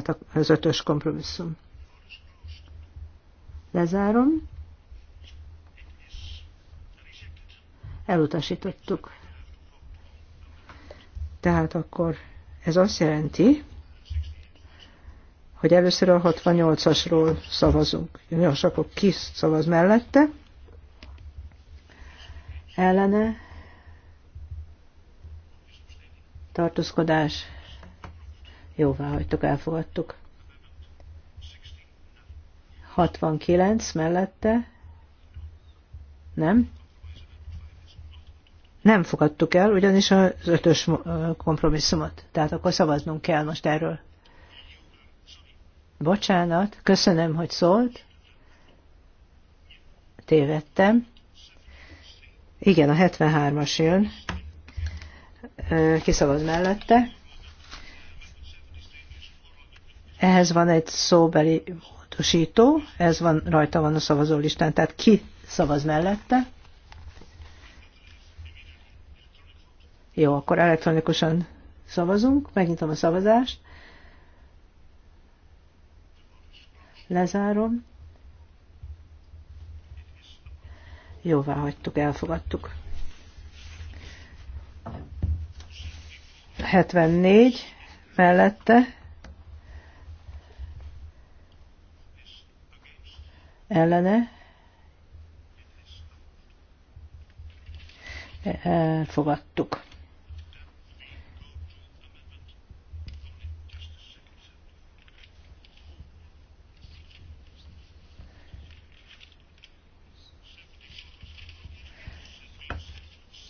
tehát az ötös kompromisszum. Lezárom. Elutasítottuk. Tehát akkor ez azt jelenti, hogy először a 68-asról szavazunk. Nos, akkor ki szavaz mellette? Ellene? Tartózkodás? Jóvá hagytuk, elfogadtuk. 69 mellette. Nem? Nem fogadtuk el, ugyanis az ötös kompromisszumot. Tehát akkor szavaznunk kell most erről. Bocsánat, köszönöm, hogy szólt. Tévedtem. Igen, a 73-as jön. Kiszavaz mellette. Ehhez van egy szóbeli módosító, ez van, rajta van a szavazólistán, tehát ki szavaz mellette? Jó, akkor elektronikusan szavazunk, megnyitom a szavazást. Lezárom. Jóvá hagytuk, elfogadtuk. 74 mellette ellene elfogadtuk.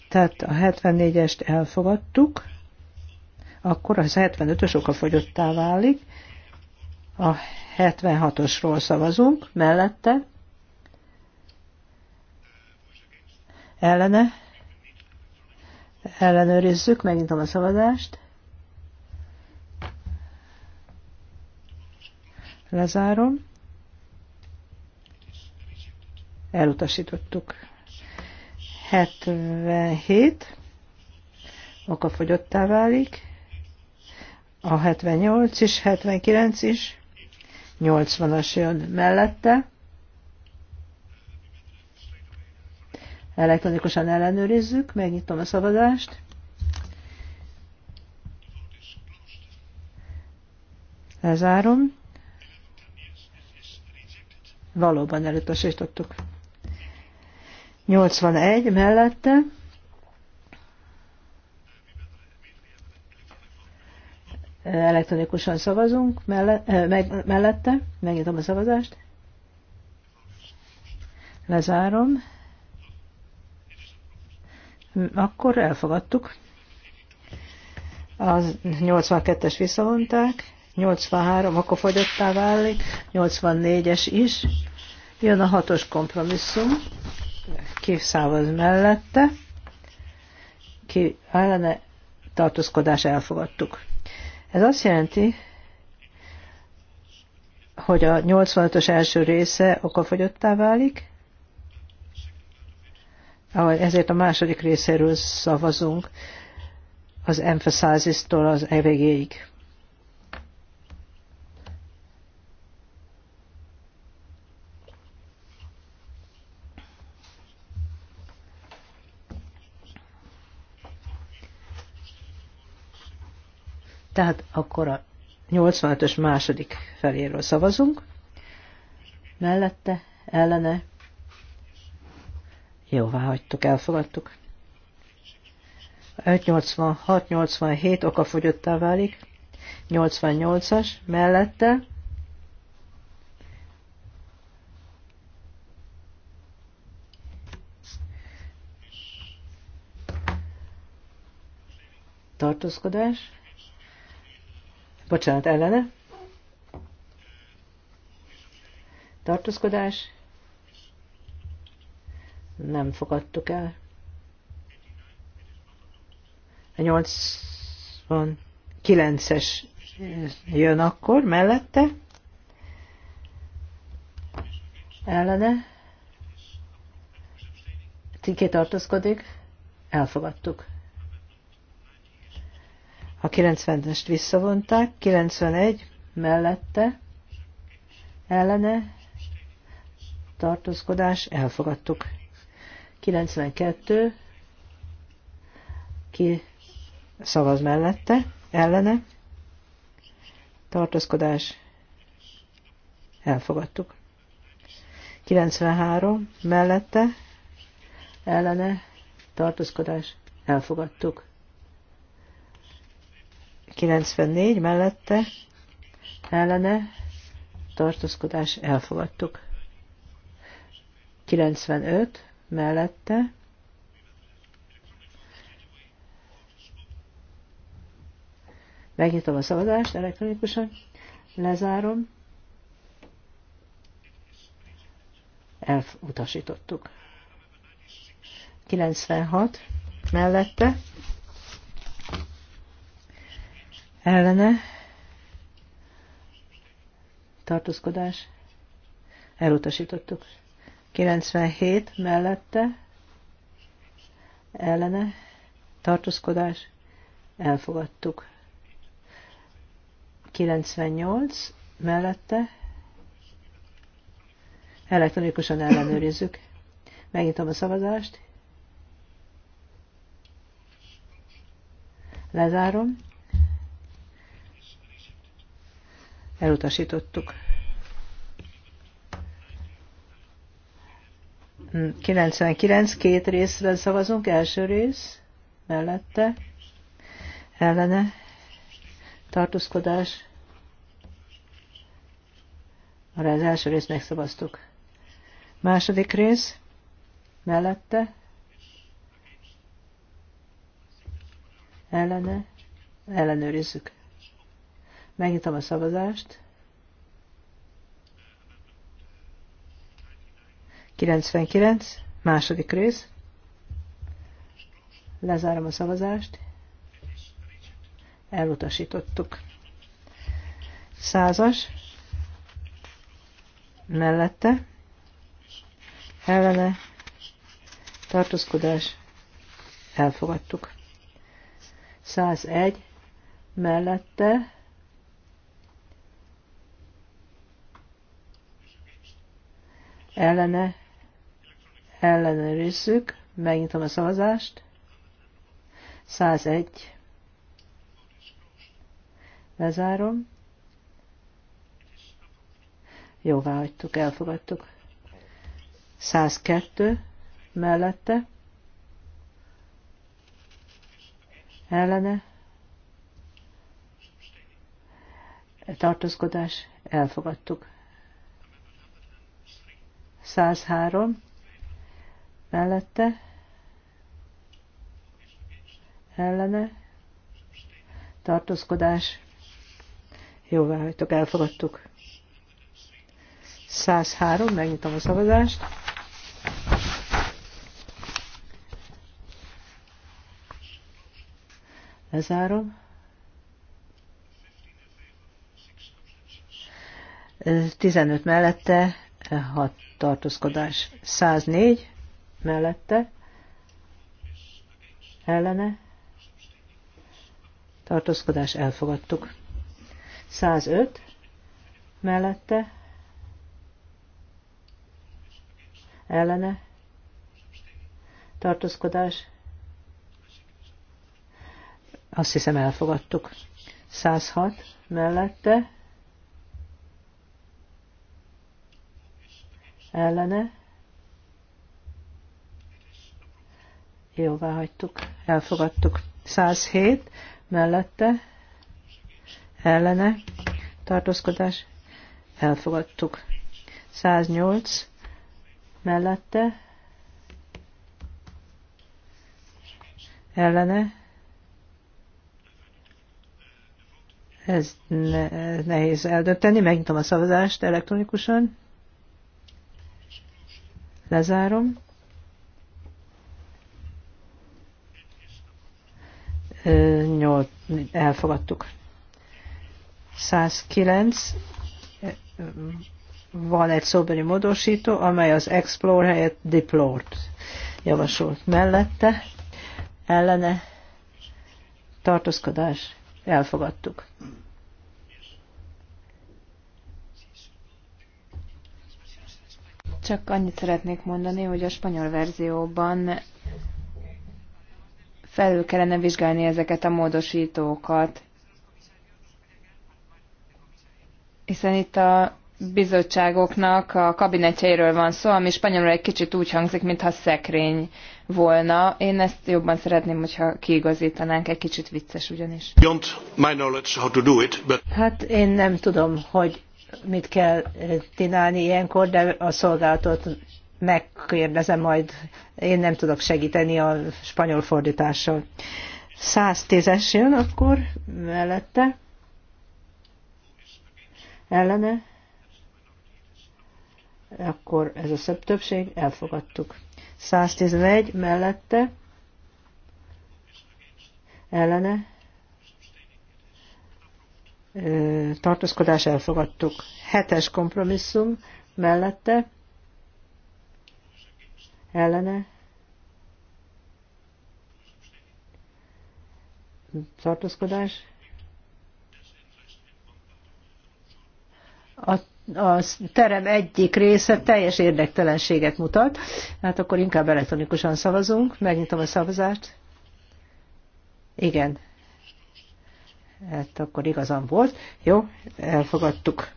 Tehát a 74-est elfogadtuk, akkor az 75-ös fogyottá válik, a 76-osról szavazunk, mellette, ellene, ellenőrizzük, megnyitom a szavazást, lezárom, elutasítottuk. 77 fogyottá válik, a 78 és 79 is, 80-as jön mellette. Elektronikusan ellenőrizzük, megnyitom a szavazást. Lezárom. Valóban elutasítottuk. 81 mellette. elektronikusan szavazunk meg, mellette, megnyitom a szavazást, lezárom, akkor elfogadtuk. Az 82-es visszavonták, 83 akkor fogyottá válik, 84-es is. Jön a hatos kompromisszum, kiszávoz mellette, ki ellene tartózkodás elfogadtuk. Ez azt jelenti, hogy a 85-ös első része okafogyottá válik, ezért a második részéről szavazunk az emphasizes tól az evegéig. Tehát akkor a 85-ös második feléről szavazunk. Mellette, ellene. Jóvá hagytuk, elfogadtuk. 586-87 okafogyottá válik. 88-as mellette. Tartózkodás Bocsánat, ellene. Tartózkodás. Nem fogadtuk el. A 89-es jön akkor mellette. Ellene. Ki tartózkodik? Elfogadtuk. A 90-est visszavonták, 91 mellette, ellene, tartózkodás, elfogadtuk. 92, ki szavaz mellette, ellene, tartózkodás, elfogadtuk. 93, mellette, ellene, tartózkodás, elfogadtuk. 94 mellette ellene tartózkodás elfogadtuk. 95 mellette megnyitom a szavazást elektronikusan, lezárom, elutasítottuk. 96 mellette ellene tartózkodás elutasítottuk. 97 mellette ellene tartózkodás elfogadtuk. 98 mellette elektronikusan ellenőrizzük. Megnyitom a szavazást. Lezárom. Elutasítottuk. 99, két részben szavazunk, első rész, mellette, ellene, tartózkodás, arra az első részt megszavaztuk. Második rész, mellette, ellene, ellenőrizzük. Megnyitom a szavazást. 99, második rész. Lezárom a szavazást. Elutasítottuk. Százas. Mellette. Ellene. Tartózkodás. Elfogadtuk. 101. Mellette ellene részük, megnyitom a szavazást, 101, lezárom, jóvá hagytuk, elfogadtuk, 102 mellette, ellene, tartózkodás, elfogadtuk. 103 mellette ellene tartózkodás jóvá hagytok, elfogadtuk. 103, megnyitom a szavazást. Lezárom. 15 mellette, hat tartózkodás. 104 mellette ellene tartózkodás elfogadtuk. 105 mellette ellene tartózkodás azt hiszem elfogadtuk. 106 mellette ellene. Jóvá hagytuk, elfogadtuk. 107 mellette, ellene, tartózkodás, elfogadtuk. 108 mellette, ellene, ez ne, nehéz eldönteni, megnyitom a szavazást elektronikusan. Lezárom. Nyolc, elfogadtuk. 109 van egy szóbeli módosító, amely az explore helyett deplore-t javasolt mellette. Ellene tartózkodás elfogadtuk. Csak annyit szeretnék mondani, hogy a spanyol verzióban felül kellene vizsgálni ezeket a módosítókat, hiszen itt a bizottságoknak a kabinetjeiről van szó, ami spanyolul egy kicsit úgy hangzik, mintha szekrény volna. Én ezt jobban szeretném, hogyha kiigazítanánk, egy kicsit vicces ugyanis. Hát én nem tudom, hogy mit kell eh, csinálni ilyenkor, de a szolgálatot megkérdezem majd, én nem tudok segíteni a spanyol fordítással. 110-es jön akkor mellette. Ellene. Akkor ez a szöbb többség, elfogadtuk. 111 mellette. Ellene tartózkodás elfogadtuk. Hetes kompromisszum mellette ellene tartózkodás. A, a terem egyik része teljes érdektelenséget mutat, hát akkor inkább elektronikusan szavazunk. Megnyitom a szavazást. Igen. Hát akkor igazam volt. Jó, elfogadtuk.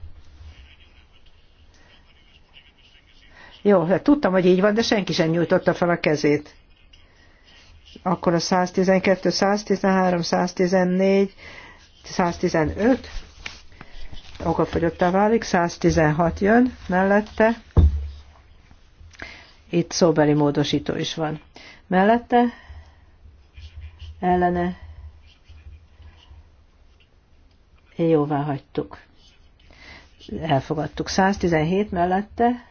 Jó, hát tudtam, hogy így van, de senki sem nyújtotta fel a kezét. Akkor a 112, 113, 114, 115 okafogyottá válik, 116 jön mellette. Itt szóbeli módosító is van. Mellette ellene Jóvá hagytuk. Elfogadtuk. 117 mellette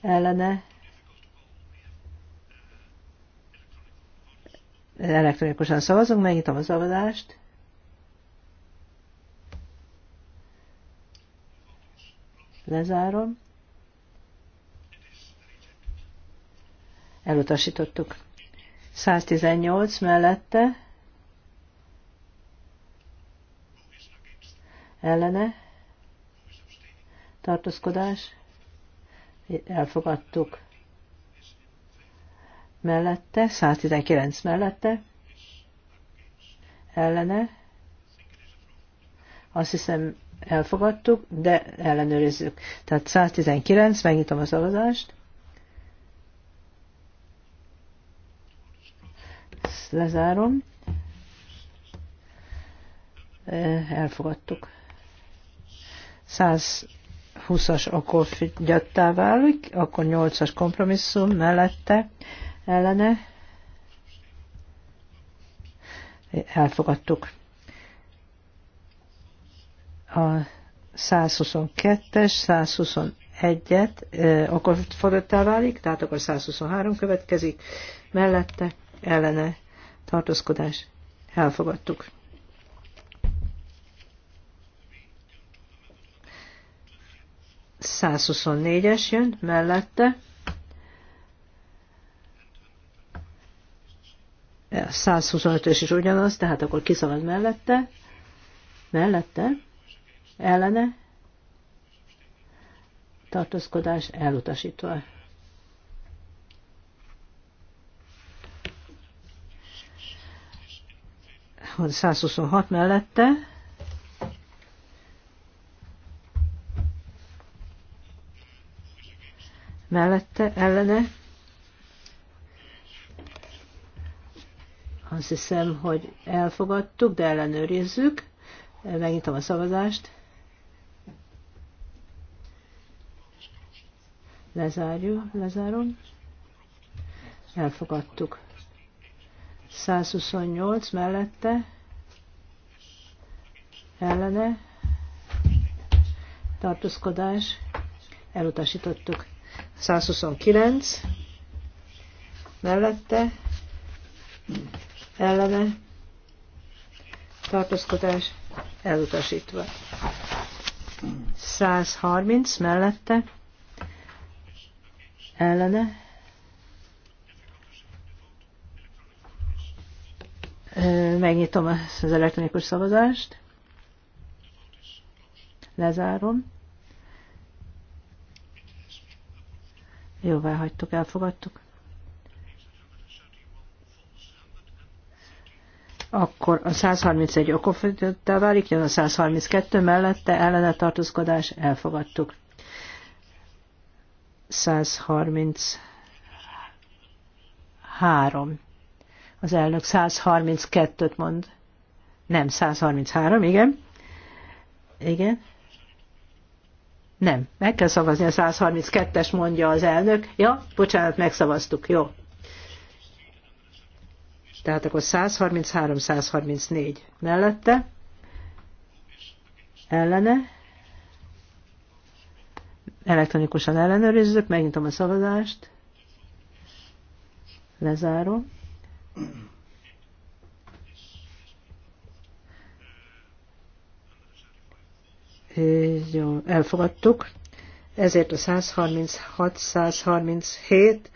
ellene elektronikusan szavazunk, megnyitom a szavazást. Lezárom. Elutasítottuk. 118 mellette ellene tartózkodás elfogadtuk mellette, 119 mellette ellene azt hiszem elfogadtuk, de ellenőrizzük. Tehát 119, megnyitom a szavazást. Ezt lezárom. Elfogadtuk. 120-as akkor figyattá válik, akkor 8-as kompromisszum mellette ellene elfogadtuk. A 122-es, 121-et akkor fogadottá válik, tehát akkor 123 következik, mellette ellene tartózkodás elfogadtuk. 124-es jön mellette. 125-ös is ugyanaz, tehát akkor kiszalad mellette. Mellette. Ellene. Tartózkodás elutasítva. hogy 126 mellette mellette, ellene. Azt hiszem, hogy elfogadtuk, de ellenőrizzük. Megnyitom a szavazást. Lezárjuk, lezárom. Elfogadtuk. 128 mellette, ellene, tartózkodás, elutasítottuk. 129 mellette ellene tartózkodás elutasítva. 130 mellette ellene megnyitom az elektronikus szavazást, lezárom, Jóvá hagytuk, elfogadtuk. Akkor a 131 okofogyottá válik, jön a 132 mellette, ellene tartózkodás, elfogadtuk. 133. Az elnök 132-t mond. Nem, 133, igen. Igen. Nem, meg kell szavazni a 132-es, mondja az elnök. Ja, bocsánat, megszavaztuk, jó. Tehát akkor 133-134 mellette, ellene, elektronikusan ellenőrizzük, megnyitom a szavazást, lezárom. Jó, elfogadtuk. Ezért a 136, 137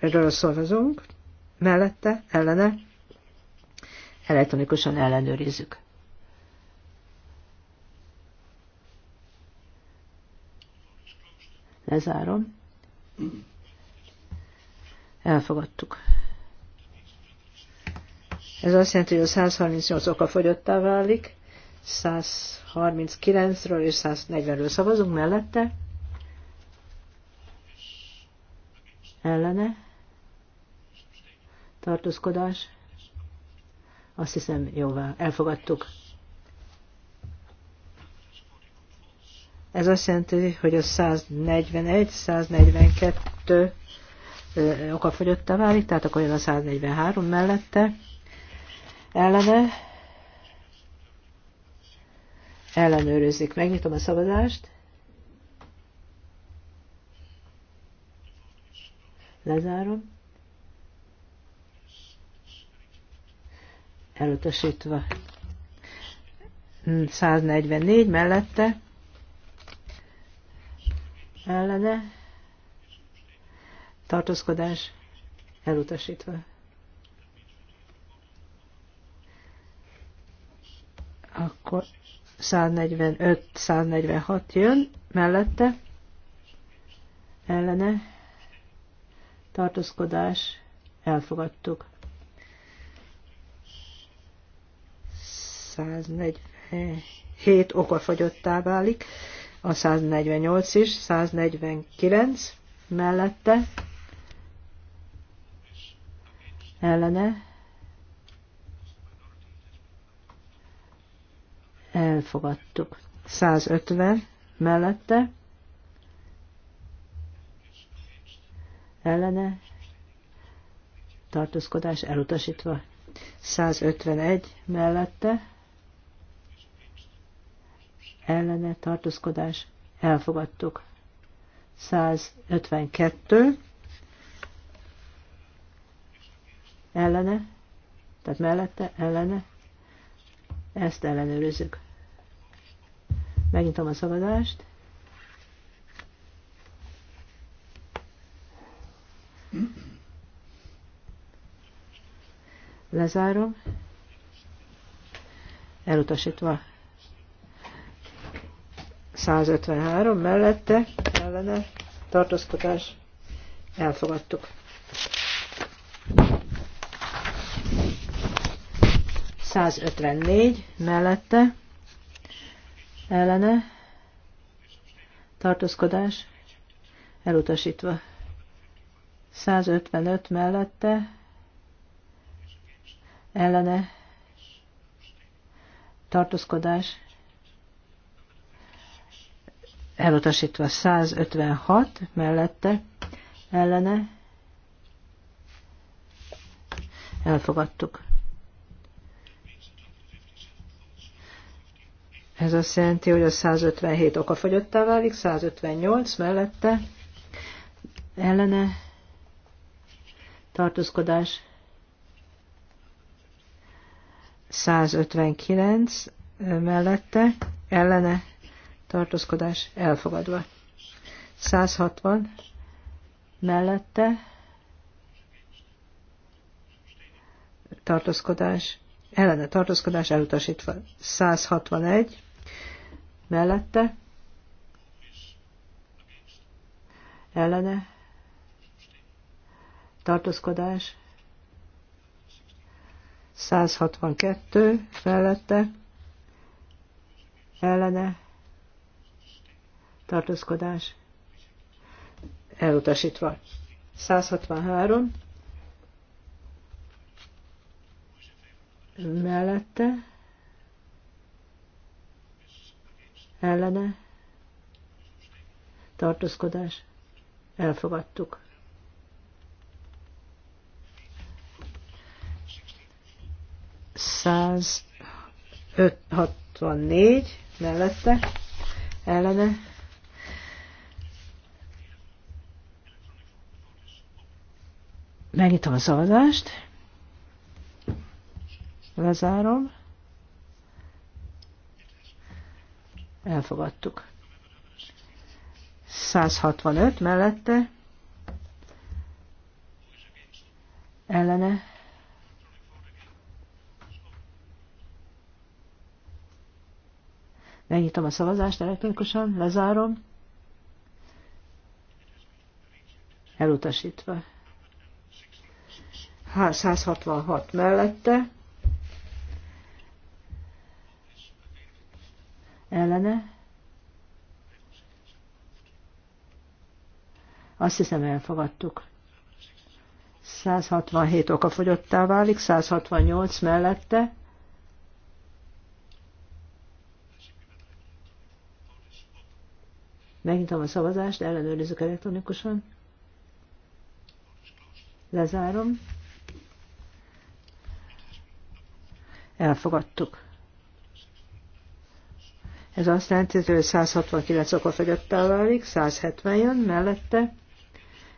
ről szavazunk, mellette, ellene, elektronikusan ellenőrizzük. Lezárom. Elfogadtuk. Ez azt jelenti, hogy a 138 oka fogyottá válik, 139-ről és 140-ről szavazunk mellette. Ellene. Tartózkodás. Azt hiszem, jóvá, elfogadtuk. Ez azt jelenti, hogy a 141, 142 okafogyottá válik, tehát akkor jön a 143 mellette ellene ellenőrizzük. Megnyitom a szavazást. Lezárom. Elutasítva. 144 hmm, mellette ellene tartózkodás elutasítva. Akkor 145-146 jön mellette, ellene, tartózkodás, elfogadtuk. 147 fogyottá válik, a 148 is, 149 mellette, ellene, elfogadtuk. 150 mellette ellene tartózkodás elutasítva. 151 mellette ellene tartózkodás elfogadtuk. 152 ellene, tehát mellette ellene, ezt ellenőrizzük. Megnyitom a szavazást. Lezárom. Elutasítva. 153 mellette ellene tartózkodás elfogadtuk. 154 mellette ellene tartózkodás elutasítva. 155 mellette ellene tartózkodás elutasítva 156 mellette ellene elfogadtuk. Ez azt jelenti, hogy a 157 fogyottá válik, 158 mellette ellene tartózkodás 159 mellette ellene tartózkodás elfogadva. 160 mellette tartózkodás ellene tartózkodás elutasítva. 161 mellette, ellene, tartózkodás, 162 mellette, ellene, tartózkodás, elutasítva. 163 mellette, ellene tartózkodás elfogadtuk. Száz 564 mellette ellene megnyitom a szavazást lezárom Elfogadtuk. 165 mellette ellene Megnyitom a szavazást elektronikusan, lezárom. Elutasítva. 166 mellette ellene. Azt hiszem elfogadtuk. 167 fogyottá válik, 168 mellette. Megnyitom a szavazást, ellenőrizzük elektronikusan. Lezárom. Elfogadtuk. Ez azt jelenti, hogy 169 okafogyottá válik, 170 jön mellette,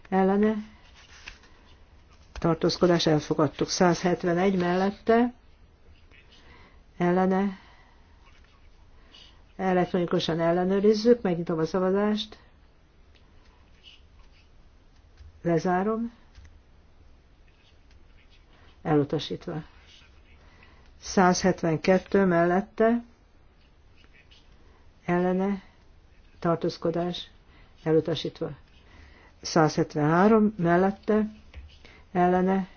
ellene, tartózkodás elfogadtuk. 171 mellette, ellene, elektronikusan ellenőrizzük, megnyitom a szavazást, lezárom, elutasítva. 172 mellette, ellene tartózkodás elutasítva. 173 mellette ellene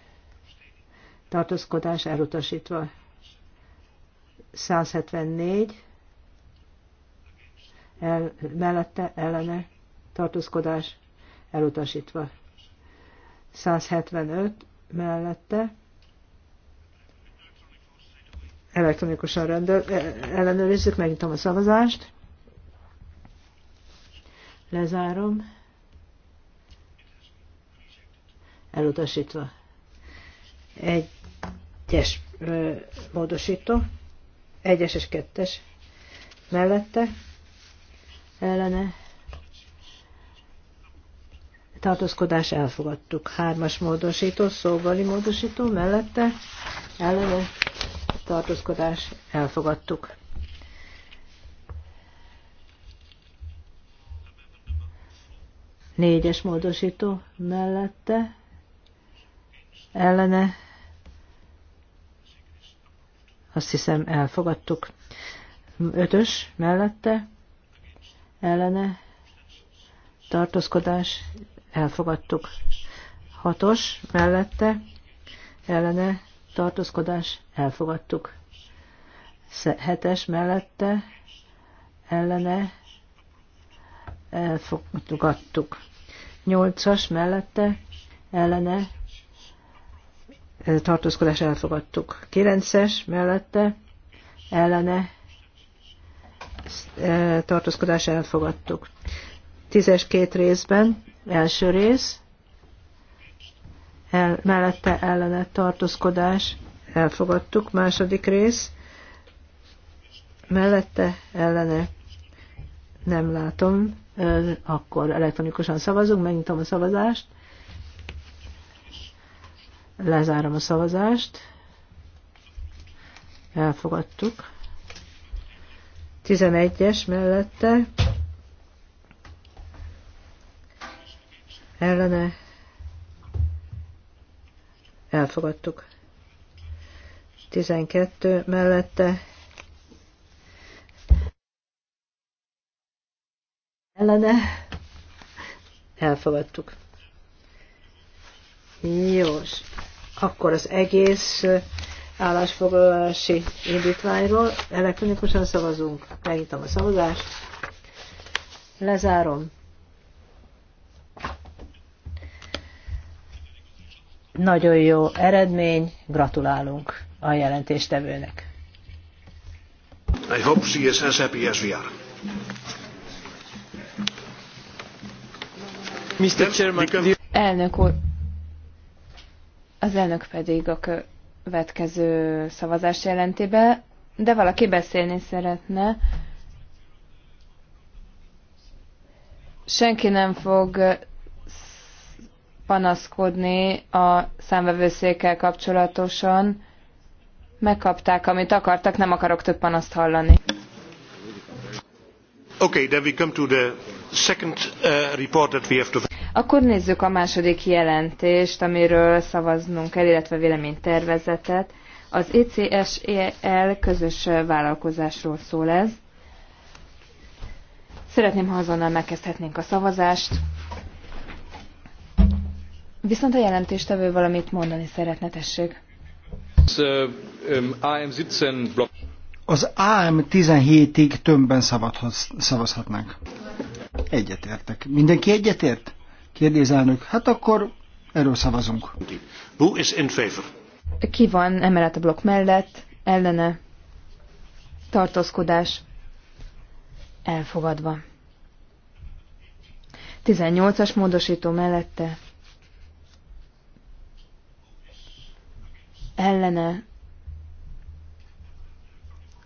tartózkodás elutasítva. 174 el, mellette ellene tartózkodás elutasítva. 175 mellette elektronikusan rendel, ellenőrizzük, megnyitom a szavazást. Lezárom. Elutasítva. Egyes módosító. Egyes és kettes. Mellette. Ellene. Tartózkodás elfogadtuk. Hármas módosító, szóbali módosító mellette, ellene tartózkodás elfogadtuk. Négyes módosító mellette ellene azt hiszem elfogadtuk. Ötös mellette ellene tartózkodás elfogadtuk. Hatos mellette ellene tartózkodás elfogadtuk. Hetes mellette ellene elfogadtuk. Nyolcas mellette ellene tartózkodás elfogadtuk. Kilences mellette ellene e, tartózkodás elfogadtuk. Tízes két részben, első rész, el, mellette ellene tartózkodás elfogadtuk. Második rész, mellette ellene nem látom, akkor elektronikusan szavazunk, megnyitom a szavazást, lezárom a szavazást, elfogadtuk. 11-es mellette ellene elfogadtuk. 12 mellette kellene. elfogadtuk. Jó, akkor az egész állásfoglalási indítványról elektronikusan szavazunk. Megnyitom a szavazást. Lezárom. Nagyon jó eredmény, gratulálunk a jelentéstevőnek. I hope she is as happy as we are. Mr. Chairman, Elnök úr, az elnök pedig a következő szavazás jelentébe, de valaki beszélni szeretne. Senki nem fog panaszkodni a számvevőszékkel kapcsolatosan. Megkapták, amit akartak, nem akarok több panaszt hallani. Akkor nézzük a második jelentést, amiről szavaznunk kell, illetve véleménytervezetet. Az ECSEL közös vállalkozásról szól ez. Szeretném, ha azonnal megkezdhetnénk a szavazást. Viszont a jelentéstevő valamit mondani szeretne, tessék. Az, AM17 blokk az AM 17-ig tömbben szavazhatnánk. Egyetértek. Mindenki egyetért? Kérdéz elnök. Hát akkor erről szavazunk. Who is in favor? Ki van emellett a blokk mellett? Ellene? Tartózkodás? Elfogadva. 18-as módosító mellette. Ellene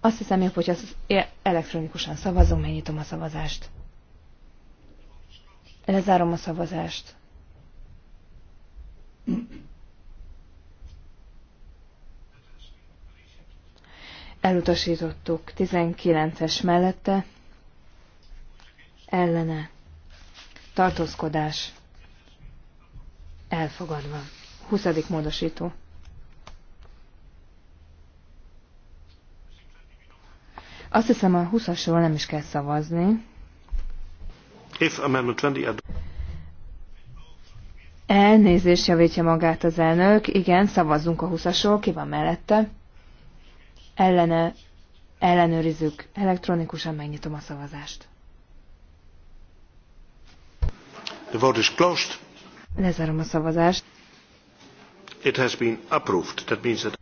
azt hiszem hogy az elektronikusan szavazunk, megnyitom a szavazást. Lezárom a szavazást. Elutasítottuk 19-es mellette. Ellene. Tartózkodás. Elfogadva. 20. módosító. Azt hiszem a 20-asról nem is kell szavazni. If amendment 20 Elnézést javítja magát az elnök. Igen, szavazzunk a 20-asról. Ki van mellette? Ellene ellenőrizzük. Elektronikusan megnyitom a szavazást. The vote is closed. Lezárom a szavazást. It has been approved. That means that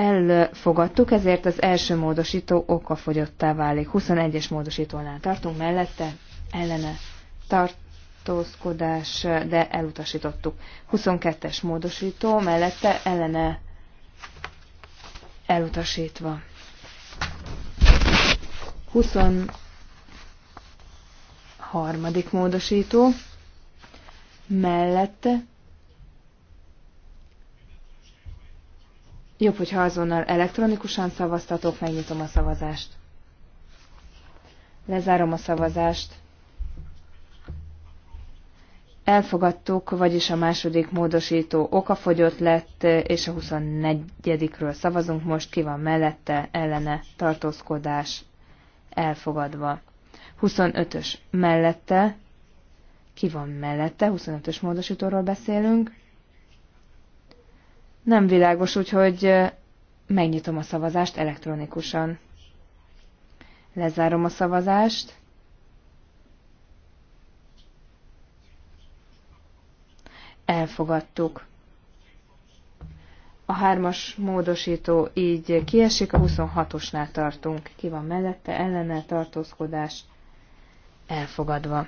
elfogadtuk, ezért az első módosító okafogyottá válik. 21-es módosítónál tartunk, mellette ellene tartózkodás, de elutasítottuk. 22-es módosító, mellette ellene elutasítva. 23. módosító, mellette Jobb, hogyha azonnal elektronikusan szavaztatok, megnyitom a szavazást. Lezárom a szavazást. Elfogadtuk, vagyis a második módosító okafogyott lett, és a 24-ről szavazunk most, ki van mellette, ellene, tartózkodás, elfogadva. 25-ös mellette, ki van mellette, 25-ös módosítóról beszélünk, nem világos, úgyhogy megnyitom a szavazást elektronikusan. Lezárom a szavazást. Elfogadtuk. A hármas módosító így kiesik, a 26-osnál tartunk. Ki van mellette? Ellene tartózkodás elfogadva.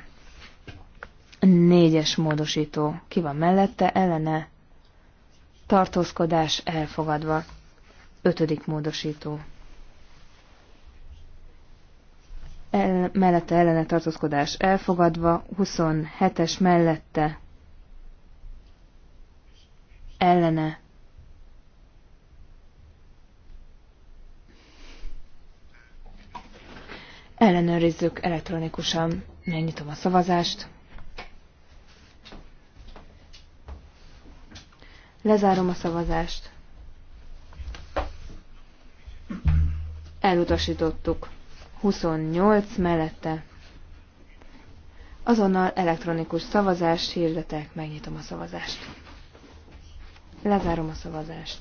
Négyes módosító. Ki van mellette? Ellene tartózkodás elfogadva. Ötödik módosító. El, mellette ellene tartózkodás elfogadva, 27-es mellette ellene ellenőrizzük elektronikusan. Megnyitom a szavazást. Lezárom a szavazást. Elutasítottuk. 28 mellette. Azonnal elektronikus szavazás hirdetek, megnyitom a szavazást. Lezárom a szavazást.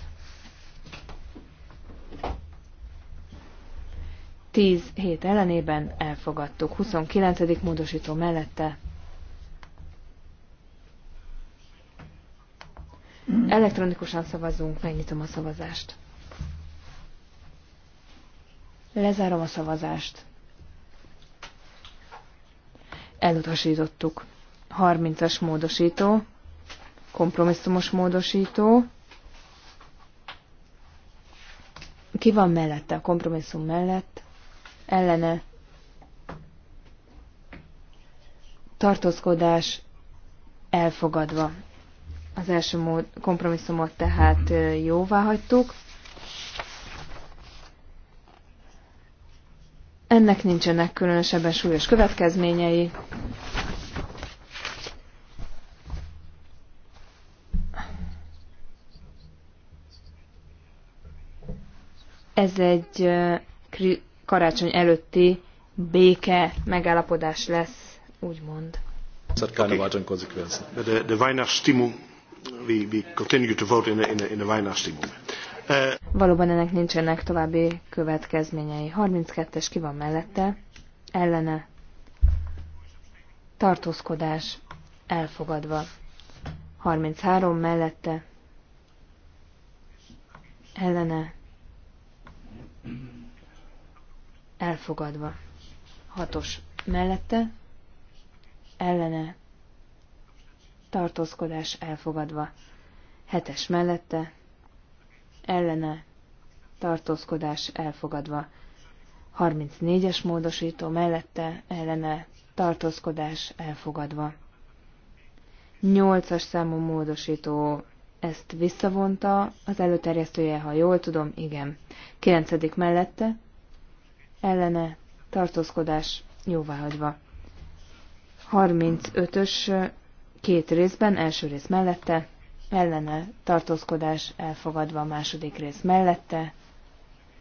10 hét ellenében elfogadtuk. 29. módosító mellette Elektronikusan szavazunk, megnyitom a szavazást. Lezárom a szavazást. Elutasítottuk. 30-as módosító, kompromisszumos módosító. Ki van mellette, a kompromisszum mellett? Ellene. Tartózkodás elfogadva. Az első mód, kompromisszumot tehát jóvá hagytuk. Ennek nincsenek különösebben súlyos következményei. Ez egy karácsony előtti béke megállapodás lesz, úgymond. Ez De, de Weihnachtsstimmung we, we continue to vote in the, in the, in the Weihnachtsstimmung. Uh, Valóban ennek nincsenek további következményei. 32-es ki van mellette, ellene, tartózkodás, elfogadva. 33 mellette, ellene, elfogadva. 6-os mellette, ellene, tartózkodás elfogadva. Hetes mellette, ellene, tartózkodás elfogadva. 34-es módosító mellette, ellene, tartózkodás elfogadva. 8-as számú módosító ezt visszavonta, az előterjesztője, ha jól tudom, igen. 9. mellette, ellene, tartózkodás jóváhagyva. 35-ös két részben, első rész mellette, ellene tartózkodás elfogadva a második rész mellette,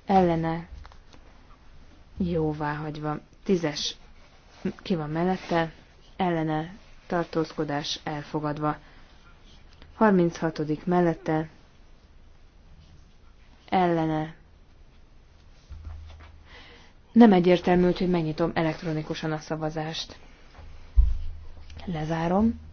ellene hagyva, Tízes ki van mellette, ellene tartózkodás elfogadva. 36. mellette ellene nem egyértelmű, hogy megnyitom elektronikusan a szavazást. Lezárom.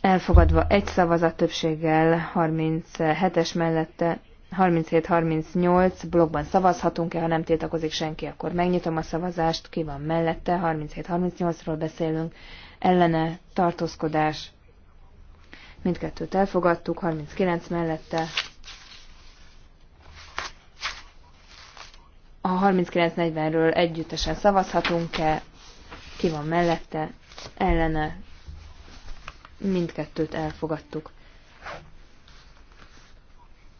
elfogadva egy szavazat többséggel 37-es mellette 37-38 blogban szavazhatunk-e, ha nem tiltakozik senki, akkor megnyitom a szavazást, ki van mellette, 37-38-ról beszélünk, ellene tartózkodás, mindkettőt elfogadtuk, 39 mellette, a 39-40-ről együttesen szavazhatunk-e, ki van mellette, ellene mindkettőt elfogadtuk.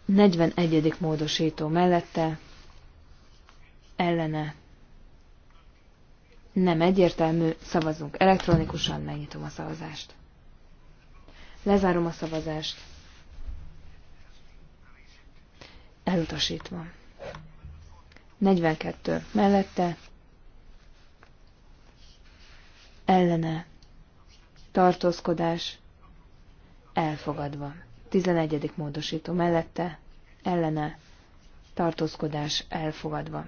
41. módosító mellette, ellene, nem egyértelmű, szavazunk elektronikusan, megnyitom a szavazást. Lezárom a szavazást. Elutasítva. 42. Mellette. Ellene tartózkodás elfogadva. 11. módosító mellette ellene tartózkodás elfogadva.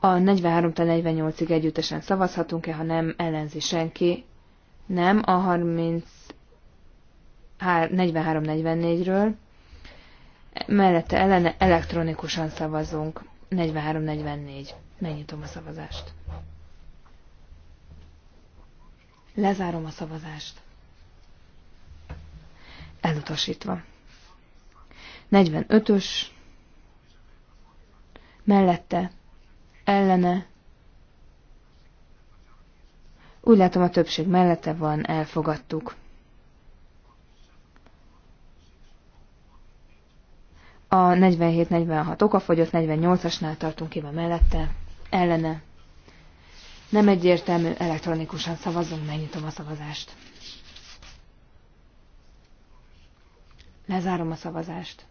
A 43 48-ig együttesen szavazhatunk-e, ha nem ellenzi senki? Nem, a 43-44-ről. Mellette ellene elektronikusan szavazunk. 43-44. Megnyitom a szavazást. Lezárom a szavazást. Elutasítva. 45-ös. Mellette. Ellene. Úgy látom, a többség mellette van, elfogadtuk. A 47-46 okafogyott, 48-asnál tartunk ki mellette, ellene, nem egyértelmű, elektronikusan szavazunk, megnyitom a szavazást. Lezárom a szavazást.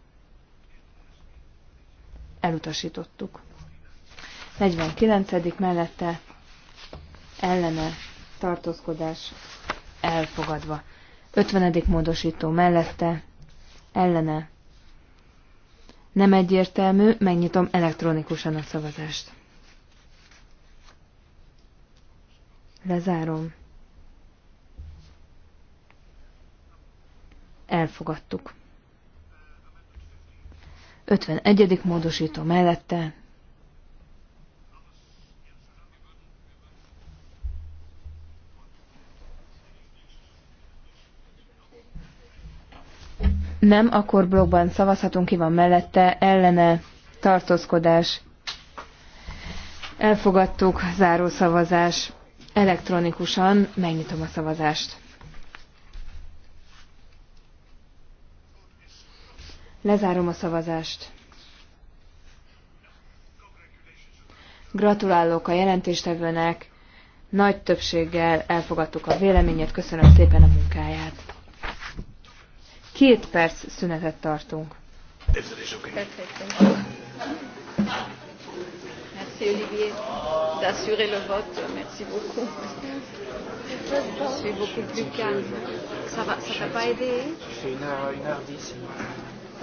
Elutasítottuk. 49. mellette ellene tartózkodás elfogadva. 50. módosító mellette ellene. Nem egyértelmű, megnyitom elektronikusan a szavazást. Lezárom. Elfogadtuk. 51. módosító mellette nem, akkor blogban szavazhatunk, ki van mellette, ellene, tartózkodás. Elfogadtuk, zárószavazás. Elektronikusan megnyitom a szavazást. Lezárom a szavazást. Gratulálok a jelentéstevőnek, nagy többséggel elfogadtuk a véleményét, köszönöm szépen a munkáját. Két perc szünetet tartunk. Perfect merci Olivier d'assurer le vote. Merci beaucoup. Je suis beaucoup plus calme. Ça va, ça t'a pas aidé Je fais une heure, une heure dix.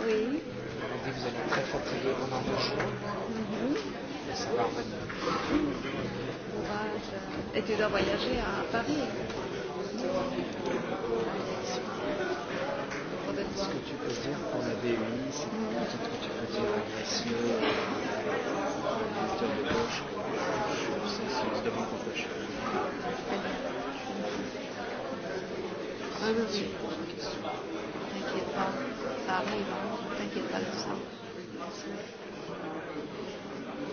Oui. On dit que vous allez être très fatigué pendant deux jours. Mm -hmm. Mais ça va revenir. Courage. Et tu dois voyager à Paris. Est-ce que tu peux dire qu'on a des C'est mm -hmm. que tu peux dire agressieux Oui, oui, oui. T'inquiète pas, ça arrive, hein. t'inquiète pas de ça.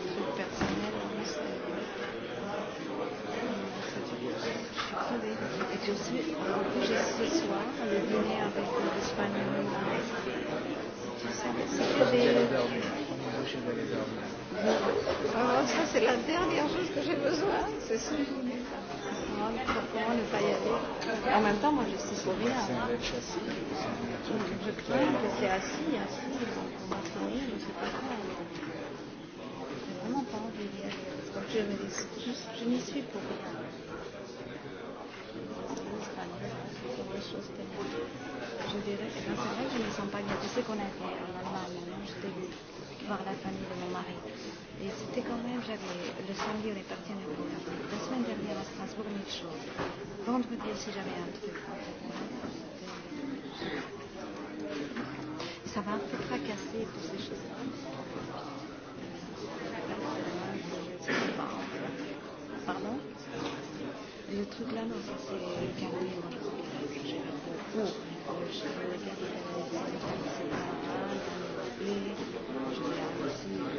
Truc personnel, oui, c'est. Et puis aussi, en plus, j'ai ce soir le dîner avec l'Espagne. C'est que j'ai. Alors ça, c'est la dernière chose que j'ai besoin, c'est ça. Comment, comment ne pas y aller En même temps, moi, je suis pour rien. Je, je crains que c'est assis, assis, on va sourire, je ne sais pas quoi. J'ai vraiment pas envie d'y aller. Donc je me dis, je, je n'y suis pour rien. Je dirais que c'est vrai que je ne me sens pas bien. Tu sais qu'on a été en Allemagne, je t'ai vu voir la famille de mon mari. Et c'était quand même, j'avais le samedi, on est parti en Europe. La semaine dernière à Strasbourg, même chose. Vendredi aussi, j'avais un truc. En fait. Ça m'a un peu fracassé, toutes ces choses-là. Pardon Le truc là, non, ça c'est calmé. Moi, oh. je crois que j'ai un peu fou. Je suis le gars qui a été calmé, c'est pas mal. Je l'ai aussi.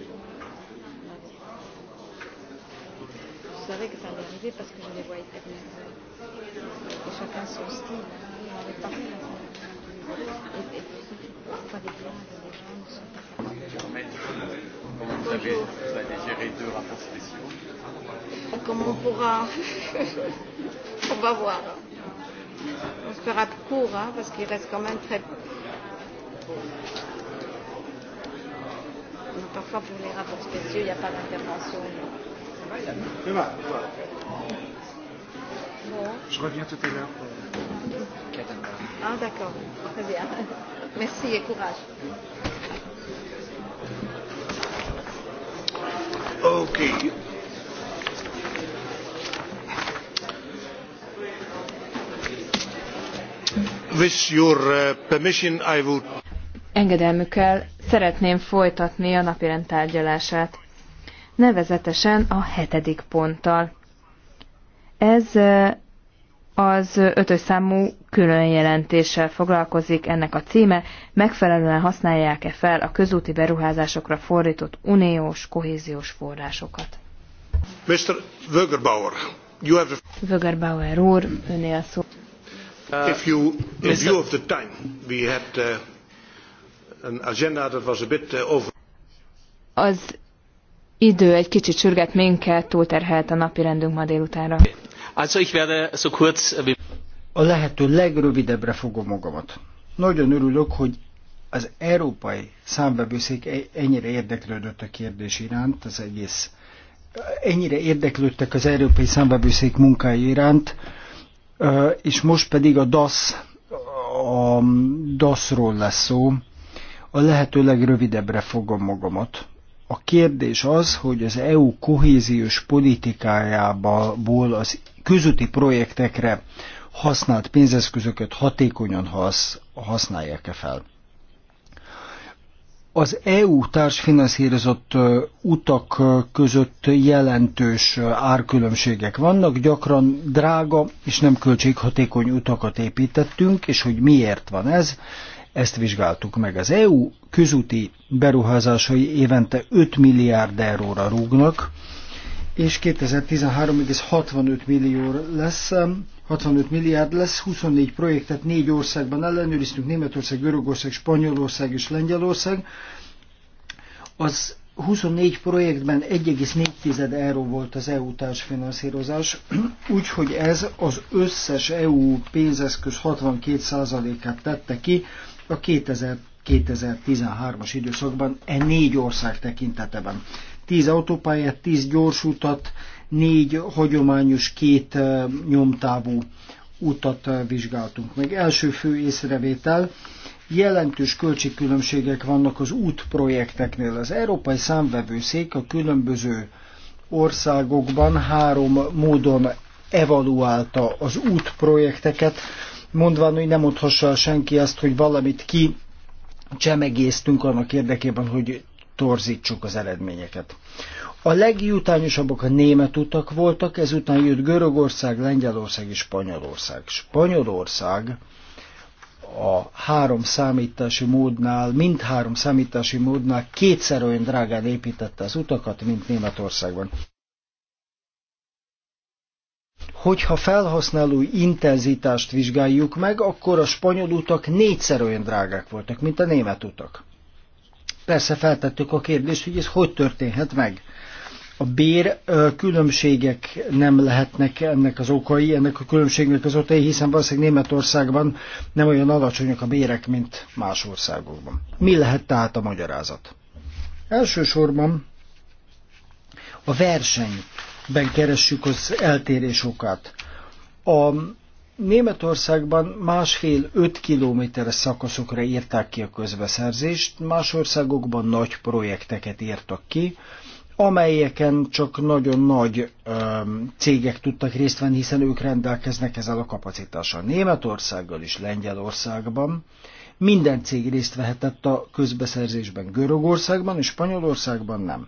savais que ça allait arriver parce que je les voyais très bien. Et chacun son style. Hein. On est parti dans son Et, et pourquoi des plans des gens Comment vous avez, vous deux rapports spéciaux Comme on pourra. on va voir. On se fera court hein, parce qu'il reste quand même très. Parfois, pour les rapports spéciaux, il n'y a pas d'intervention. Mais... Demain. Je reviens tout à l'heure. Ah d'accord, très bien. Merci et courage. Ok. With your uh, permission, I would... Engedelmükkel szeretném folytatni a napirend tárgyalását nevezetesen a hetedik ponttal. Ez az ötös számú külön jelentéssel foglalkozik, ennek a címe megfelelően használják-e fel a közúti beruházásokra fordított uniós kohéziós forrásokat. Mr. Wögerbauer, you have the... Wögerbauer úr, önél a szó. Uh, if you, in view of the time, we had uh, an agenda that was a bit uh, over. Az idő egy kicsit sürget minket, túlterhelt a napi rendünk ma délutánra. Also ich werde so kurz... Äh, a lehető legrövidebbre fogom magamat. Nagyon örülök, hogy az európai számbevőszék e- ennyire érdeklődött a kérdés iránt, az egész ennyire érdeklődtek az európai számbevőszék munkája iránt, és most pedig a DAS, a dasz ról lesz szó. A lehető legrövidebbre fogom magamat. A kérdés az, hogy az EU kohéziós politikájából az közúti projektekre használt pénzeszközöket hatékonyan hasz, használják-e fel. Az EU társfinanszírozott utak között jelentős árkülönbségek vannak, gyakran drága és nem költséghatékony utakat építettünk, és hogy miért van ez, ezt vizsgáltuk meg. Az EU közúti beruházásai évente 5 milliárd euróra rúgnak, és 2013,65 millió lesz, 65 milliárd lesz, 24 projektet négy országban ellenőriztünk, Németország, Görögország, Spanyolország és Lengyelország. Az 24 projektben 1,4 euró volt az EU társfinanszírozás, [CLEARS THROAT] úgyhogy ez az összes EU pénzeszköz 62%-át tette ki, a 2013-as időszakban e négy ország tekintetében. Tíz autópályát, tíz gyorsutat, négy hagyományos, két nyomtávú utat vizsgáltunk meg. Első fő észrevétel, jelentős költségkülönbségek vannak az útprojekteknél. Az Európai Számvevőszék a különböző országokban három módon evaluálta az útprojekteket mondván, hogy nem mondhassa senki azt, hogy valamit ki csemegésztünk annak érdekében, hogy torzítsuk az eredményeket. A legjutányosabbak a német utak voltak, ezután jött Görögország, Lengyelország és Spanyolország. Spanyolország a három számítási módnál, mind három számítási módnál kétszer olyan drágán építette az utakat, mint Németországban hogyha felhasználói intenzitást vizsgáljuk meg, akkor a spanyol utak négyszer olyan drágák voltak, mint a német utak. Persze feltettük a kérdést, hogy ez hogy történhet meg. A bér különbségek nem lehetnek ennek az okai, ennek a különbségnek az okai, hiszen valószínűleg Németországban nem olyan alacsonyak a bérek, mint más országokban. Mi lehet tehát a magyarázat? Elsősorban a verseny ben keressük az eltérés okát. A Németországban másfél-öt kilométeres szakaszokra írták ki a közbeszerzést, más országokban nagy projekteket írtak ki, amelyeken csak nagyon nagy ö, cégek tudtak részt venni, hiszen ők rendelkeznek ezzel a kapacitással. Németországgal és Lengyelországban minden cég részt vehetett a közbeszerzésben, Görögországban és Spanyolországban nem.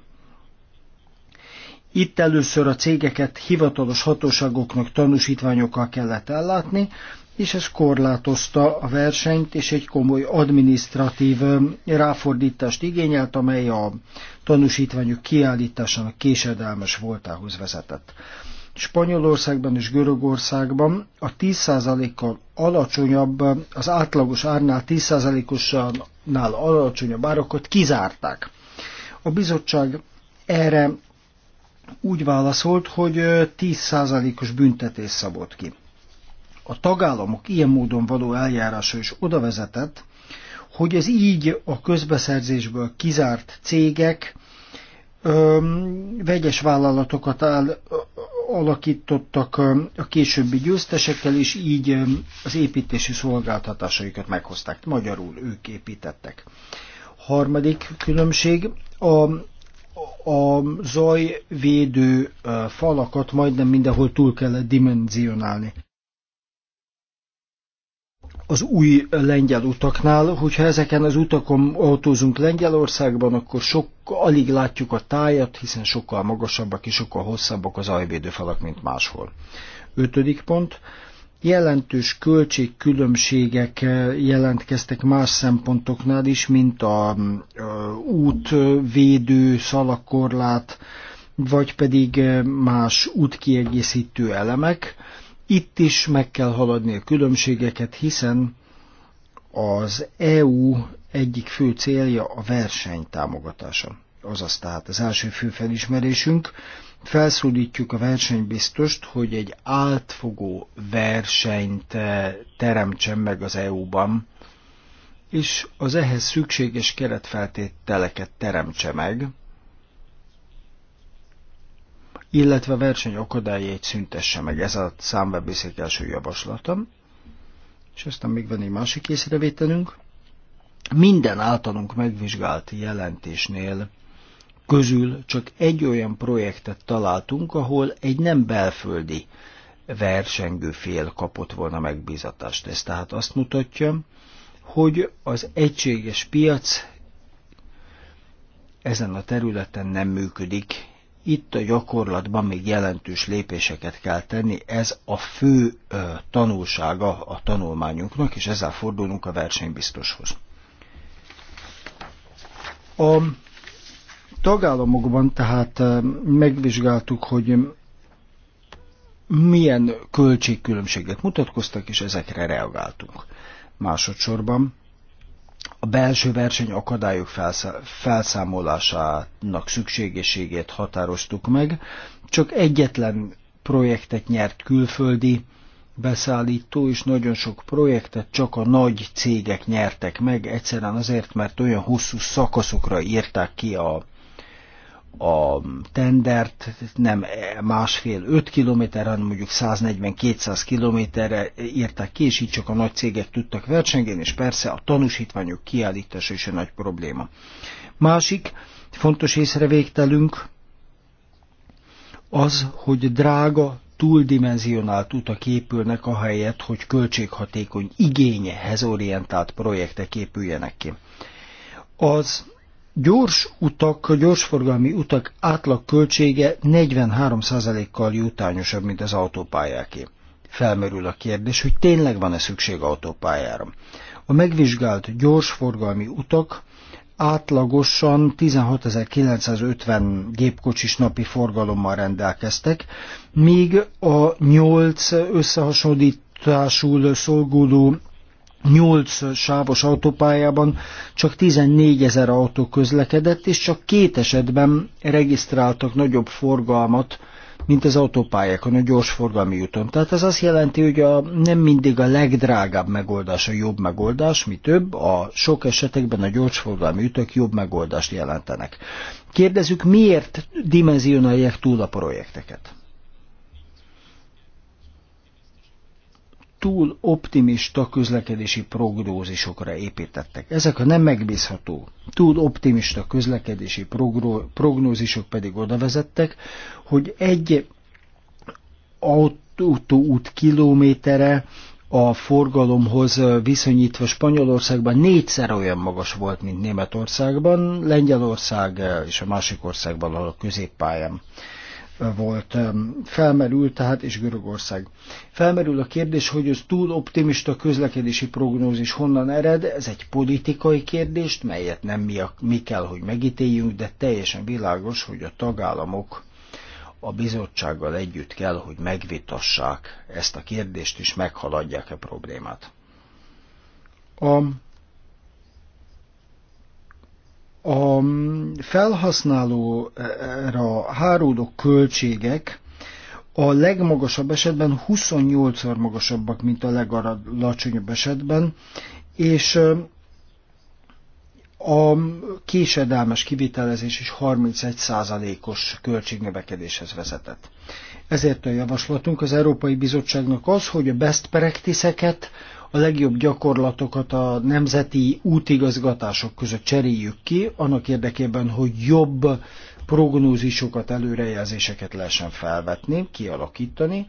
Itt először a cégeket hivatalos hatóságoknak tanúsítványokkal kellett ellátni, és ez korlátozta a versenyt, és egy komoly administratív ráfordítást igényelt, amely a tanúsítványok kiállításának késedelmes voltához vezetett. Spanyolországban és Görögországban a 10%-kal alacsonyabb, az átlagos árnál 10%-osnál alacsonyabb árakat kizárták. A bizottság erre úgy válaszolt, hogy 10%-os büntetés szabott ki. A tagállamok ilyen módon való eljárása is oda vezetett, hogy ez így a közbeszerzésből kizárt cégek öm, vegyes vállalatokat áll, alakítottak a későbbi győztesekkel, és így az építési szolgáltatásaikat meghozták. Magyarul ők építettek. Harmadik különbség, a a zajvédő falakat majdnem mindenhol túl kellett dimenzionálni. Az új lengyel utaknál, hogyha ezeken az utakon autózunk Lengyelországban, akkor sok, alig látjuk a tájat, hiszen sokkal magasabbak és sokkal hosszabbak az ajvédő falak, mint máshol. Ötödik pont, jelentős költségkülönbségek eh, jelentkeztek más szempontoknál is, mint a eh, útvédő, szalakorlát, vagy pedig eh, más útkiegészítő elemek. Itt is meg kell haladni a különbségeket, hiszen az EU egyik fő célja a verseny támogatása. Azaz tehát az első fő felismerésünk, felszólítjuk a versenybiztost, hogy egy átfogó versenyt eh, teremtsen meg az EU-ban, és az ehhez szükséges keretfeltételeket teremtse meg, illetve a verseny akadályait szüntesse meg. Ez a számbebészék első javaslatom. És aztán még van egy másik észrevételünk. Minden általunk megvizsgált jelentésnél közül csak egy olyan projektet találtunk, ahol egy nem belföldi versengő fél kapott volna megbízatást. Ez tehát azt mutatja, hogy az egységes piac ezen a területen nem működik. Itt a gyakorlatban még jelentős lépéseket kell tenni, ez a fő tanulsága a tanulmányunknak, és ezzel fordulunk a versenybiztoshoz. A tagállamokban tehát eh, megvizsgáltuk, hogy milyen költségkülönbséget mutatkoztak, és ezekre reagáltunk. Másodszorban a belső verseny akadályok felszámolásának szükségességét határoztuk meg, csak egyetlen projektet nyert külföldi beszállító, és nagyon sok projektet csak a nagy cégek nyertek meg, egyszerűen azért, mert olyan hosszú szakaszokra írták ki a a tendert nem másfél-öt kilométer, hanem mondjuk 140-200 kilométerre írták ki, és így csak a nagy cégek tudtak versengeni, és persze a tanúsítványok kiállítása is egy nagy probléma. Másik fontos észrevételünk az, hogy drága, túldimenzionált utak épülnek ahelyett, hogy költséghatékony, igényehez orientált projektek épüljenek ki. Az gyors utak, gyorsforgalmi utak átlag költsége 43%-kal jutányosabb, mint az autópályáké. Felmerül a kérdés, hogy tényleg van-e szükség autópályára. A megvizsgált gyorsforgalmi utak átlagosan 16.950 gépkocsis napi forgalommal rendelkeztek, míg a 8 összehasonlítású szolguló 8 sávos autópályában csak 14 ezer autó közlekedett, és csak két esetben regisztráltak nagyobb forgalmat, mint az autópályákon, a gyorsforgalmi úton. Tehát ez azt jelenti, hogy a, nem mindig a legdrágább megoldás a jobb megoldás, mi több, a sok esetekben a gyorsforgalmi ütök jobb megoldást jelentenek. Kérdezzük, miért dimenzionálják túl a projekteket? túl optimista közlekedési prognózisokra építettek. Ezek a nem megbízható, túl optimista közlekedési prognózisok pedig oda vezettek, hogy egy autóút kilométere a forgalomhoz viszonyítva Spanyolországban négyszer olyan magas volt, mint Németországban, Lengyelország és a másik országban, a középpályán volt felmerül, tehát és Görögország. Felmerül a kérdés, hogy az túl optimista közlekedési prognózis honnan ered, ez egy politikai kérdést, melyet nem mi, a, mi kell, hogy megítéljünk, de teljesen világos, hogy a tagállamok a bizottsággal együtt kell, hogy megvitassák ezt a kérdést, és meghaladják a problémát. A a felhasználóra háródó költségek a legmagasabb esetben 28-szor magasabbak, mint a legalacsonyabb esetben, és a késedelmes kivitelezés is 31%-os költségnövekedéshez vezetett. Ezért a javaslatunk az Európai Bizottságnak az, hogy a best practice-eket a legjobb gyakorlatokat a nemzeti útigazgatások között cseréljük ki, annak érdekében, hogy jobb prognózisokat, előrejelzéseket lehessen felvetni, kialakítani,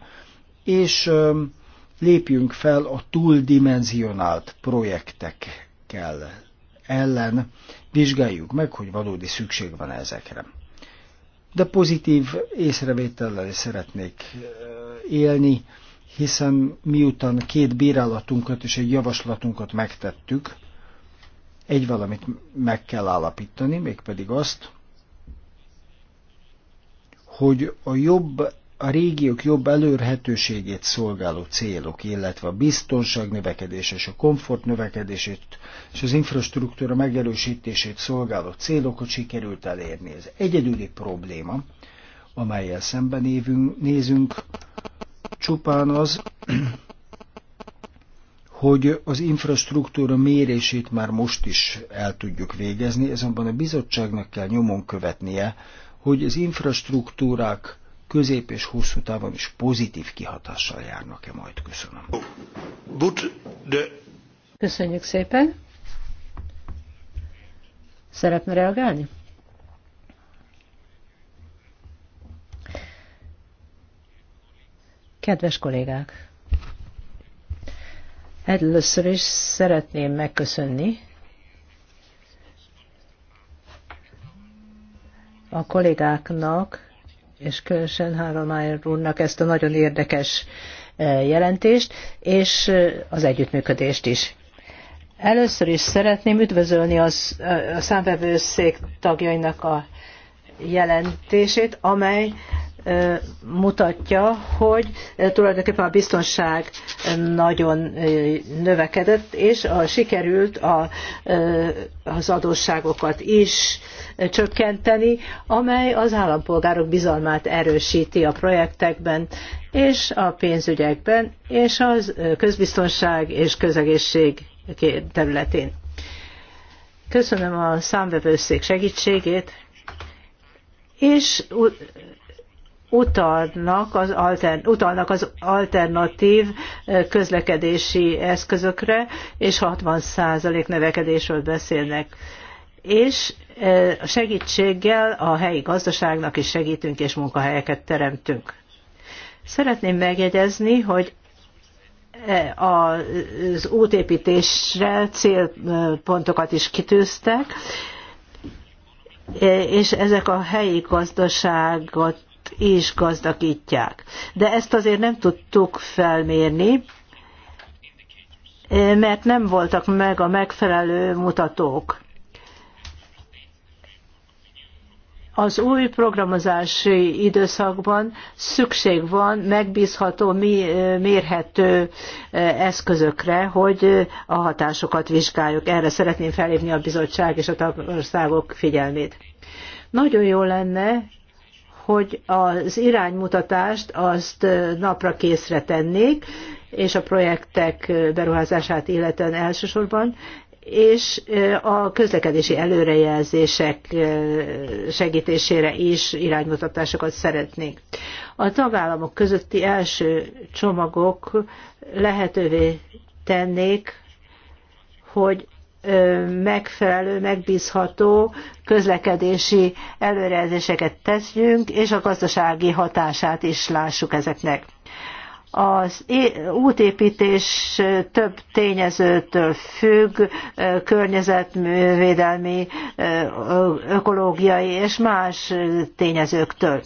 és lépjünk fel a túldimenzionált projektekkel ellen, vizsgáljuk meg, hogy valódi szükség van -e ezekre. De pozitív észrevétellel is szeretnék élni, hiszen miután két bírálatunkat és egy javaslatunkat megtettük, egy valamit meg kell állapítani, mégpedig azt, hogy a jobb a régiók jobb előrhetőségét szolgáló célok, illetve a biztonság növekedés és a komfort növekedését és az infrastruktúra megerősítését szolgáló célokat sikerült elérni. Ez egyedüli probléma, amelyel szemben évünk, nézünk, csupán az, hogy az infrastruktúra mérését már most is el tudjuk végezni, ezonban a bizottságnak kell nyomon követnie, hogy az infrastruktúrák közép és hosszú távon is pozitív kihatással járnak-e majd. Köszönöm. Köszönjük szépen. Szeretne reagálni? Kedves kollégák! Először is szeretném megköszönni a kollégáknak, és különösen Háromájr úrnak ezt a nagyon érdekes e, jelentést, és e, az együttműködést is. Először is szeretném üdvözölni az, e, a számvevőszék tagjainak a jelentését, amely mutatja, hogy tulajdonképpen a biztonság nagyon növekedett, és a, sikerült a, az adósságokat is csökkenteni, amely az állampolgárok bizalmát erősíti a projektekben, és a pénzügyekben, és az közbiztonság és közegészség területén. Köszönöm a számvevőszék segítségét, és utalnak az, altern, utalnak az alternatív közlekedési eszközökre, és 60% növekedésről beszélnek. És a segítséggel a helyi gazdaságnak is segítünk, és munkahelyeket teremtünk. Szeretném megjegyezni, hogy az útépítésre célpontokat is kitűztek, és ezek a helyi gazdaságot is gazdagítják. De ezt azért nem tudtuk felmérni, eh, mert nem voltak meg a megfelelő mutatók. Az új programozási időszakban szükség van megbízható, eh, mérhető eh, eszközökre, hogy a hatásokat vizsgáljuk. Erre szeretném felhívni a bizottság és a tagországok figyelmét. Nagyon jó lenne, hogy az iránymutatást azt napra készre tennék, és a projektek beruházását illetően elsősorban, és a közlekedési előrejelzések segítésére is iránymutatásokat szeretnék. A tagállamok közötti első csomagok lehetővé tennék, hogy megfelelő, megbízható közlekedési előrejelzéseket teszünk, és a gazdasági hatását is lássuk ezeknek. Az útépítés több tényezőtől függ, környezetvédelmi, ökológiai és más tényezőktől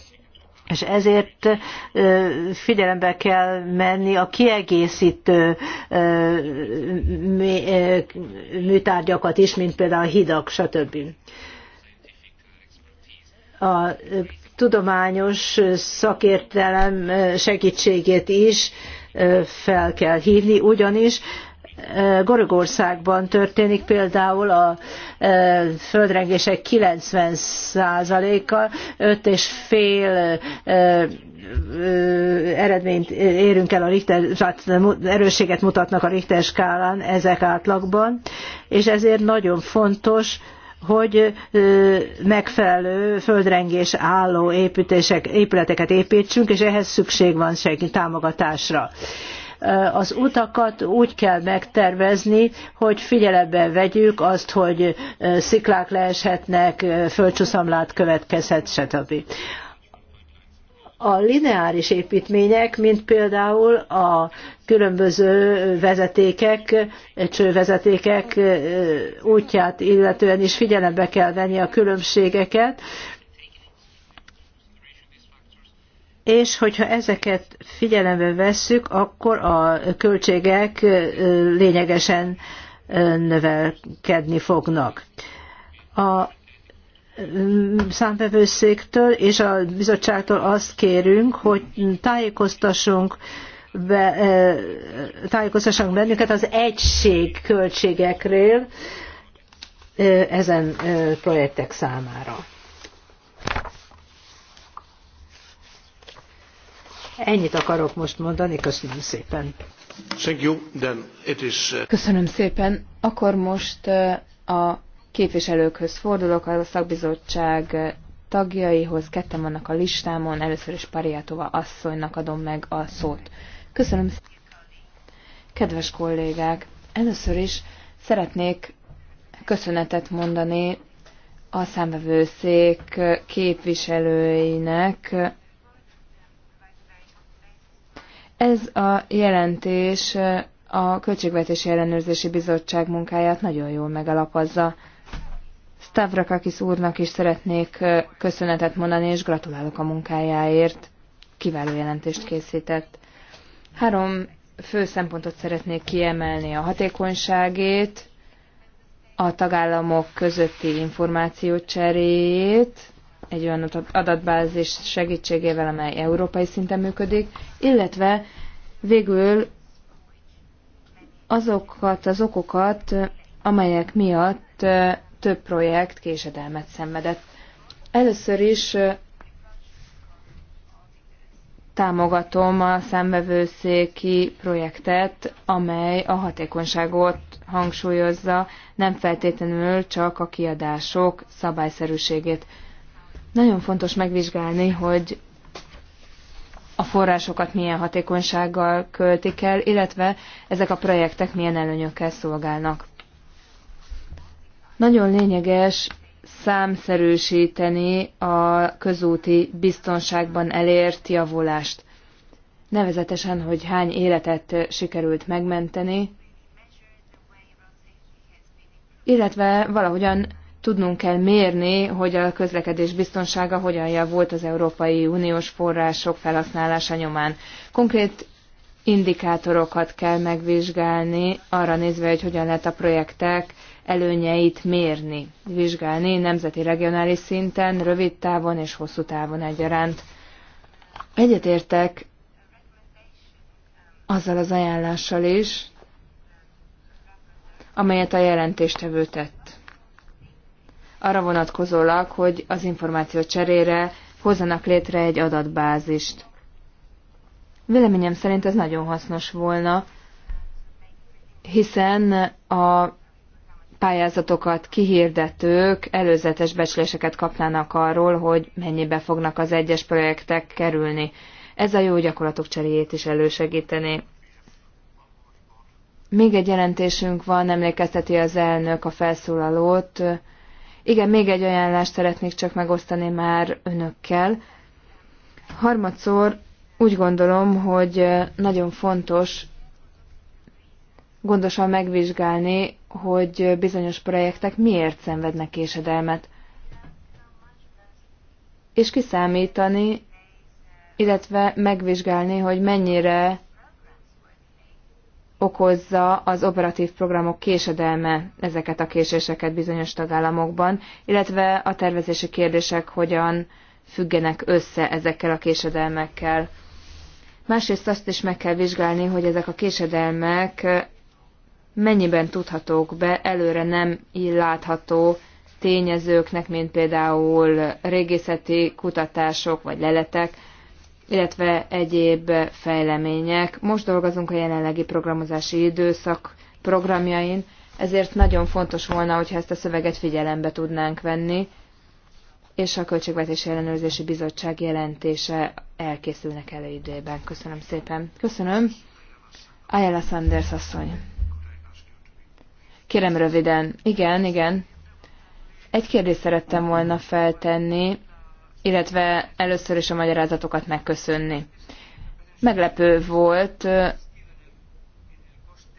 és ezért figyelembe kell menni a kiegészítő műtárgyakat is, mint például a hidak, stb. A tudományos szakértelem segítségét is fel kell hívni, ugyanis Eh, Görögországban történik például a eh, földrengések 90%-a, 5,5 eh, eredményt érünk el a Richter, tehát erősséget mutatnak a Richter skálán ezek átlagban, és ezért nagyon fontos, hogy megfelelő földrengés álló építések, épületeket építsünk, és ehhez szükség van segít támogatásra. Az utakat úgy kell megtervezni, hogy figyelembe vegyük azt, hogy sziklák leeshetnek, földcsúszamlát következhet, stb. A lineáris építmények, mint például a különböző vezetékek, csővezetékek útját illetően is figyelembe kell venni a különbségeket, és hogyha ezeket figyelembe vesszük, akkor a költségek lényegesen növelkedni fognak. A mm, számvevőszéktől és a bizottságtól azt kérünk, hogy tájékoztassunk be, tájékoztassunk bennünket az egység költségekről ezen projektek számára. Ennyit akarok most mondani, köszönöm szépen. Thank you. Then it is, uh, Köszönöm szépen. Akkor most uh, a képviselőkhöz fordulok, a szakbizottság uh, tagjaihoz, ketten vannak a listámon, először is Pariátova asszonynak adom meg a szót. Köszönöm szépen. Kedves kollégák, először is szeretnék köszönetet mondani a számvevőszék képviselőinek ez a jelentés eh, a Költségvetési Ellenőrzési Bizottság munkáját nagyon jól megalapozza. Stavrakakis úrnak is szeretnék eh, köszönetet mondani, és gratulálok a munkájáért. Kiváló jelentést készített. Három fő szempontot szeretnék kiemelni a hatékonyságét, a tagállamok közötti információ cseréjét, egy olyan adatbázis segítségével, amely európai szinten működik, illetve végül azokat az okokat, amelyek miatt több projekt késedelmet szenvedett. Először is támogatom a számvevőszéki projektet, amely a hatékonyságot hangsúlyozza, nem feltétlenül csak a kiadások szabályszerűségét. Nagyon fontos megvizsgálni, hogy a forrásokat milyen hatékonysággal költik el, illetve ezek a projektek milyen előnyökkel szolgálnak. Nagyon lényeges számszerűsíteni a közúti biztonságban elért javulást. Nevezetesen, hogy hány életet sikerült megmenteni, illetve valahogyan tudnunk kell mérni, hogy a közlekedés biztonsága hogyan javult az Európai Uniós források felhasználása nyomán. Konkrét indikátorokat kell megvizsgálni, arra nézve, hogy hogyan lehet a projektek előnyeit mérni, vizsgálni nemzeti, regionális szinten, rövid távon és hosszú távon egyaránt. Egyetértek azzal az ajánlással is, amelyet a jelentéstevő tett arra vonatkozólag, hogy az információ cserére hozzanak létre egy adatbázist. Véleményem szerint ez nagyon hasznos volna, hiszen a pályázatokat kihirdetők előzetes becsléseket kapnának arról, hogy mennyibe fognak az egyes projektek kerülni. Ez a jó gyakorlatok cseréjét is elősegíteni. Még egy jelentésünk van, emlékezteti az elnök a felszólalót, igen, még egy ajánlást szeretnék csak megosztani már önökkel. Harmadszor úgy gondolom, hogy nagyon fontos gondosan megvizsgálni, hogy bizonyos projektek miért szenvednek késedelmet. És kiszámítani, illetve megvizsgálni, hogy mennyire okozza az operatív programok késedelme ezeket a késéseket bizonyos tagállamokban, illetve a tervezési kérdések hogyan függenek össze ezekkel a késedelmekkel. Másrészt azt is meg kell vizsgálni, hogy ezek a késedelmek mennyiben tudhatók be előre nem látható tényezőknek, mint például régészeti kutatások vagy leletek, illetve egyéb fejlemények. Most dolgozunk a jelenlegi programozási időszak programjain, ezért nagyon fontos volna, hogyha ezt a szöveget figyelembe tudnánk venni, és a Költségvetési Ellenőrzési Bizottság jelentése elkészülnek előidőben. Köszönöm szépen. Köszönöm. Ayala Sanders asszony. Kérem röviden. Igen, igen. Egy kérdést szerettem volna feltenni illetve először is a magyarázatokat megköszönni. Meglepő volt,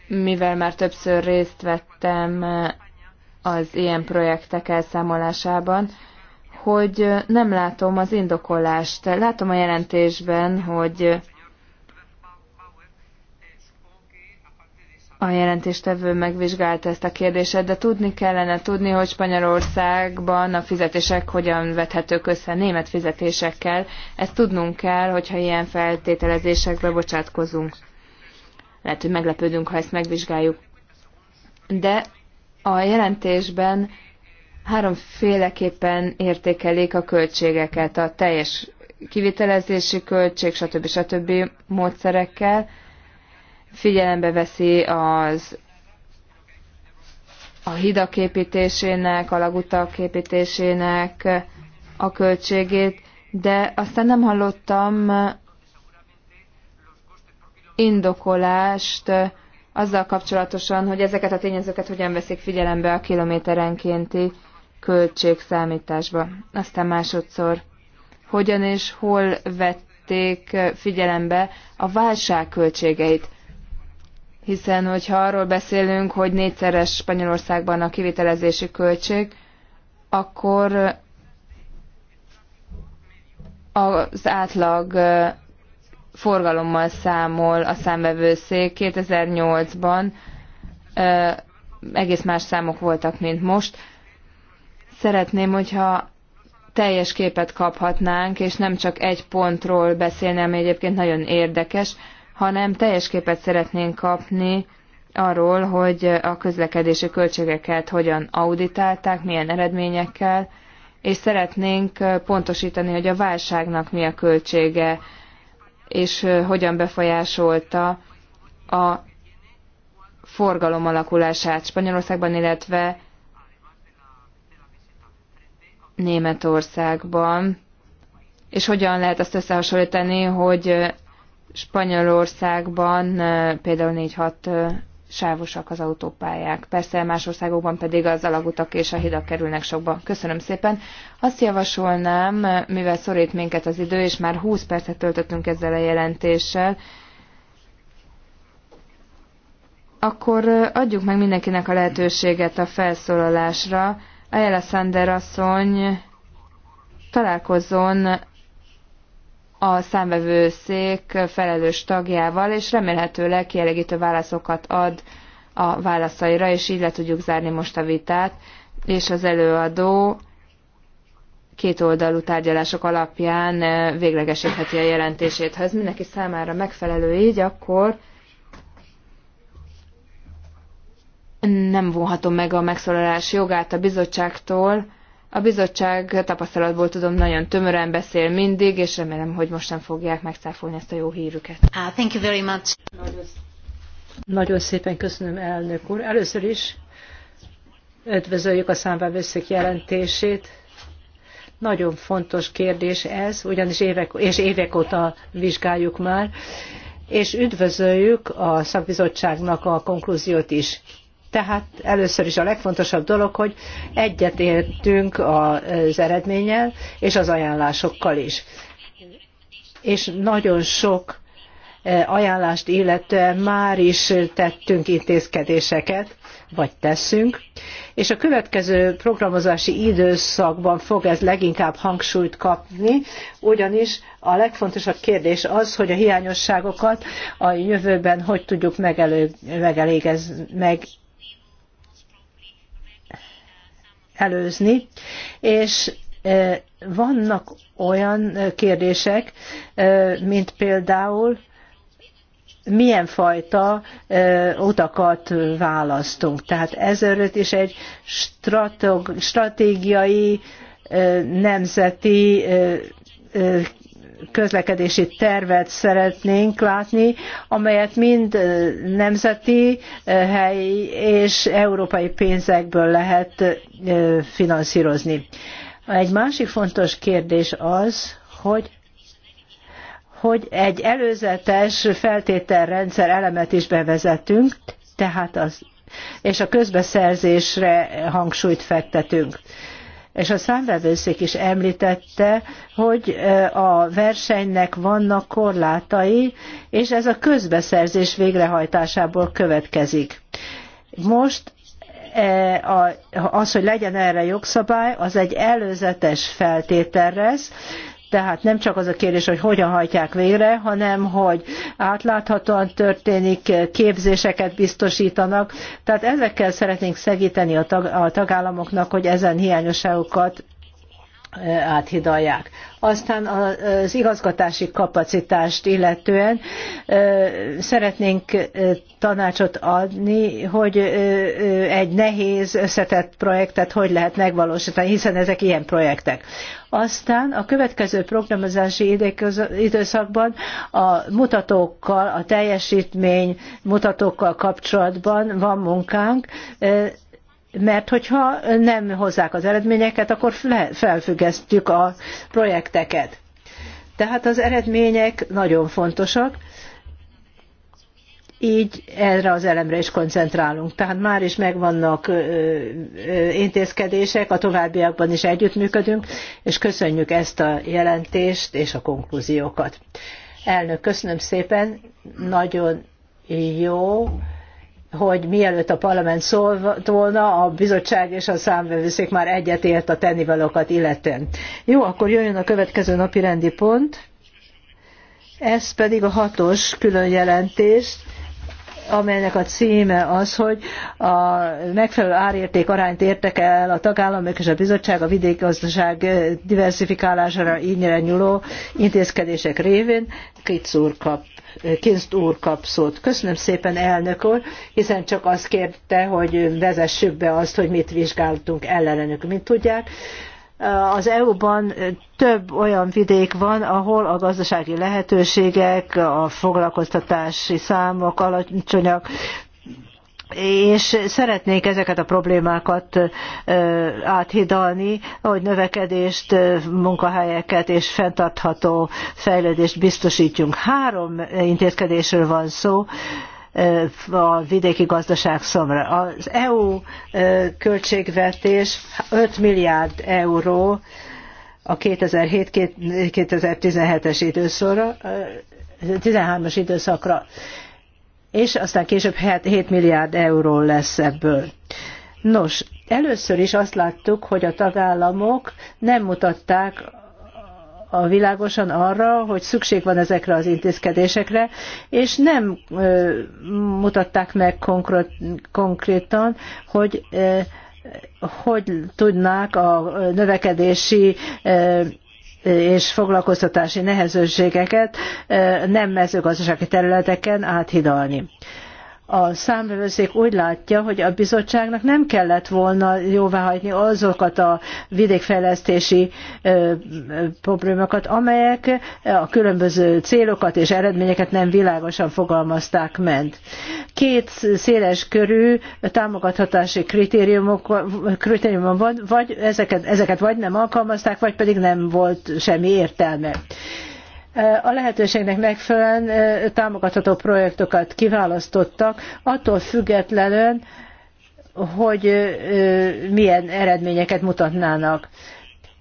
mivel már többször részt vettem az ilyen projektek elszámolásában, hogy nem látom az indokolást. Látom a jelentésben, hogy a jelentéstevő megvizsgálta ezt a kérdést, de tudni kellene tudni, hogy Spanyolországban a fizetések hogyan vethetők össze német fizetésekkel. Ezt tudnunk kell, hogyha ilyen feltételezésekbe bocsátkozunk. Lehet, hogy meglepődünk, ha ezt megvizsgáljuk. De a jelentésben háromféleképpen értékelik a költségeket, a teljes kivitelezési költség, stb. stb. módszerekkel, figyelembe veszi az a hidak építésének, a lagutak építésének a költségét, de aztán nem hallottam indokolást azzal kapcsolatosan, hogy ezeket a tényezőket hogyan veszik figyelembe a kilométerenkénti költségszámításba. Aztán másodszor, hogyan és hol vették figyelembe a válság költségeit hiszen hogyha arról beszélünk, hogy négyszeres Spanyolországban a kivitelezési költség, akkor eh, az átlag eh, forgalommal számol a számvevőszék. 2008-ban eh, egész más számok voltak, mint most. Szeretném, hogyha teljes képet kaphatnánk, és nem csak egy pontról beszélni, ami egyébként nagyon érdekes, hanem teljes képet szeretnénk kapni arról, hogy a közlekedési költségeket hogyan auditálták, milyen eredményekkel, és szeretnénk pontosítani, hogy a válságnak mi a költsége, és hogyan befolyásolta a forgalom alakulását Spanyolországban, illetve Németországban, és hogyan lehet azt összehasonlítani, hogy Spanyolországban például 4-6 sávosak az autópályák. Persze más országokban pedig az alagutak és a hidak kerülnek sokba. Köszönöm szépen. Azt javasolnám, mivel szorít minket az idő, és már 20 percet töltöttünk ezzel a jelentéssel, akkor adjuk meg mindenkinek a lehetőséget a felszólalásra. Ayala Sander asszony találkozzon a számvevőszék felelős tagjával, és remélhetőleg kielégítő válaszokat ad a válaszaira, és így le tudjuk zárni most a vitát, és az előadó kétoldalú tárgyalások alapján véglegesítheti a jelentését. Ha ez mindenki számára megfelelő így, akkor nem vonhatom meg a megszólalás jogát a bizottságtól, a bizottság tapasztalatból tudom, nagyon tömören beszél mindig, és remélem, hogy most nem fogják megcáfolni ezt a jó hírüket. Ah, thank you very much. Nagyon szépen köszönöm, elnök úr. Először is üdvözöljük a számvevőszék jelentését. Nagyon fontos kérdés ez, ugyanis évek, és évek óta vizsgáljuk már, és üdvözöljük a szakbizottságnak a konklúziót is. Tehát először is a legfontosabb dolog, hogy egyetértünk az eredménnyel és az ajánlásokkal is. És nagyon sok e, ajánlást illetően már is tettünk intézkedéseket, vagy teszünk, és a következő programozási időszakban fog ez leginkább hangsúlyt kapni, ugyanis a legfontosabb kérdés az, hogy a hiányosságokat a jövőben hogy tudjuk megelő, megelégez, meg, előzni, és vannak olyan kérdések, mint például milyen fajta utakat választunk. Tehát ezelőtt is egy stratégiai nemzeti közlekedési tervet szeretnénk látni, amelyet mind nemzeti, helyi és európai pénzekből lehet finanszírozni. Egy másik fontos kérdés az, hogy hogy egy előzetes feltételrendszer elemet is bevezetünk, tehát az, és a közbeszerzésre hangsúlyt fektetünk és a számvevőszék is említette, hogy a versenynek vannak korlátai, és ez a közbeszerzés végrehajtásából következik. Most e, az, hogy legyen erre jogszabály, az egy előzetes feltétel lesz, tehát nem csak az a kérdés, hogy hogyan hajtják végre, hanem hogy átláthatóan történik, képzéseket biztosítanak. Tehát ezekkel szeretnénk segíteni a, tag, a tagállamoknak, hogy ezen hiányosságokat áthidalják. Aztán az igazgatási kapacitást illetően szeretnénk tanácsot adni, hogy egy nehéz, összetett projektet hogy lehet megvalósítani, hiszen ezek ilyen projektek. Aztán a következő programozási időszakban a mutatókkal, a teljesítmény mutatókkal kapcsolatban van munkánk, mert hogyha nem hozzák az eredményeket, akkor felfüggesztjük a projekteket. Tehát az eredmények nagyon fontosak, így erre az elemre is koncentrálunk. Tehát már is megvannak intézkedések, a továbbiakban is együttműködünk, és köszönjük ezt a jelentést és a konklúziókat. Elnök, köszönöm szépen, nagyon jó hogy mielőtt a parlament szólt volna, a bizottság és a számvevőszék már egyetért a tennivalókat illetően. Jó, akkor jöjjön a következő napi rendi pont. Ez pedig a hatos külön jelentés, amelynek a címe az, hogy a megfelelő árérték arányt értek el a tagállamok és a bizottság a gazdaság diversifikálására így nyúló intézkedések révén. Kicz kap Kinszt úr kap szót. Köszönöm szépen, elnök úr, hiszen csak azt kérte, hogy vezessük be azt, hogy mit vizsgáltunk ellenük. Mint tudják, az EU-ban több olyan vidék van, ahol a gazdasági lehetőségek, a foglalkoztatási számok alacsonyak, és szeretnék ezeket a problémákat áthidalni, hogy növekedést, munkahelyeket és fenntartható fejlődést biztosítjunk. Három intézkedésről van szó a vidéki gazdaság szomra. Az EU költségvetés 5 milliárd euró a 2007-2017-es időszakra, 13-as időszakra és aztán később 7 milliárd euró lesz ebből. Nos, először is azt láttuk, hogy a tagállamok nem mutatták a világosan arra, hogy szükség van ezekre az intézkedésekre, és nem ö, mutatták meg konkrét, konkrétan, hogy ö, hogy tudnák a növekedési és foglalkoztatási nehezőségeket nem mezőgazdasági területeken áthidalni a számvevőszék úgy látja, hogy a bizottságnak nem kellett volna jóváhagyni azokat a vidékfejlesztési problémákat, amelyek a különböző célokat és eredményeket nem világosan fogalmazták meg. Két széles körű támogathatási kritériumok, kritériumon van, vagy ezeket, ezeket vagy nem alkalmazták, vagy pedig nem volt semmi értelme a lehetőségnek megfelelően támogatható projektokat kiválasztottak, attól függetlenül, hogy milyen eredményeket mutatnának.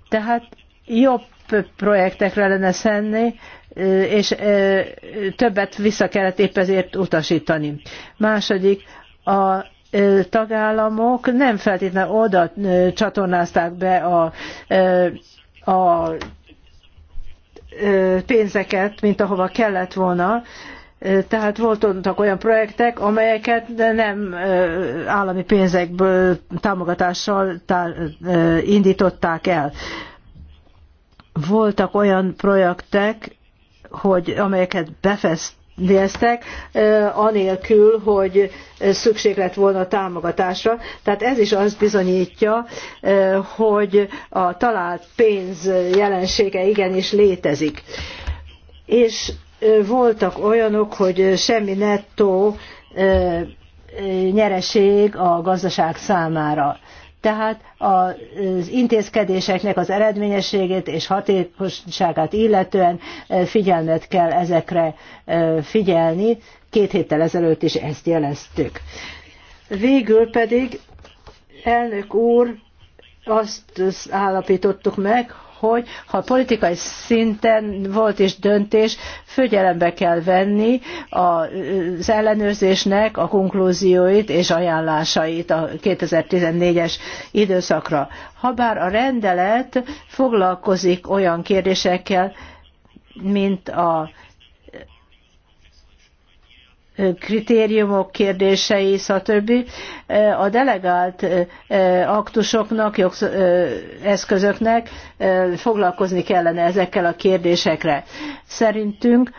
Tehát jobb projektekre lenne szenni, és többet vissza kellett épp ezért utasítani. Második, a tagállamok nem feltétlenül oda csatornázták be a, a pénzeket, mint ahova kellett volna. Tehát voltak olyan projektek, amelyeket nem állami pénzekből támogatással indították el. Voltak olyan projektek, hogy amelyeket befezt, néztek, anélkül, hogy szükség lett volna támogatásra. Tehát ez is azt bizonyítja, hogy a talált pénz jelensége igenis létezik. És voltak olyanok, hogy semmi nettó nyereség a gazdaság számára. Tehát az intézkedéseknek az eredményességét és hatékonyságát illetően figyelmet kell ezekre figyelni. Két héttel ezelőtt is ezt jeleztük. Végül pedig, elnök úr, azt állapítottuk meg, hogy ha politikai szinten volt is döntés, figyelembe kell venni az ellenőrzésnek a konklúzióit és ajánlásait a 2014-es időszakra. Habár a rendelet foglalkozik olyan kérdésekkel, mint a kritériumok kérdései, stb. A delegált aktusoknak, eszközöknek foglalkozni kellene ezekkel a kérdésekre. Szerintünk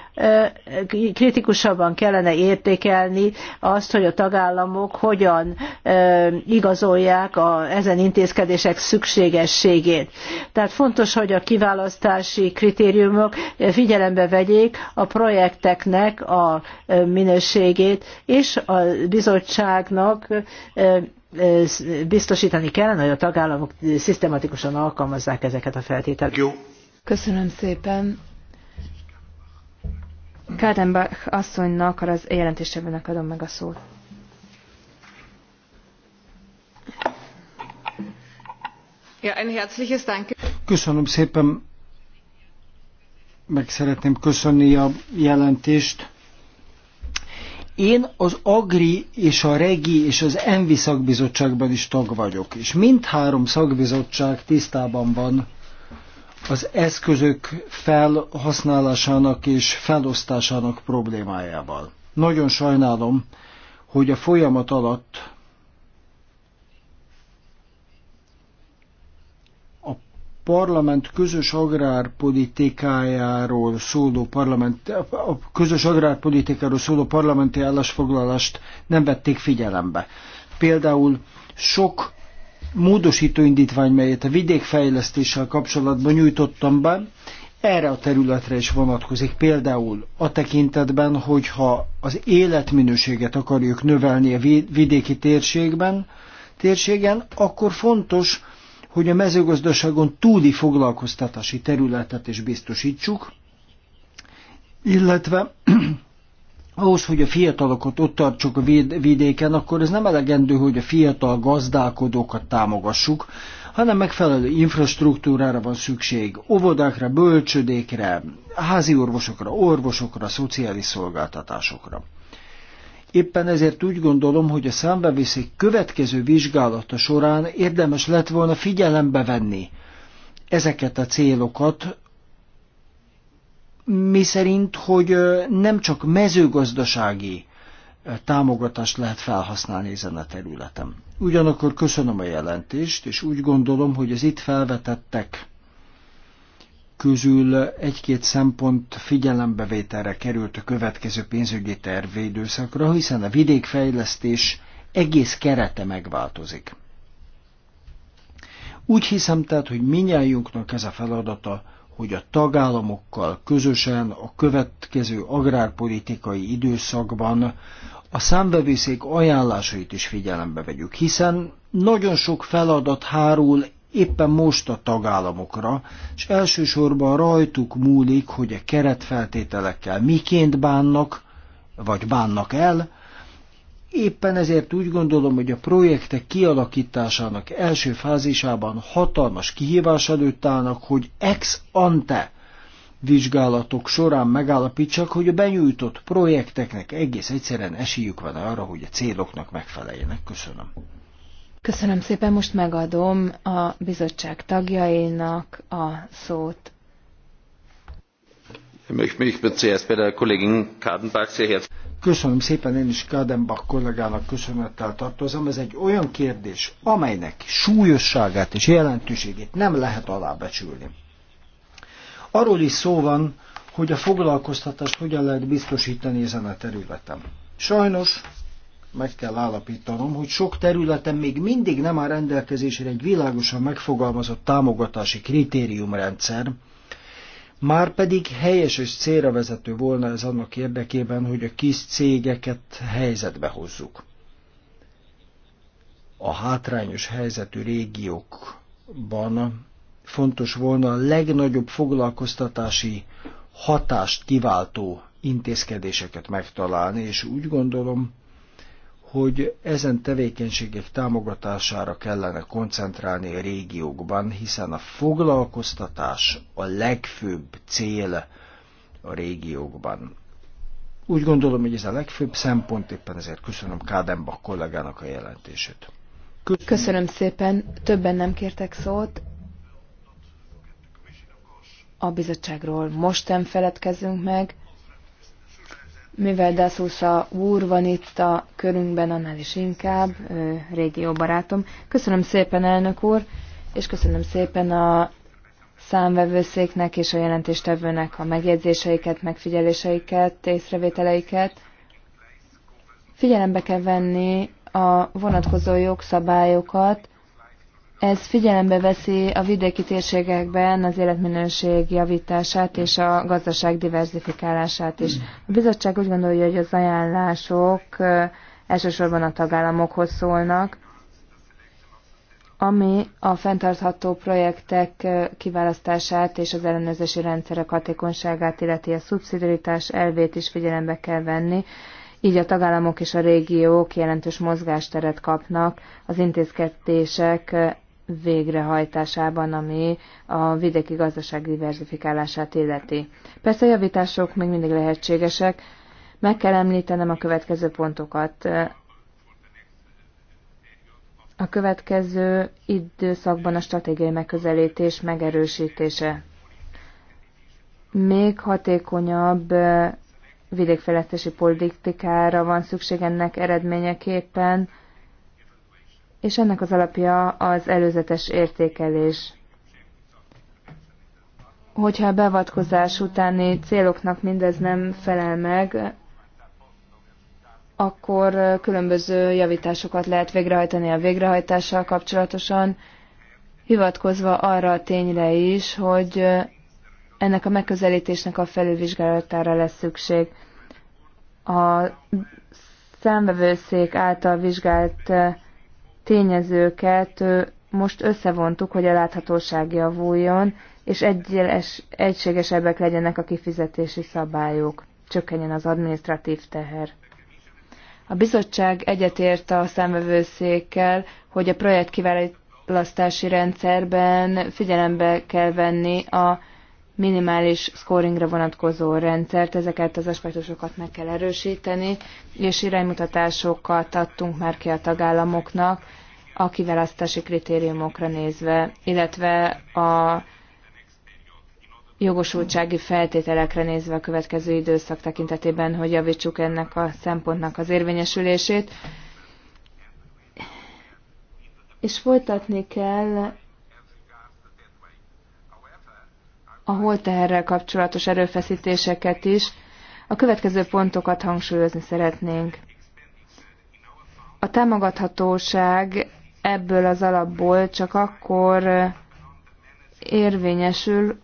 kritikusabban kellene értékelni azt, hogy a tagállamok hogyan igazolják a, ezen intézkedések szükségességét. Tehát fontos, hogy a kiválasztási kritériumok figyelembe vegyék a projekteknek a minőségét, és a bizottságnak biztosítani kellene, hogy a tagállamok szisztematikusan alkalmazzák ezeket a feltételeket. Jó. Köszönöm szépen. Kádenbach asszonynak, az jelentéstevőnek adom meg a szót. Ja, ein herzliches Danke. Köszönöm szépen. Meg szeretném köszönni a jelentést. Én az Agri és a Regi és az Envi szakbizottságban is tag vagyok, és mindhárom szakbizottság tisztában van az eszközök felhasználásának és felosztásának problémájával. Nagyon sajnálom, hogy a folyamat alatt a parlament közös agrárpolitikájáról szóló parlament, a közös agrárpolitikáról szóló parlamenti állásfoglalást nem vették figyelembe. Például sok módosító indítvány, melyet a vidékfejlesztéssel kapcsolatban nyújtottam be, erre a területre is vonatkozik. Például a tekintetben, hogyha az életminőséget akarjuk növelni a vidéki térségben, térségen, akkor fontos, hogy a mezőgazdaságon túli foglalkoztatási területet is biztosítsuk, illetve ahhoz, hogy a fiatalokat ott tartsuk a vidéken, akkor ez nem elegendő, hogy a fiatal gazdálkodókat támogassuk, hanem megfelelő infrastruktúrára van szükség, óvodákra, bölcsödékre, házi orvosokra, orvosokra, szociális szolgáltatásokra. Éppen ezért úgy gondolom, hogy a számbevészék következő vizsgálata során érdemes lett volna figyelembe venni ezeket a célokat, mi szerint, hogy nem csak mezőgazdasági támogatást lehet felhasználni ezen a területen. Ugyanakkor köszönöm a jelentést, és úgy gondolom, hogy az itt felvetettek közül egy-két szempont figyelembevételre került a következő pénzügyi tervédőszakra, hiszen a vidékfejlesztés egész kerete megváltozik. Úgy hiszem tehát, hogy minnyájunknak ez a feladata, hogy a tagállamokkal közösen a következő agrárpolitikai időszakban a számvevőszék ajánlásait is figyelembe vegyük, hiszen nagyon sok feladat hárul éppen most a tagállamokra, és elsősorban rajtuk múlik, hogy a keretfeltételekkel miként bánnak, vagy bánnak el, Éppen ezért úgy gondolom, hogy a projektek kialakításának első fázisában hatalmas kihívás előtt állnak, hogy ex ante vizsgálatok során megállapítsak, hogy a benyújtott projekteknek egész egyszerűen esélyük van arra, hogy a céloknak megfeleljenek. Köszönöm. Köszönöm szépen, most megadom a bizottság tagjainak a szót. Köszönöm szépen, én is Kadenbach kollégának köszönettel tartozom. Ez egy olyan kérdés, amelynek súlyosságát és jelentőségét nem lehet alábecsülni. Arról is szó van, hogy a foglalkoztatást hogyan lehet biztosítani ezen a területen. Sajnos meg kell állapítanom, hogy sok területen még mindig nem áll rendelkezésre egy világosan megfogalmazott támogatási kritériumrendszer, már pedig helyes és célra vezető volna ez annak érdekében, hogy a kis cégeket helyzetbe hozzuk. A hátrányos helyzetű régiókban fontos volna a legnagyobb foglalkoztatási hatást kiváltó intézkedéseket megtalálni, és úgy gondolom, hogy ezen tevékenységek támogatására kellene koncentrálni a régiókban, hiszen a foglalkoztatás a legfőbb cél a régiókban. Úgy gondolom, hogy ez a legfőbb szempont, éppen ezért köszönöm Kádemba kollégának a jelentését. Köszönöm. köszönöm szépen, többen nem kértek szót. A bizottságról most nem feledkezünk meg. Mivel Dasusa úr van itt a körünkben, annál is inkább, jó barátom. Köszönöm szépen, elnök úr, és köszönöm szépen a számvevőszéknek és a jelentéstevőnek a megjegyzéseiket, megfigyeléseiket, észrevételeiket. Figyelembe kell venni a vonatkozó jogszabályokat, ez figyelembe veszi a vidéki térségekben az életminőség javítását és a gazdaság diversifikálását is. A bizottság úgy gondolja, hogy az ajánlások elsősorban a tagállamokhoz szólnak, ami a fenntartható projektek kiválasztását és az ellenőrzési rendszerek hatékonyságát, illeti a szubszidiaritás elvét is figyelembe kell venni, így a tagállamok és a régiók jelentős mozgásteret kapnak az intézkedések végrehajtásában, ami a vidéki gazdaság diversifikálását illeti. Persze javítások még mindig lehetségesek, meg kell említenem a következő pontokat. A következő időszakban a stratégiai megközelítés megerősítése. Még hatékonyabb eh, vidékfejlesztési politikára van szükség ennek eredményeképpen, és ennek az alapja az előzetes értékelés. Hogyha a beavatkozás utáni céloknak mindez nem felel meg, akkor különböző javításokat lehet végrehajtani a végrehajtással kapcsolatosan, hivatkozva arra a tényre is, hogy ennek a megközelítésnek a felülvizsgálatára lesz szükség. A számvevőszék által vizsgált tényezőket most összevontuk, hogy a láthatóság javuljon, és egyes, egységesebbek legyenek a kifizetési szabályok, csökkenjen az administratív teher. A bizottság egyetért a szemvevőszékkel, hogy a projekt kiválasztási rendszerben figyelembe kell venni a minimális scoringra vonatkozó rendszert, ezeket az aspektusokat meg kell erősíteni, és iránymutatásokat adtunk már ki a tagállamoknak, a kiválasztási kritériumokra nézve, illetve a jogosultsági feltételekre nézve a következő időszak tekintetében, hogy javítsuk ennek a szempontnak az érvényesülését. És folytatni kell a holteherrel kapcsolatos erőfeszítéseket is. A következő pontokat hangsúlyozni szeretnénk. A támogathatóság ebből az alapból csak akkor érvényesül,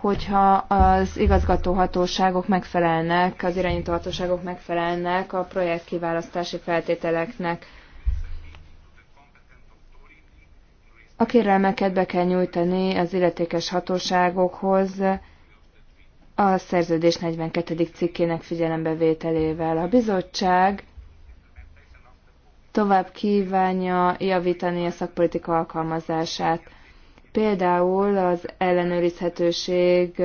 hogyha az igazgatóhatóságok megfelelnek, az irányítóhatóságok megfelelnek a projekt kiválasztási feltételeknek. A kérelmeket be kell nyújtani az illetékes hatóságokhoz a szerződés 42. cikkének figyelembevételével. A bizottság tovább kívánja javítani a szakpolitika alkalmazását. Például az ellenőrizhetőség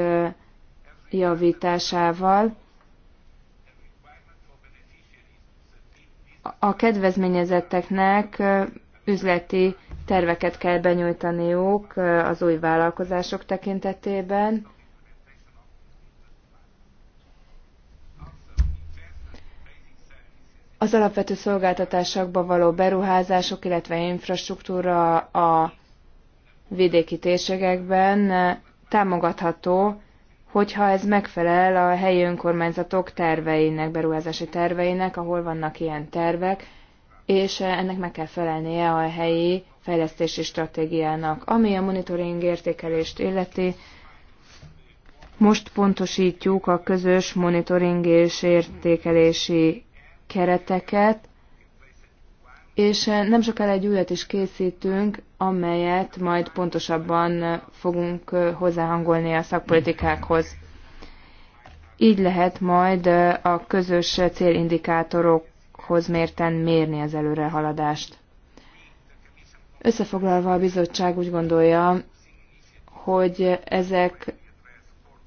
javításával, a kedvezményezetteknek üzleti terveket kell benyújtaniuk az új vállalkozások tekintetében, az alapvető szolgáltatásokba való beruházások, illetve infrastruktúra a vidéki térségekben eh, támogatható, hogyha ez megfelel a helyi önkormányzatok terveinek, beruházási terveinek, ahol vannak ilyen tervek, és eh, ennek meg kell felelnie a helyi fejlesztési stratégiának. Ami a monitoring értékelést illeti, most pontosítjuk a közös monitoring és értékelési kereteket, és eh, nem sokára egy újat is készítünk, amelyet majd pontosabban eh, fogunk eh, hozzáhangolni a szakpolitikákhoz. Így lehet majd a közös célindikátorokhoz mérten mérni az előrehaladást. Összefoglalva a bizottság úgy gondolja, hogy ezek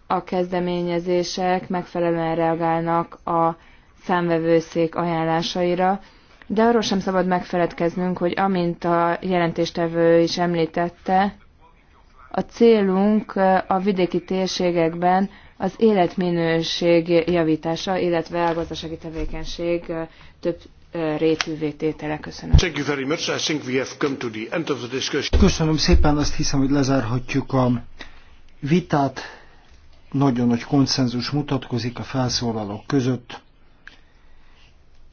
a kezdeményezések megfelelően reagálnak a számvevőszék ajánlásaira, de arról sem szabad megfeledkeznünk, hogy amint a jelentéstevő is említette, a célunk a vidéki térségekben az életminőség javítása, illetve a gazdasági tevékenység több rétűvé Köszönöm. Köszönöm szépen, azt hiszem, hogy lezárhatjuk a vitát. Nagyon nagy konszenzus mutatkozik a felszólalók között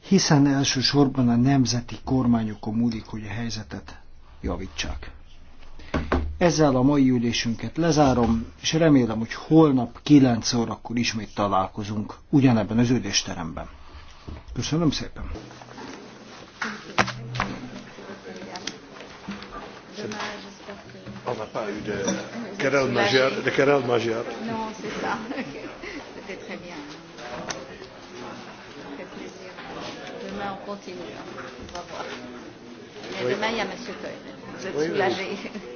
hiszen elsősorban a nemzeti kormányokon múlik, hogy a helyzetet javítsák. Ezzel a mai ülésünket lezárom, és remélem, hogy holnap 9 órakor ismét találkozunk ugyanebben az ülésteremben. Köszönöm szépen! On n'a pas eu de querelle magyar, De querelle magyar. Non, c'est ça. [LAUGHS] C'était très bien. demain on continue. On va voir. Mais oui. demain, il y a M. Toy. Vous êtes oui, soulagé. Oui.